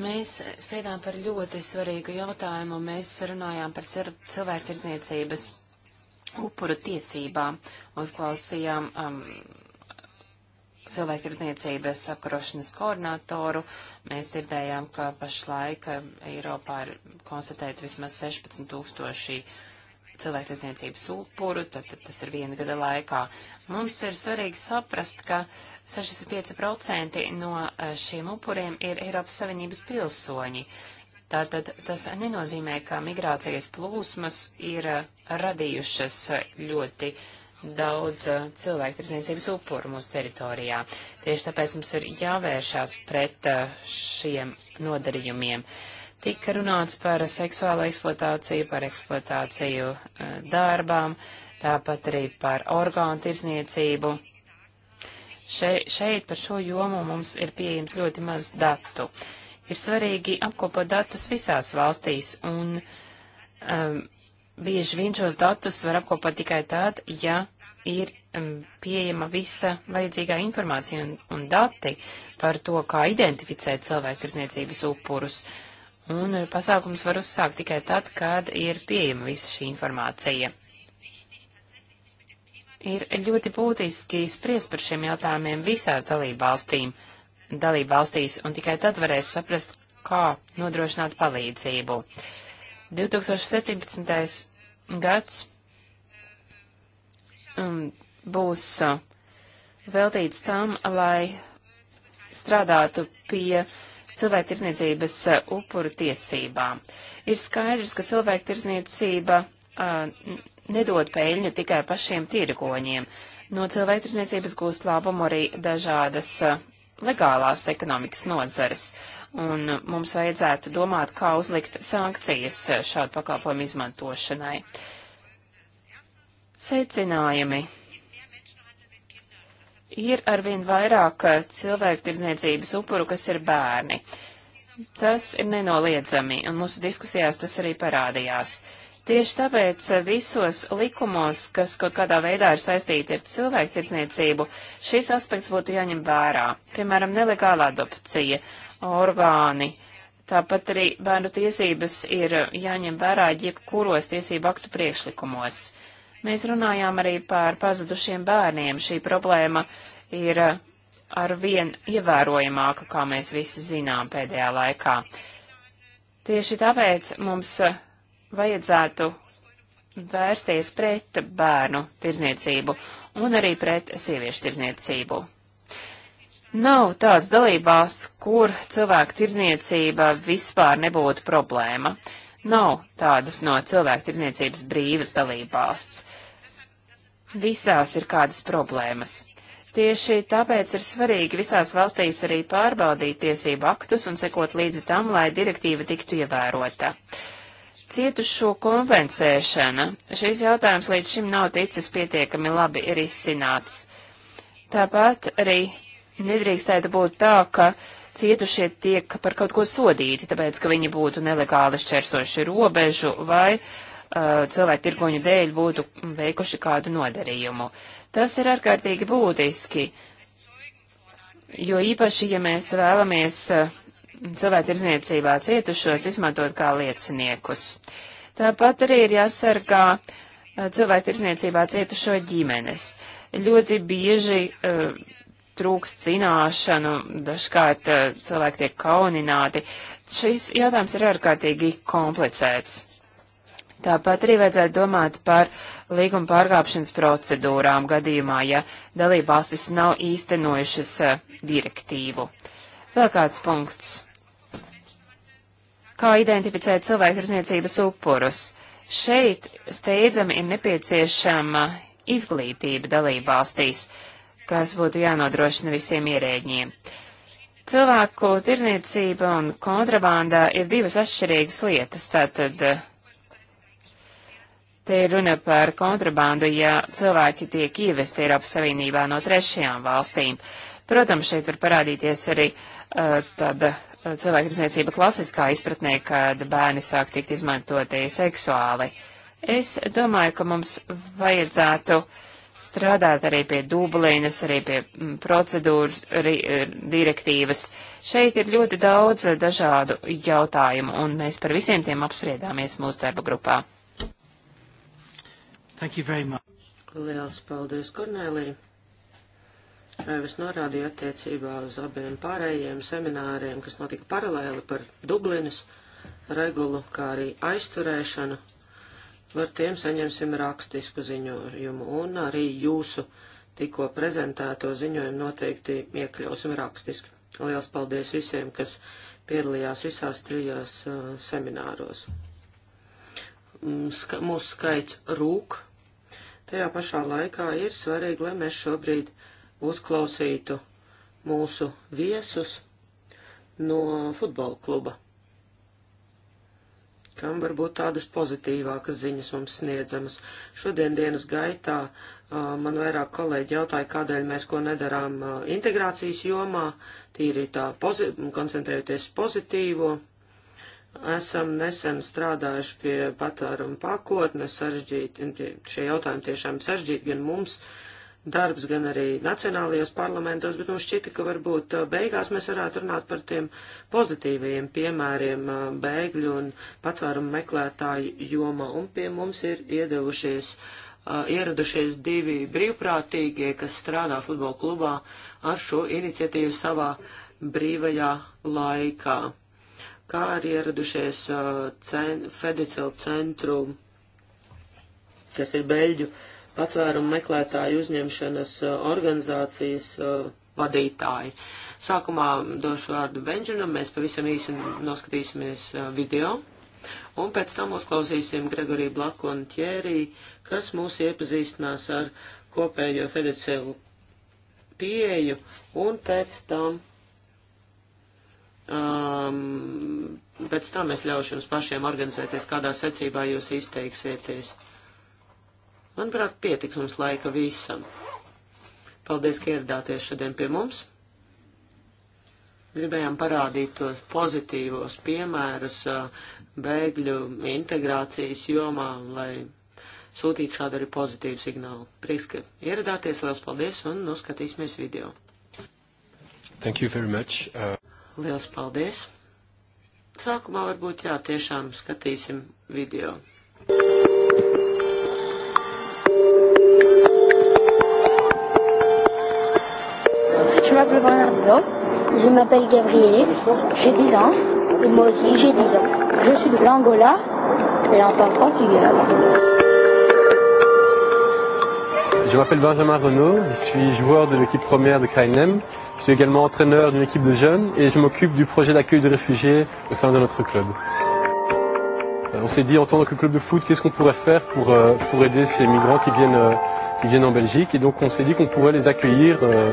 Mēs spriedām par ļoti svarīgu jautājumu, mēs runājām par cilvēku tirdzniecības upuru tiesībām, uzklausījām um, cilvēktirdzniecības apkarošanas koordinātoru. Mēs dzirdējām, ka pašlaik eh, Eiropā ir konstatēti vismaz 16 tūkstoši cilvēktirdzniecības upuru, tad, tad tas ir viena gada laikā. Mums ir svarīgi saprast, ka 65% no eh, šiem upuriem ir Eiropas Savienības pilsoņi. Tātad tas nenozīmē, ka migrācijas plūsmas ir eh, radījušas ļoti uh, daudz uh, eh, cilvēktirdzniecības upuru mūsu teritorijā. Tieši tāpēc mums ir jāvēršās pret uh, šiem nodarījumiem. Tika runāts par seksuālo eksploatāciju, par eksploatāciju uh, darbām, tāpat arī par orgānu tirdzniecību. Še, šeit par šo jomu mums ir pieejams ļoti maz datu. Ir svarīgi apkopot datus visās valstīs un um, bieži vien šos datus var apkopot tikai tad, ja ir mm, pieejama visa vajadzīgā informācija un, un dati par to, kā identificēt cilvēktirzniecības upurus. Un eh, pasākums var uzsākt tikai tad, kad ir pieejama visa šī informācija. Ir ļoti būtiski spriest par šiem jautājumiem visās dalībvalstīm, dalībvalstīs, un tikai tad varēs saprast, kā nodrošināt palīdzību. Uh, 2017. gads um, būs uh, veltīts tam, lai strādātu pie cilvēktirdzniecības uh, upuru tiesībām. Ir skaidrs, ka cilvēktirdzniecība uh, nedod peļņu tikai pašiem tirgoņiem. No cilvēktirdzniecības gūst labumu arī dažādas a, legālās ekonomikas nozares. Uh, un mums vajadzētu domāt, kā uzlikt sankcijas šādu pakalpojumu izmantošanai. Secinājumi. Ir arvien vairāk cilvēktirdzniecības upuru, kas ir bērni. Tas ir nenoliedzami, un mūsu diskusijās tas arī parādījās. Tieši tāpēc visos likumos, kas kaut kādā veidā ir saistīti ar cilvēktirdzniecību, šis aspekts būtu jāņem vērā. Piemēram, nelegāla adopcija orgāni. Tāpat arī bērnu tiesības ir jāņem vērā jebkuros tiesību aktu priekšlikumos. Mēs runājām arī par pazudušiem bērniem. Šī problēma ir ar vien ievērojamāka, kā mēs visi zinām pēdējā laikā. Tieši tāpēc mums vajadzētu vērsties pret bērnu tirzniecību un arī pret sieviešu tirzniecību. Nav tāds dalībvalsts, kur cilvēku tirzniecība vispār nebūtu problēma. Nav tādas no cilvēku tirzniecības brīvas dalībvalsts. Visās ir kādas problēmas. Tieši tāpēc ir svarīgi visās valstīs arī pārbaudīt tiesību aktus un sekot līdzi tam, lai direktīva tiktu ievērota. Cietušo kompensēšana. Šis jautājums līdz šim nav ticis pietiekami labi ir izcināts. Tāpat arī Nedrīkstētu būt tā, ka cietušie tiek par kaut ko sodīti, tāpēc, ka viņi būtu nelegāli šķērsoši robežu vai uh, cilvēku tirgoņu dēļ būtu veikuši kādu nodarījumu. Tas ir ārkārtīgi būtiski, jo īpaši, ja mēs vēlamies uh, cilvēku tirzniecībā cietušos izmantot kā lieciniekus. Tāpat arī ir jāsargā uh, cilvēku tirzniecībā cietušo ģimenes. Ļoti bieži uh, trūkst zināšanu, dažkārt eh, cilvēki tiek kaunināti. Šis jautājums ir ārkārtīgi komplicēts. Tāpat arī vajadzētu domāt par līguma pārkāpšanas procedūrām gadījumā, ja dalībvalstis nav īstenojušas eh, direktīvu. Vēl kāds punkts. Kā identificēt cilvēktirzniecības upurus? Šeit steidzami ir nepieciešama izglītība dalībvalstīs. valstīs kas būtu jānodrošina visiem ierēģiem. Cilvēku tirzniecība un kontrabanda ir divas atšķirīgas lietas. Tātad te ir runa par kontrabandu, ja cilvēki tiek ievesti Eiropas Savienībā no trešajām valstīm. Protams, šeit var parādīties arī uh, tāda eh, cilvēku tirzniecība klasiskā izpratnē, kad bērni sāk tikt izmantoti seksuāli. Es domāju, ka mums vajadzētu uh, strādāt arī pie Dublinas, arī pie mm, procedūras arī, e, direktīvas. Šeit ir ļoti daudz e, dažādu jautājumu, un mēs par visiem tiem apspriedāmies mūsu darba grupā. Lielas paldies, Kornēlī! Vai es norādīju attiecībā uz abiem pārējiem semināriem, kas notika paralēli par Dublinas regulu, kā arī aizturēšanu par tiem saņemsim rakstisku ziņojumu, un arī jūsu tikko prezentēto ziņojumu noteikti iekļausim rakstiski. Liels paldies visiem, kas piedalījās visās trijās uh, semināros. Mm, ska mūsu skaits rūk. Tajā pašā laikā ir svarīgi, lai mēs šobrīd uzklausītu mūsu viesus no futbola kluba kam varbūt tādas pozitīvākas ziņas mums sniedzamas. Šodien dienas gaitā man vairāk kolēģi jautāja, kādēļ mēs ko nedarām integrācijas jomā, tīri tā pozit koncentrējoties pozitīvo. Esam nesen strādājuši pie patāruma pakotnes, sarežģīti, šie jautājumi tiešām sarežģīti gan mums, uh, darbs gan arī nacionālajos parlamentos, bet mums šķita, ka varbūt uh, beigās mēs varētu runāt par tiem pozitīvajiem piemēriem uh, bēgļu un patvērumu meklētāju jomā. Un pie mums ir iedevušies, uh, ieradušies divi brīvprātīgie, kas strādā futbola klubā ar šo iniciatīvu savā brīvajā laikā. Kā arī ieradušies cen, Fedicel centru, kas ir Beļģu uh, patvērumu meklētāju uzņemšanas uh, organizācijas uh, vadītāji. Sākumā došu vārdu Benžinam, mēs pavisam īsi noskatīsimies uh, video, un pēc tam uzklausīsim Gregoriju Blaku un Tjērī, kas mūs iepazīstinās ar kopējo fedecēlu pieeju, un pēc tam, um, pēc tam es ļaušu jums pašiem organizēties, kādā secībā jūs izteiksieties. Manuprāt, pietiks mums laika visam. Paldies, ka ieradāties šodien pie mums. Gribējām parādīt tos pozitīvos piemērus bēgļu integrācijas jomā, lai sūtītu šādu arī pozitīvu signālu. Prieks, ka ieradāties, liels paldies un noskatīsimies video. Thank you very much. Uh... Liels paldies. Sākumā varbūt jā, tiešām skatīsim video. Thank you. Blanc. Je m'appelle Gabriel, j'ai 10 ans, et moi aussi j'ai 10 ans. Je suis de l'Angola, et en parle portugais. Je m'appelle Benjamin Renault, je suis joueur de l'équipe première de Krainem. Je suis également entraîneur d'une équipe de jeunes et je m'occupe du projet d'accueil de réfugiés au sein de notre club. Euh, on s'est dit en tant que club de foot, qu'est-ce qu'on pourrait faire pour, euh, pour aider ces migrants qui viennent, euh, qui viennent en Belgique. Et donc on s'est dit qu'on pourrait les accueillir euh,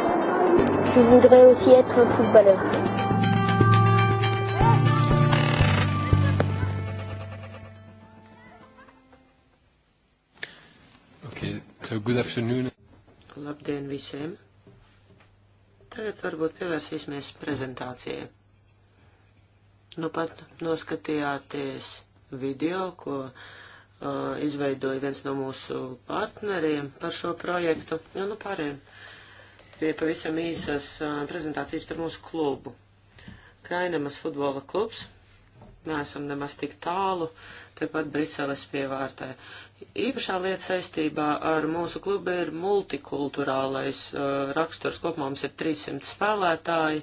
Je voudrais aussi être un footballeur. Okay, so good afternoon. Labdien visiem! Tagad varbūt pievērsīsimies prezentācijai. Nu pat noskatījāties video, ko uh, izveidoja viens no mūsu partneriem par šo projektu, jo nu pārējiem pie pavisam īsas prezentācijas par mūsu klubu. Krainamas futbola klubs. Nesam nemaz tik tālu, tepat Briseles pievārtē. Īpašā lieta saistībā ar mūsu klubu ir multikulturālais uh, raksturs. Kopumā mums ir 300 spēlētāji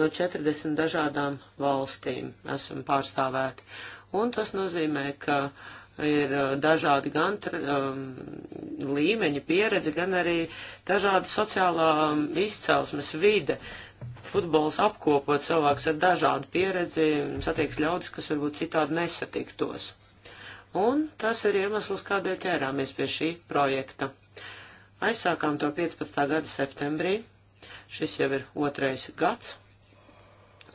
no 40 dažādām valstīm esam pārstāvēti. Un tas nozīmē, ka uh, ir uh, dažādi gan um, līmeņi, pieredze, gan arī dažāda sociālā um, izcelsmes vide. Futbols apkopo cilvēks ar dažādu pieredzi, satieks ļaudis, kas varbūt citādi nesatiktos. Un tas ir iemesls, kādēļ ķērāmies pie šī projekta. Aizsākām to 15. gada septembrī, šis jau ir otrais gads,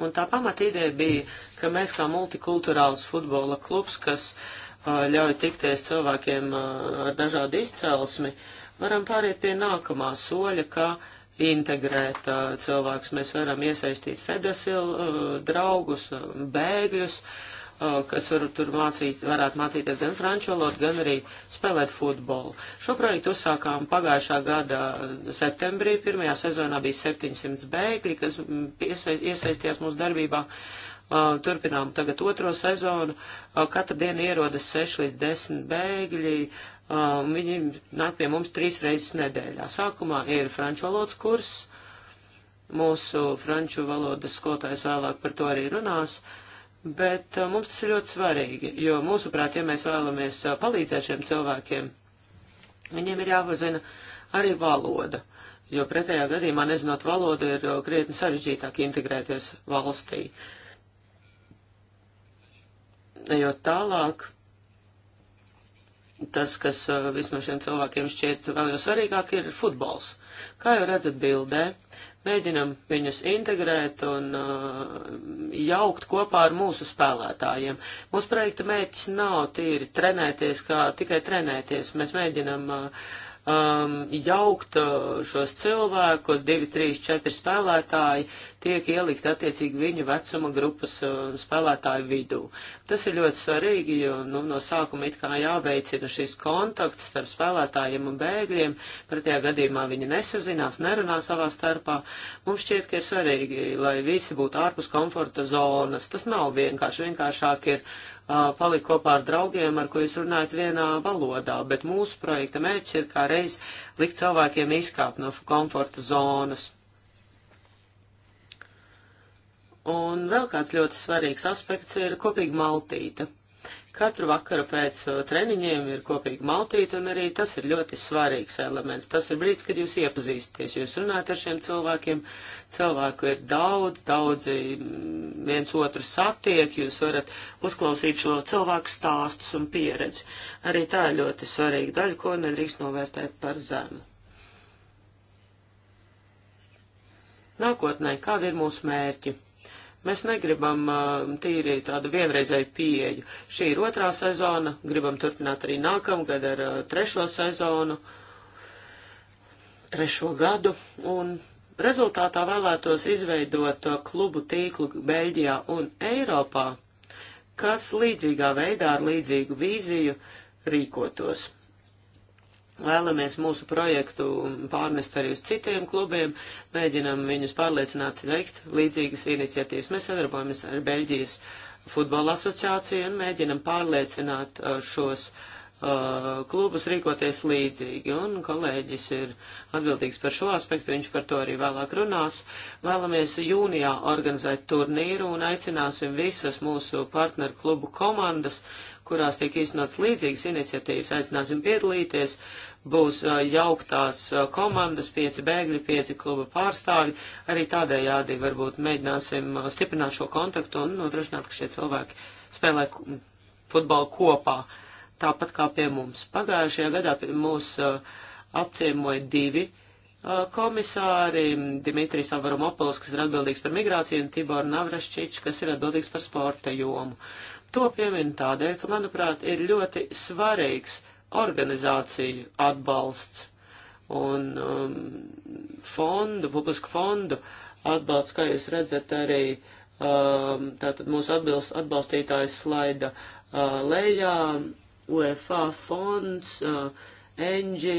un tā pamata ideja bija, ka mēs kā multikulturāls futbola klubs, kas uh, ļauj tikties cilvēkiem ar dažādu izcelsmi, varam pāriet pie nākamā soļa, kā integrēt cilvēkus. Mēs varam iesaistīt fedasilu draugus, bēgļus, kas var tur mācīt, varētu mācīties gan franču valodu, gan arī spēlēt futbolu. Šo projektu uzsākām pagājušā gada septembrī. Pirmajā sezonā bija 700 bēgļi, kas iesaistījās mūsu darbībā. Uh, turpinām tagad otro sezonu. Uh, katru dienu ierodas 6 līdz 10 bēgļi. Uh, viņi nāk pie mums trīs reizes nedēļā. Sākumā ir franču valodas kurs. Mūsu franču valodas skolotājs vēlāk par to arī runās. Bet uh, mums tas ir ļoti svarīgi, jo mūsuprāt, ja mēs vēlamies uh, palīdzēt šiem cilvēkiem, viņiem ir jāpazina arī valoda, jo pretējā gadījumā, nezinot valodu, ir krietni sarežģītāk integrēties valstī. Uh, Ejot tālāk, tas, kas uh, vismaz šiem cilvēkiem šķiet vēl jau svarīgāk, ir futbols. Kā jau redzat bildē, mēģinam viņus integrēt un uh, jaukt kopā ar mūsu spēlētājiem. Mūsu projekta mērķis nav tīri trenēties, kā tikai trenēties. Mēs mēģinam uh, um, jaukt uh, šos cilvēkus, divi, trīs, četri spēlētāji tiek ielikt attiecīgi viņu vecuma grupas uh, spēlētāju vidū. Tas ir ļoti svarīgi, jo nu, no sākuma it kā jāveicina šis kontakts starp spēlētājiem un bēgļiem, pretējā gadījumā viņi nesazinās, nerunā savā starpā. Mums šķiet, ka ir svarīgi, lai visi būtu ārpus komforta zonas. Tas nav vienkārši, vienkāršāk ir palikt kopā ar draugiem, ar ko jūs runājat vienā valodā, bet mūsu projekta mērķis ir kā reiz likt cilvēkiem izkāpt no komforta zonas. Un vēl kāds ļoti svarīgs aspekts ir kopīga maltīta. Katru vakaru pēc uh, treniņiem ir kopīgi maltīt, un arī tas ir ļoti svarīgs elements. Tas ir brīdis, kad jūs iepazīstaties, jūs runājat ar šiem cilvēkiem, cilvēku ir daudz, daudzi mm, viens otru satiek, jūs varat uzklausīt šo cilvēku stāstus un pieredzi. Arī tā ir ļoti svarīga daļa, ko nedrīkst novērtēt par zemu. Nākotnē, kādi ir mūsu mērķi? Mēs negribam uh, tīri tādu vienreizēju pieeju. Šī ir otrā sezona, gribam turpināt arī nākamgad ar uh, trešo sezonu, trešo gadu, un rezultātā vēlētos izveidot uh, klubu tīklu Beļģijā un Eiropā, kas līdzīgā veidā ar līdzīgu vīziju rīkotos. Vēlamies mūsu projektu pārnest arī uz citiem klubiem, mēģinam viņus pārliecināt veikt līdzīgas iniciatīvas. Mēs sadarbojamies ar Beļģijas futbola asociāciju un mēģinam pārliecināt uh, šos uh, klubus rīkoties līdzīgi, un kolēģis ir atbildīgs par šo aspektu, viņš par to arī vēlāk runās. Vēlamies jūnijā organizēt turnīru un aicināsim visas mūsu partneru klubu komandas kurās tiek īstenots līdzīgas iniciatīvas, aicināsim piedalīties, būs jauktās komandas, pieci bēgļi, pieci kluba pārstāvi, arī tādējādi varbūt mēģināsim stiprināt šo kontaktu un nodrošināt, ka šie cilvēki spēlē futbolu kopā, tāpat kā pie mums. Pagājušajā gadā mūs apciemoja divi komisāri Dimitris Avramopolis, kas ir atbildīgs par migrāciju, un Tibor Navrašķič, kas ir atbildīgs par sporta jomu. To piemin tādēļ, ka, manuprāt, ir ļoti svarīgs organizāciju atbalsts un um, fondu, publisku fondu atbalsts, kā jūs redzat, arī um, tātad mūsu atbilst, atbalstītājs slaida uh, lejā, UEFA fonds, uh, NG,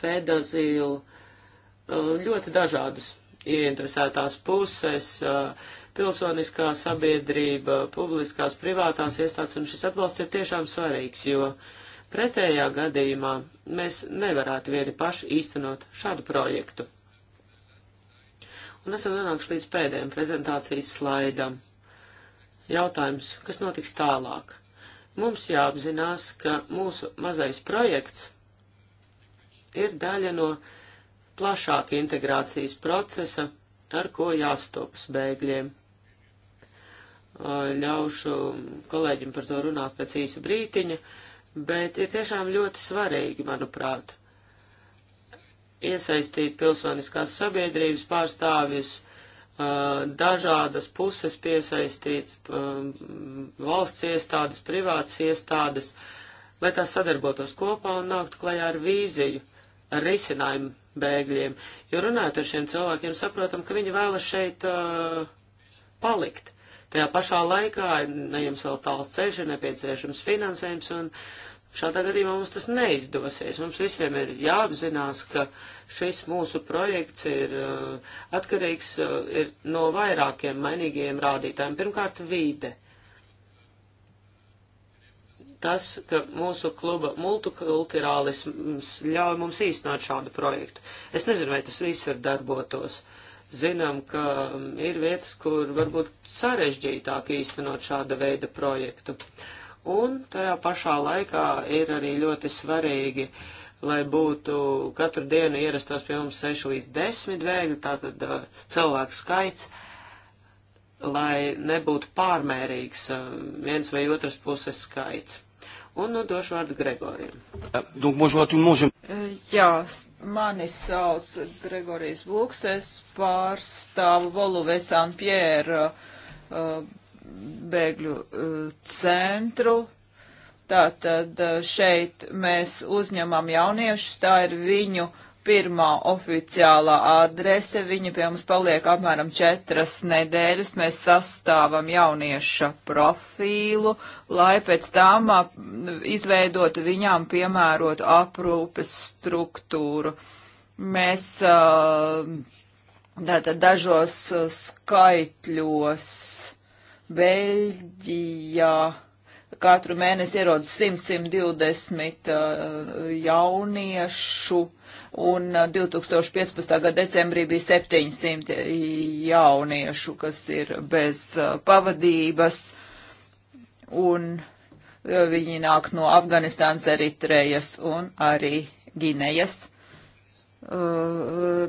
Fedazil, uh, ļoti dažādas ieinteresētās puses, uh, pilsoniskā sabiedrība, publiskās, privātās iestādes, un šis atbalsts ir tiešām svarīgs, jo pretējā gadījumā mēs nevarētu vieni paši īstenot šādu projektu. Un esam nonākuši līdz pēdējiem prezentācijas slaidam. Jautājums, kas notiks tālāk? Mums jāapzinās, ka mūsu mazais projekts ir daļa no plašāka integrācijas procesa, ar ko jāstopas bēgļiem ļaušu kolēģim par to runāt pēc īsa brītiņa, bet ir tiešām ļoti svarīgi, manuprāt, iesaistīt pilsoniskās sabiedrības pārstāvjus, dažādas puses piesaistīt, valsts iestādes, privātas iestādes, lai tās sadarbotos kopā un nāktu klajā ar vīziju, ar risinājumu bēgļiem. Jo runājot ar šiem cilvēkiem, saprotam, ka viņi vēlas šeit uh, palikt. Tajā pašā laikā, ja jums vēl tāls ceļš, ir nepieciešams finansējums, un šādā gadījumā mums tas neizdosies. Mums visiem ir jāapzinās, ka šis mūsu projekts ir uh, atkarīgs uh, ir no vairākiem mainīgiem rādītājiem. Pirmkārt, vīde. Tas, ka mūsu kluba multikulturālisms ļauj mums īstenot šādu projektu. Es nezinu, vai tas viss var darbotos. Uh, zinām, ka mm, ir vietas, kur varbūt sarežģītāk īstenot šāda veida projektu. Un tajā pašā laikā ir arī ļoti svarīgi, lai būtu katru dienu ierastos pie mums 6 līdz 10 vēgļu, tātad uh, cilvēku skaits, lai nebūtu pārmērīgs uh, viens vai otras puses skaits. Un nu došu vārdu Gregoriem. Uh, donc, bonjour à tout le monde. Jā, mani sauc Gregorijs Blūks, es pārstāvu Voluvē San Pierre uh, bēgļu uh, centru. Tātad uh, šeit mēs uzņemam jauniešus, tā ir viņu uh, pirmā oficiālā adrese. Viņa pie mums paliek apmēram četras nedēļas. Mēs sastāvam jaunieša profilu, lai pēc tam izveidot viņām piemērotu aprūpes struktūru. Mēs tātad dažos skaitļos Beļģijā katru mēnesi ierodas 100-120 jauniešu un 2015. Uh, gada decembrī bija 700 jauniešu, kas ir bez uh, pavadības, un uh, viņi nāk no Afganistānas, Eritrejas un arī Ginejas. Uh,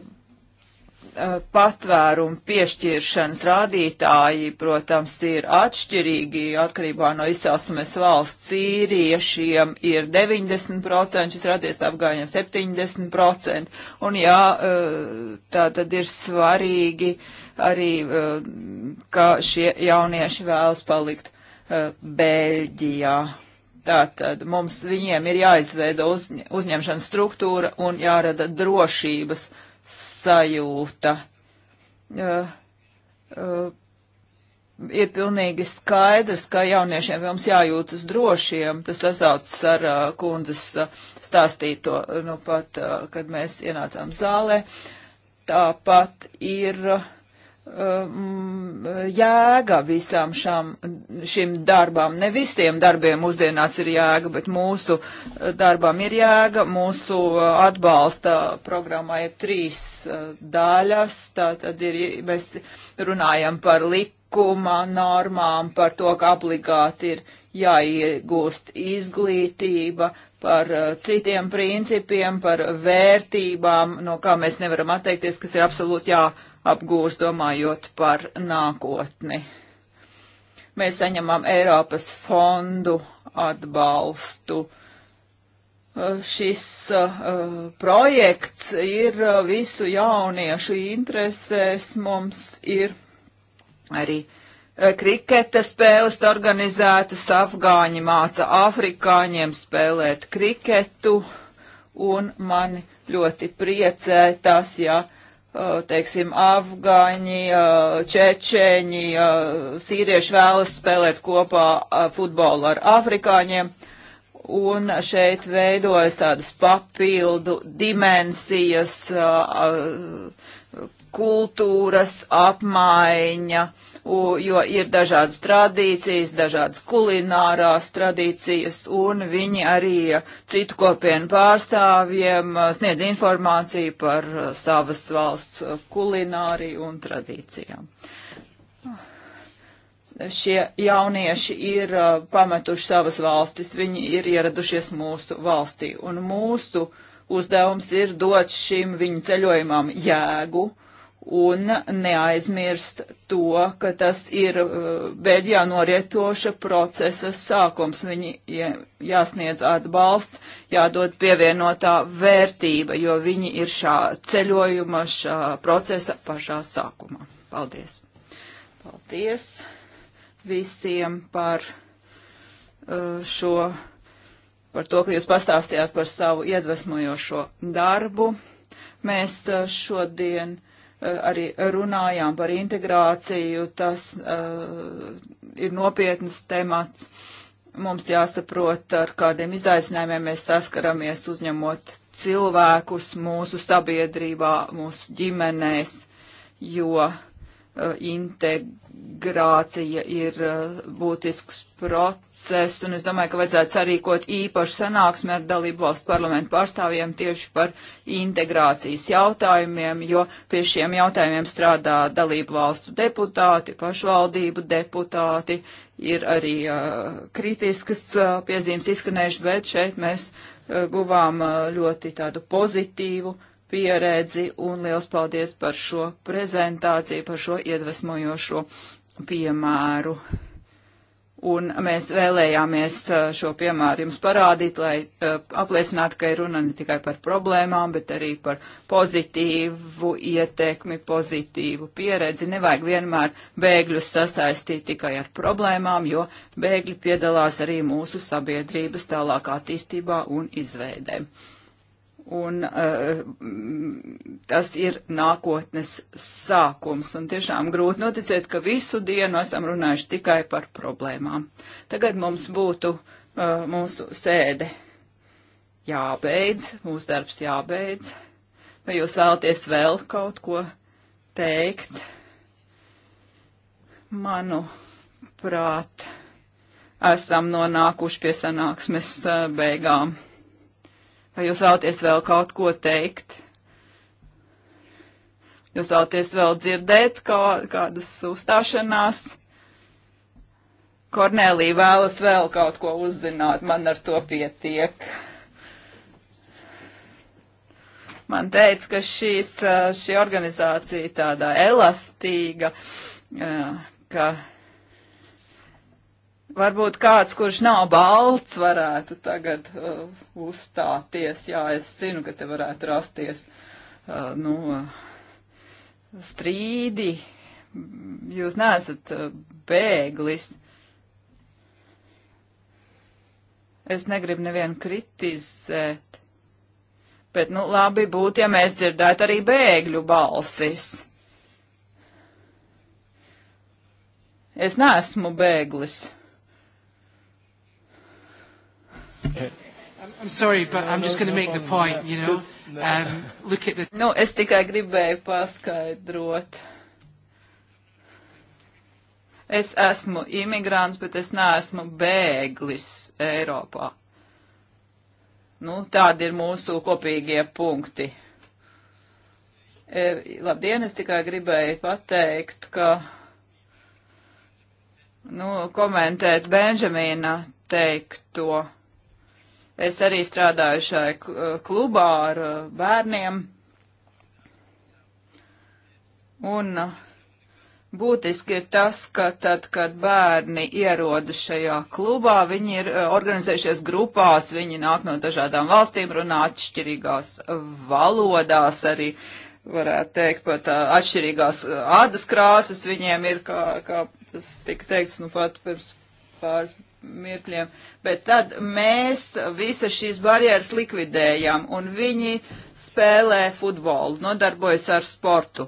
Uh, patvērumu piešķiršanas rādītāji, protams, ir atšķirīgi atkarībā no izcelsmes valsts. Sīriešiem ir 90%, šis rādītājs afgāņiem 70%. Un jā, uh, tā tad ir svarīgi arī, uh, ka šie jaunieši vēlas palikt Beļģijā. Tātad mums viņiem ir jāizveido uzņ uzņemšanas struktūra un jārada drošības sajūta. Uh, uh, ir pilnīgi skaidrs, ka jauniešiem mums jājūtas drošiem. Tas sasaucas ar uh, kundzes uh, stāstīto, nu pat, uh, kad mēs ienācām zālē. Tāpat ir. Uh, Um, jēga visām šām, šīm darbām. Ne visiem darbiem mūsdienās ir jēga, bet mūsu darbām ir jēga. Mūsu atbalsta programmā ir trīs uh, daļas. Tātad ir, mēs runājam par likuma normām, par to, ka obligāti ir jāiegūst izglītība, par uh, citiem principiem, par vērtībām, no kā mēs nevaram atteikties, kas ir absolūti jā apgūs, domājot par nākotni. Mēs saņemam Eiropas fondu atbalstu. Uh, šis uh, projekts ir uh, visu jauniešu interesēs. Mums ir arī uh, kriketa spēles organizētas, afgāņi māca afrikāņiem spēlēt kriketu, un mani ļoti priecē tas, ja Uh, teiksim, afgāņi, uh, čečēņi, uh, sīrieši vēlas spēlēt kopā futbolu ar afrikāņiem. Un šeit veidojas tādas papildu dimensijas, kultūras apmaiņa, uh, jo ir dažādas tradīcijas, dažādas kulinārās tradīcijas, un viņi arī citu kopienu pārstāvjiem uh, sniedz informāciju par uh, savas valsts uh, kulināriju un tradīcijām. Šie jaunieši ir pametuši savas valstis, viņi ir ieradušies mūsu valstī, un mūsu uzdevums ir dot šim viņu ceļojumam jēgu, uh, un neaizmirst to, ka tas ir uh, Beļģijā norietoša procesa sākums. Viņi jāsniedz atbalsts, jādod pievienotā vērtība, jo viņi ir šā ceļojuma, šā procesa pašā sākumā. Paldies! Paldies visiem par uh, šo, par to, ka jūs pastāstījāt par savu iedvesmojošo darbu. Mēs uh, šodien Eh, arī runājām par integrāciju, tas uh, ir nopietnas temats. Mums jāsaprot, ar kādiem izaicinājumiem mēs saskaramies uzņemot cilvēkus mūsu sabiedrībā, mūsu ģimenēs, jo uh, Eh, integrācija ir eh, būtisks process, un es domāju, ka vajadzētu sarīkot īpašu sanāksmi ar dalību valstu parlamentu pārstāvjiem tieši par integrācijas jautājumiem, jo pie šiem jautājumiem strādā dalību valstu deputāti, pašvaldību deputāti, ir arī uh, kritiskas uh, piezīmes izskanējušas, bet šeit mēs uh, guvām ļoti tādu pozitīvu pieredzi un liels paldies par šo prezentāciju, par šo iedvesmojošo piemēru. Un mēs vēlējāmies uh, šo piemēru jums parādīt, lai uh, apliecinātu, ka ir runa ne tikai par problēmām, bet arī par pozitīvu ietekmi, pozitīvu pieredzi. Nevajag vienmēr bēgļus sasaistīt tikai ar problēmām, jo bēgļi piedalās arī mūsu sabiedrības tālāk attīstībā un izveidēm un uh, tas ir nākotnes sākums. Un tiešām grūti noticēt, ka visu dienu esam runājuši tikai par problēmām. Tagad mums būtu uh, mūsu sēde jābeidz, mūsu darbs jābeidz. Vai jūs vēlaties vēl kaut ko teikt? Manuprāt, esam nonākuši pie sanāksmes eh, beigām. Vai jūs vēlaties vēl kaut ko teikt? Jūs vēlaties vēl dzirdēt kā, kādas uzstāšanās? Kornelija vēlas vēl kaut ko uzzināt, man ar to pietiek. Man teica, ka šīs, eh, šī organizācija tāda elastīga, eh, ka Varbūt kāds, kurš nav balts, varētu tagad uh, uzstāties. Jā, es zinu, ka te varētu rasties uh, nu, uh, strīdi. Jūs neesat uh, bēglis. Es negribu nevienu kritizēt. Bet, nu, labi būtu, ja mēs dzirdētu arī bēgļu balsis. Es neesmu bēglis. I'm sorry, but I'm just going to make the point, you know. Um, look at the... Nu, es tikai gribēju paskaidrot. Es esmu imigrants, bet es neesmu bēglis Eiropā. Nu, tādi ir mūsu kopīgie punkti. E, labdien, es tikai gribēju pateikt, ka, nu, komentēt Benžamīna teikto Es arī strādāju šai eh, klubā ar eh, bērniem. Un eh, būtiski ir tas, ka tad, kad bērni ierodas šajā klubā, viņi ir organizējušies grupās, viņi nāk no dažādām valstīm, runā atšķirīgās valodās arī. Varētu teikt, pat atšķirīgās ādas krāsas viņiem ir, kā, kā tas tika teikts, nu pat pirms pāris mirkļiem, bet tad mēs visas šīs barjeras likvidējam, un viņi spēlē futbolu, nodarbojas ar sportu.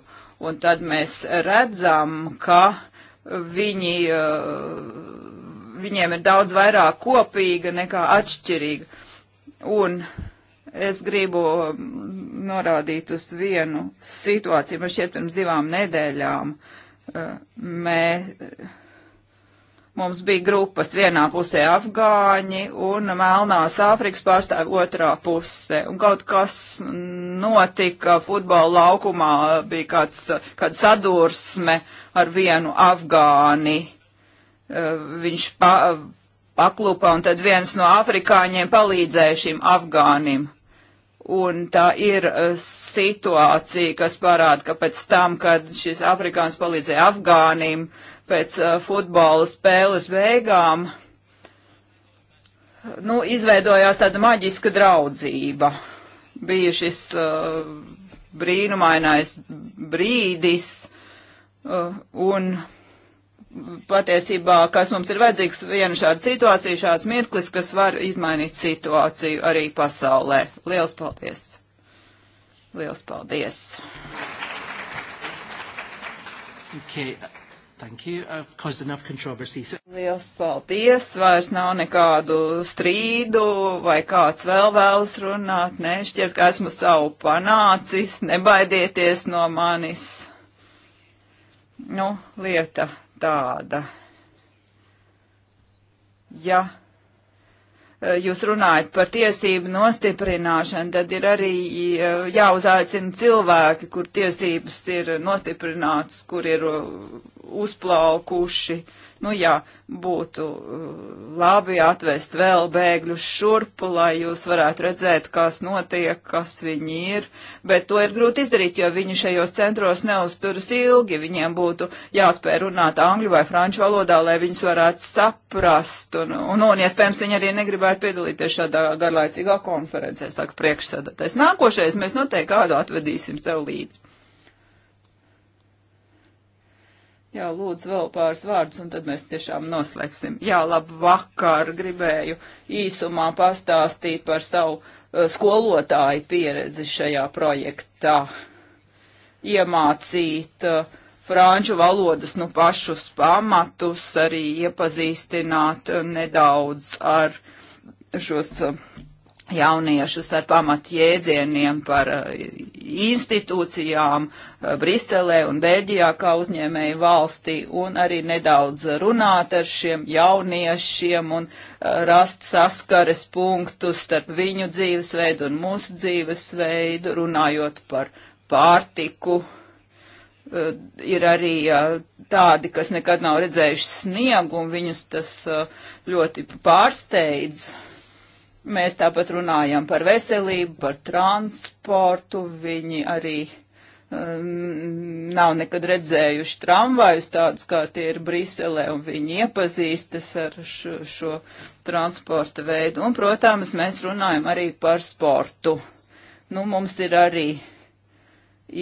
Un tad mēs redzam, ka viņi, eh, viņiem ir daudz vairāk kopīga nekā atšķirīga. Un es gribu mm, norādīt uz vienu situāciju. Man šķiet, pirms divām nedēļām eh, mēs Mums bija grupas vienā pusē afgāņi un Melnās Āfrikas pārstāvi otrā pusē. Un kaut kas notika futbola laukumā, bija kāds, kāds sadursme ar vienu afgāni. Eh, viņš pa, paklupa un tad viens no afrikāņiem palīdzēja šim afgānim un tā ir eh, situācija, kas parāda, ka pēc tam, kad šis afrikāns palīdzēja Afgānim, pēc uh, futbola spēles beigām nu, izveidojās tāda maģiska draudzība. Bija šis uh, brīnumainais brīdis, uh, un patiesībā, kas mums ir vajadzīgs, viena šāda situācija, šāds mirklis, kas var izmainīt situāciju arī pasaulē. Liels paldies! Liels paldies! Okay. Thank you. I've caused enough controversy. Liels paldies. Vairs nav nekādu strīdu vai kāds vēl vēlas runāt. Nē, šķiet, ka esmu savu panācis. Nebaidieties no manis. Nu, lieta tāda. Ja Eh, jūs runājat par tiesību nostiprināšanu, tad ir arī eh, jāuzaicina cilvēki, kur tiesības ir nostiprinātas, kur ir eh, uzplaukuši. Uh, Nu jā, būtu uh, labi atvest vēl bēgļus šurpu, lai jūs varētu redzēt, kas notiek, kas viņi ir, bet to ir grūti izdarīt, jo viņi šajos centros neusturas ilgi, viņiem būtu jāspēj runāt angļu vai franču valodā, lai viņus varētu saprast, un, un, un iespējams, viņi arī negribētu piedalīties šādā garlaicīgā konferencē, saka priekšsēdētājs. Nākošais mēs noteikti kādu atvedīsim sev līdzi. Jā, lūdzu, vēl pāris vārdus, un tad mēs tiešām noslēgsim. Jā, labu vakar, gribēju īsumā pastāstīt par savu uh, skolotāju pieredzi šajā projektā. Iemācīt uh, franču valodas nu pašus pamatus, arī iepazīstināt uh, nedaudz ar šos uh, jauniešus ar pamatjēdzieniem par eh, institūcijām eh, Briselē un Bēģijā kā uzņēmēju valstī un arī nedaudz runāt ar šiem jauniešiem un eh, rast saskares punktus starp viņu dzīvesveidu un mūsu dzīvesveidu, runājot par pārtiku. Ir arī tādi, kas nekad nav redzējuši sniegu un viņus tas ļoti pārsteidz Mēs tāpat runājam par veselību, par transportu. Viņi arī um, nav nekad redzējuši tramvajus tādus, kā tie ir Briselē, un viņi iepazīstas ar šo, šo transporta veidu. Un, protams, mēs runājam arī par sportu. Nu, mums ir arī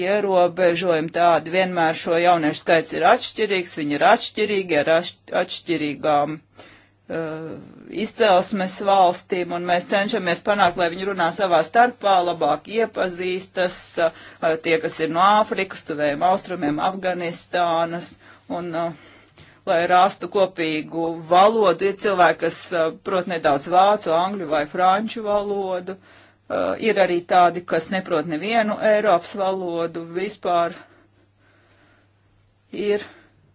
ierobežojumi tādi. Vienmēr šo jauniešu skaits ir atšķirīgs, viņi ir atšķirīgi ar atšķirīgām. Uh, Uh, izcelsmes valstīm, un mēs cenšamies panākt, lai viņi runā savā starpā, labāk iepazīstas, uh, tie, kas ir no Āfrikas, tuvējiem austrumiem, Afganistānas, un uh, lai rastu kopīgu valodu, ir cilvēki, kas prot nedaudz vācu, angļu vai franču valodu, ir arī tādi, kas neprot nevienu Eiropas valodu, vispār ir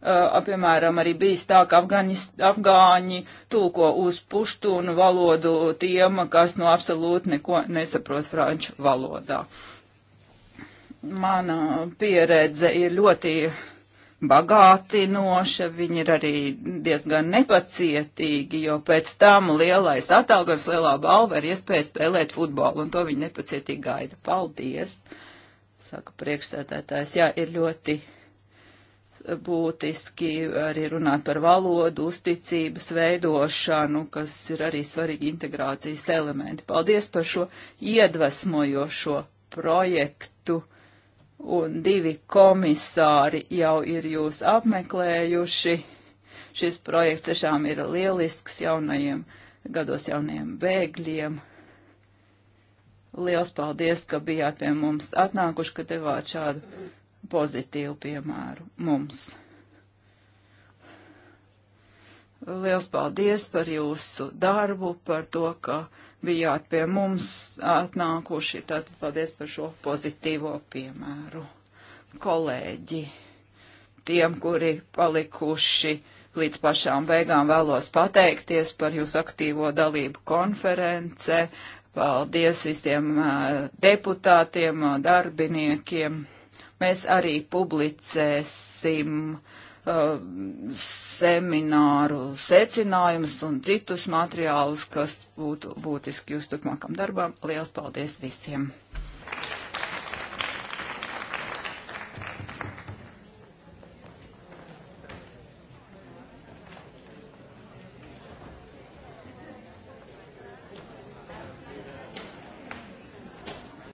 Uh, piemēram, arī bijis tā, ka Afgaņis, afgāņi tulko uz puštūnu valodu tiem, kas no nu absolūti neko nesaprot franču valodā. Mana pieredze ir ļoti bagātinoša, viņi ir arī diezgan nepacietīgi, jo pēc tam lielais atalgojums, lielā balva ir iespēja spēlēt futbolu, un to viņi nepacietīgi gaida. Paldies! Saka priekšsēdētājs, jā, ir ļoti būtiski arī runāt par valodu, uzticības veidošanu, kas ir arī svarīgi integrācijas elementi. Paldies par šo iedvesmojošo projektu, un divi komisāri jau ir jūs apmeklējuši. Šis projekts tiešām ir lielisks jaunajiem gados jaunajiem bēgļiem. Liels paldies, ka bijāt pie mums atnākuši, ka devāt šādu pozitīvu piemēru mums. Liels paldies par jūsu darbu, par to, ka bijāt pie mums atnākuši. Tātad paldies par šo pozitīvo piemēru. Kolēģi, tiem, kuri palikuši līdz pašām beigām, vēlos pateikties par jūsu aktīvo dalību konferencē. Paldies visiem deputātiem, darbiniekiem. Mēs arī publicēsim uh, semināru secinājumus un citus materiālus, kas būtu būtiski jūs turpmākam darbam. Lielas paldies visiem!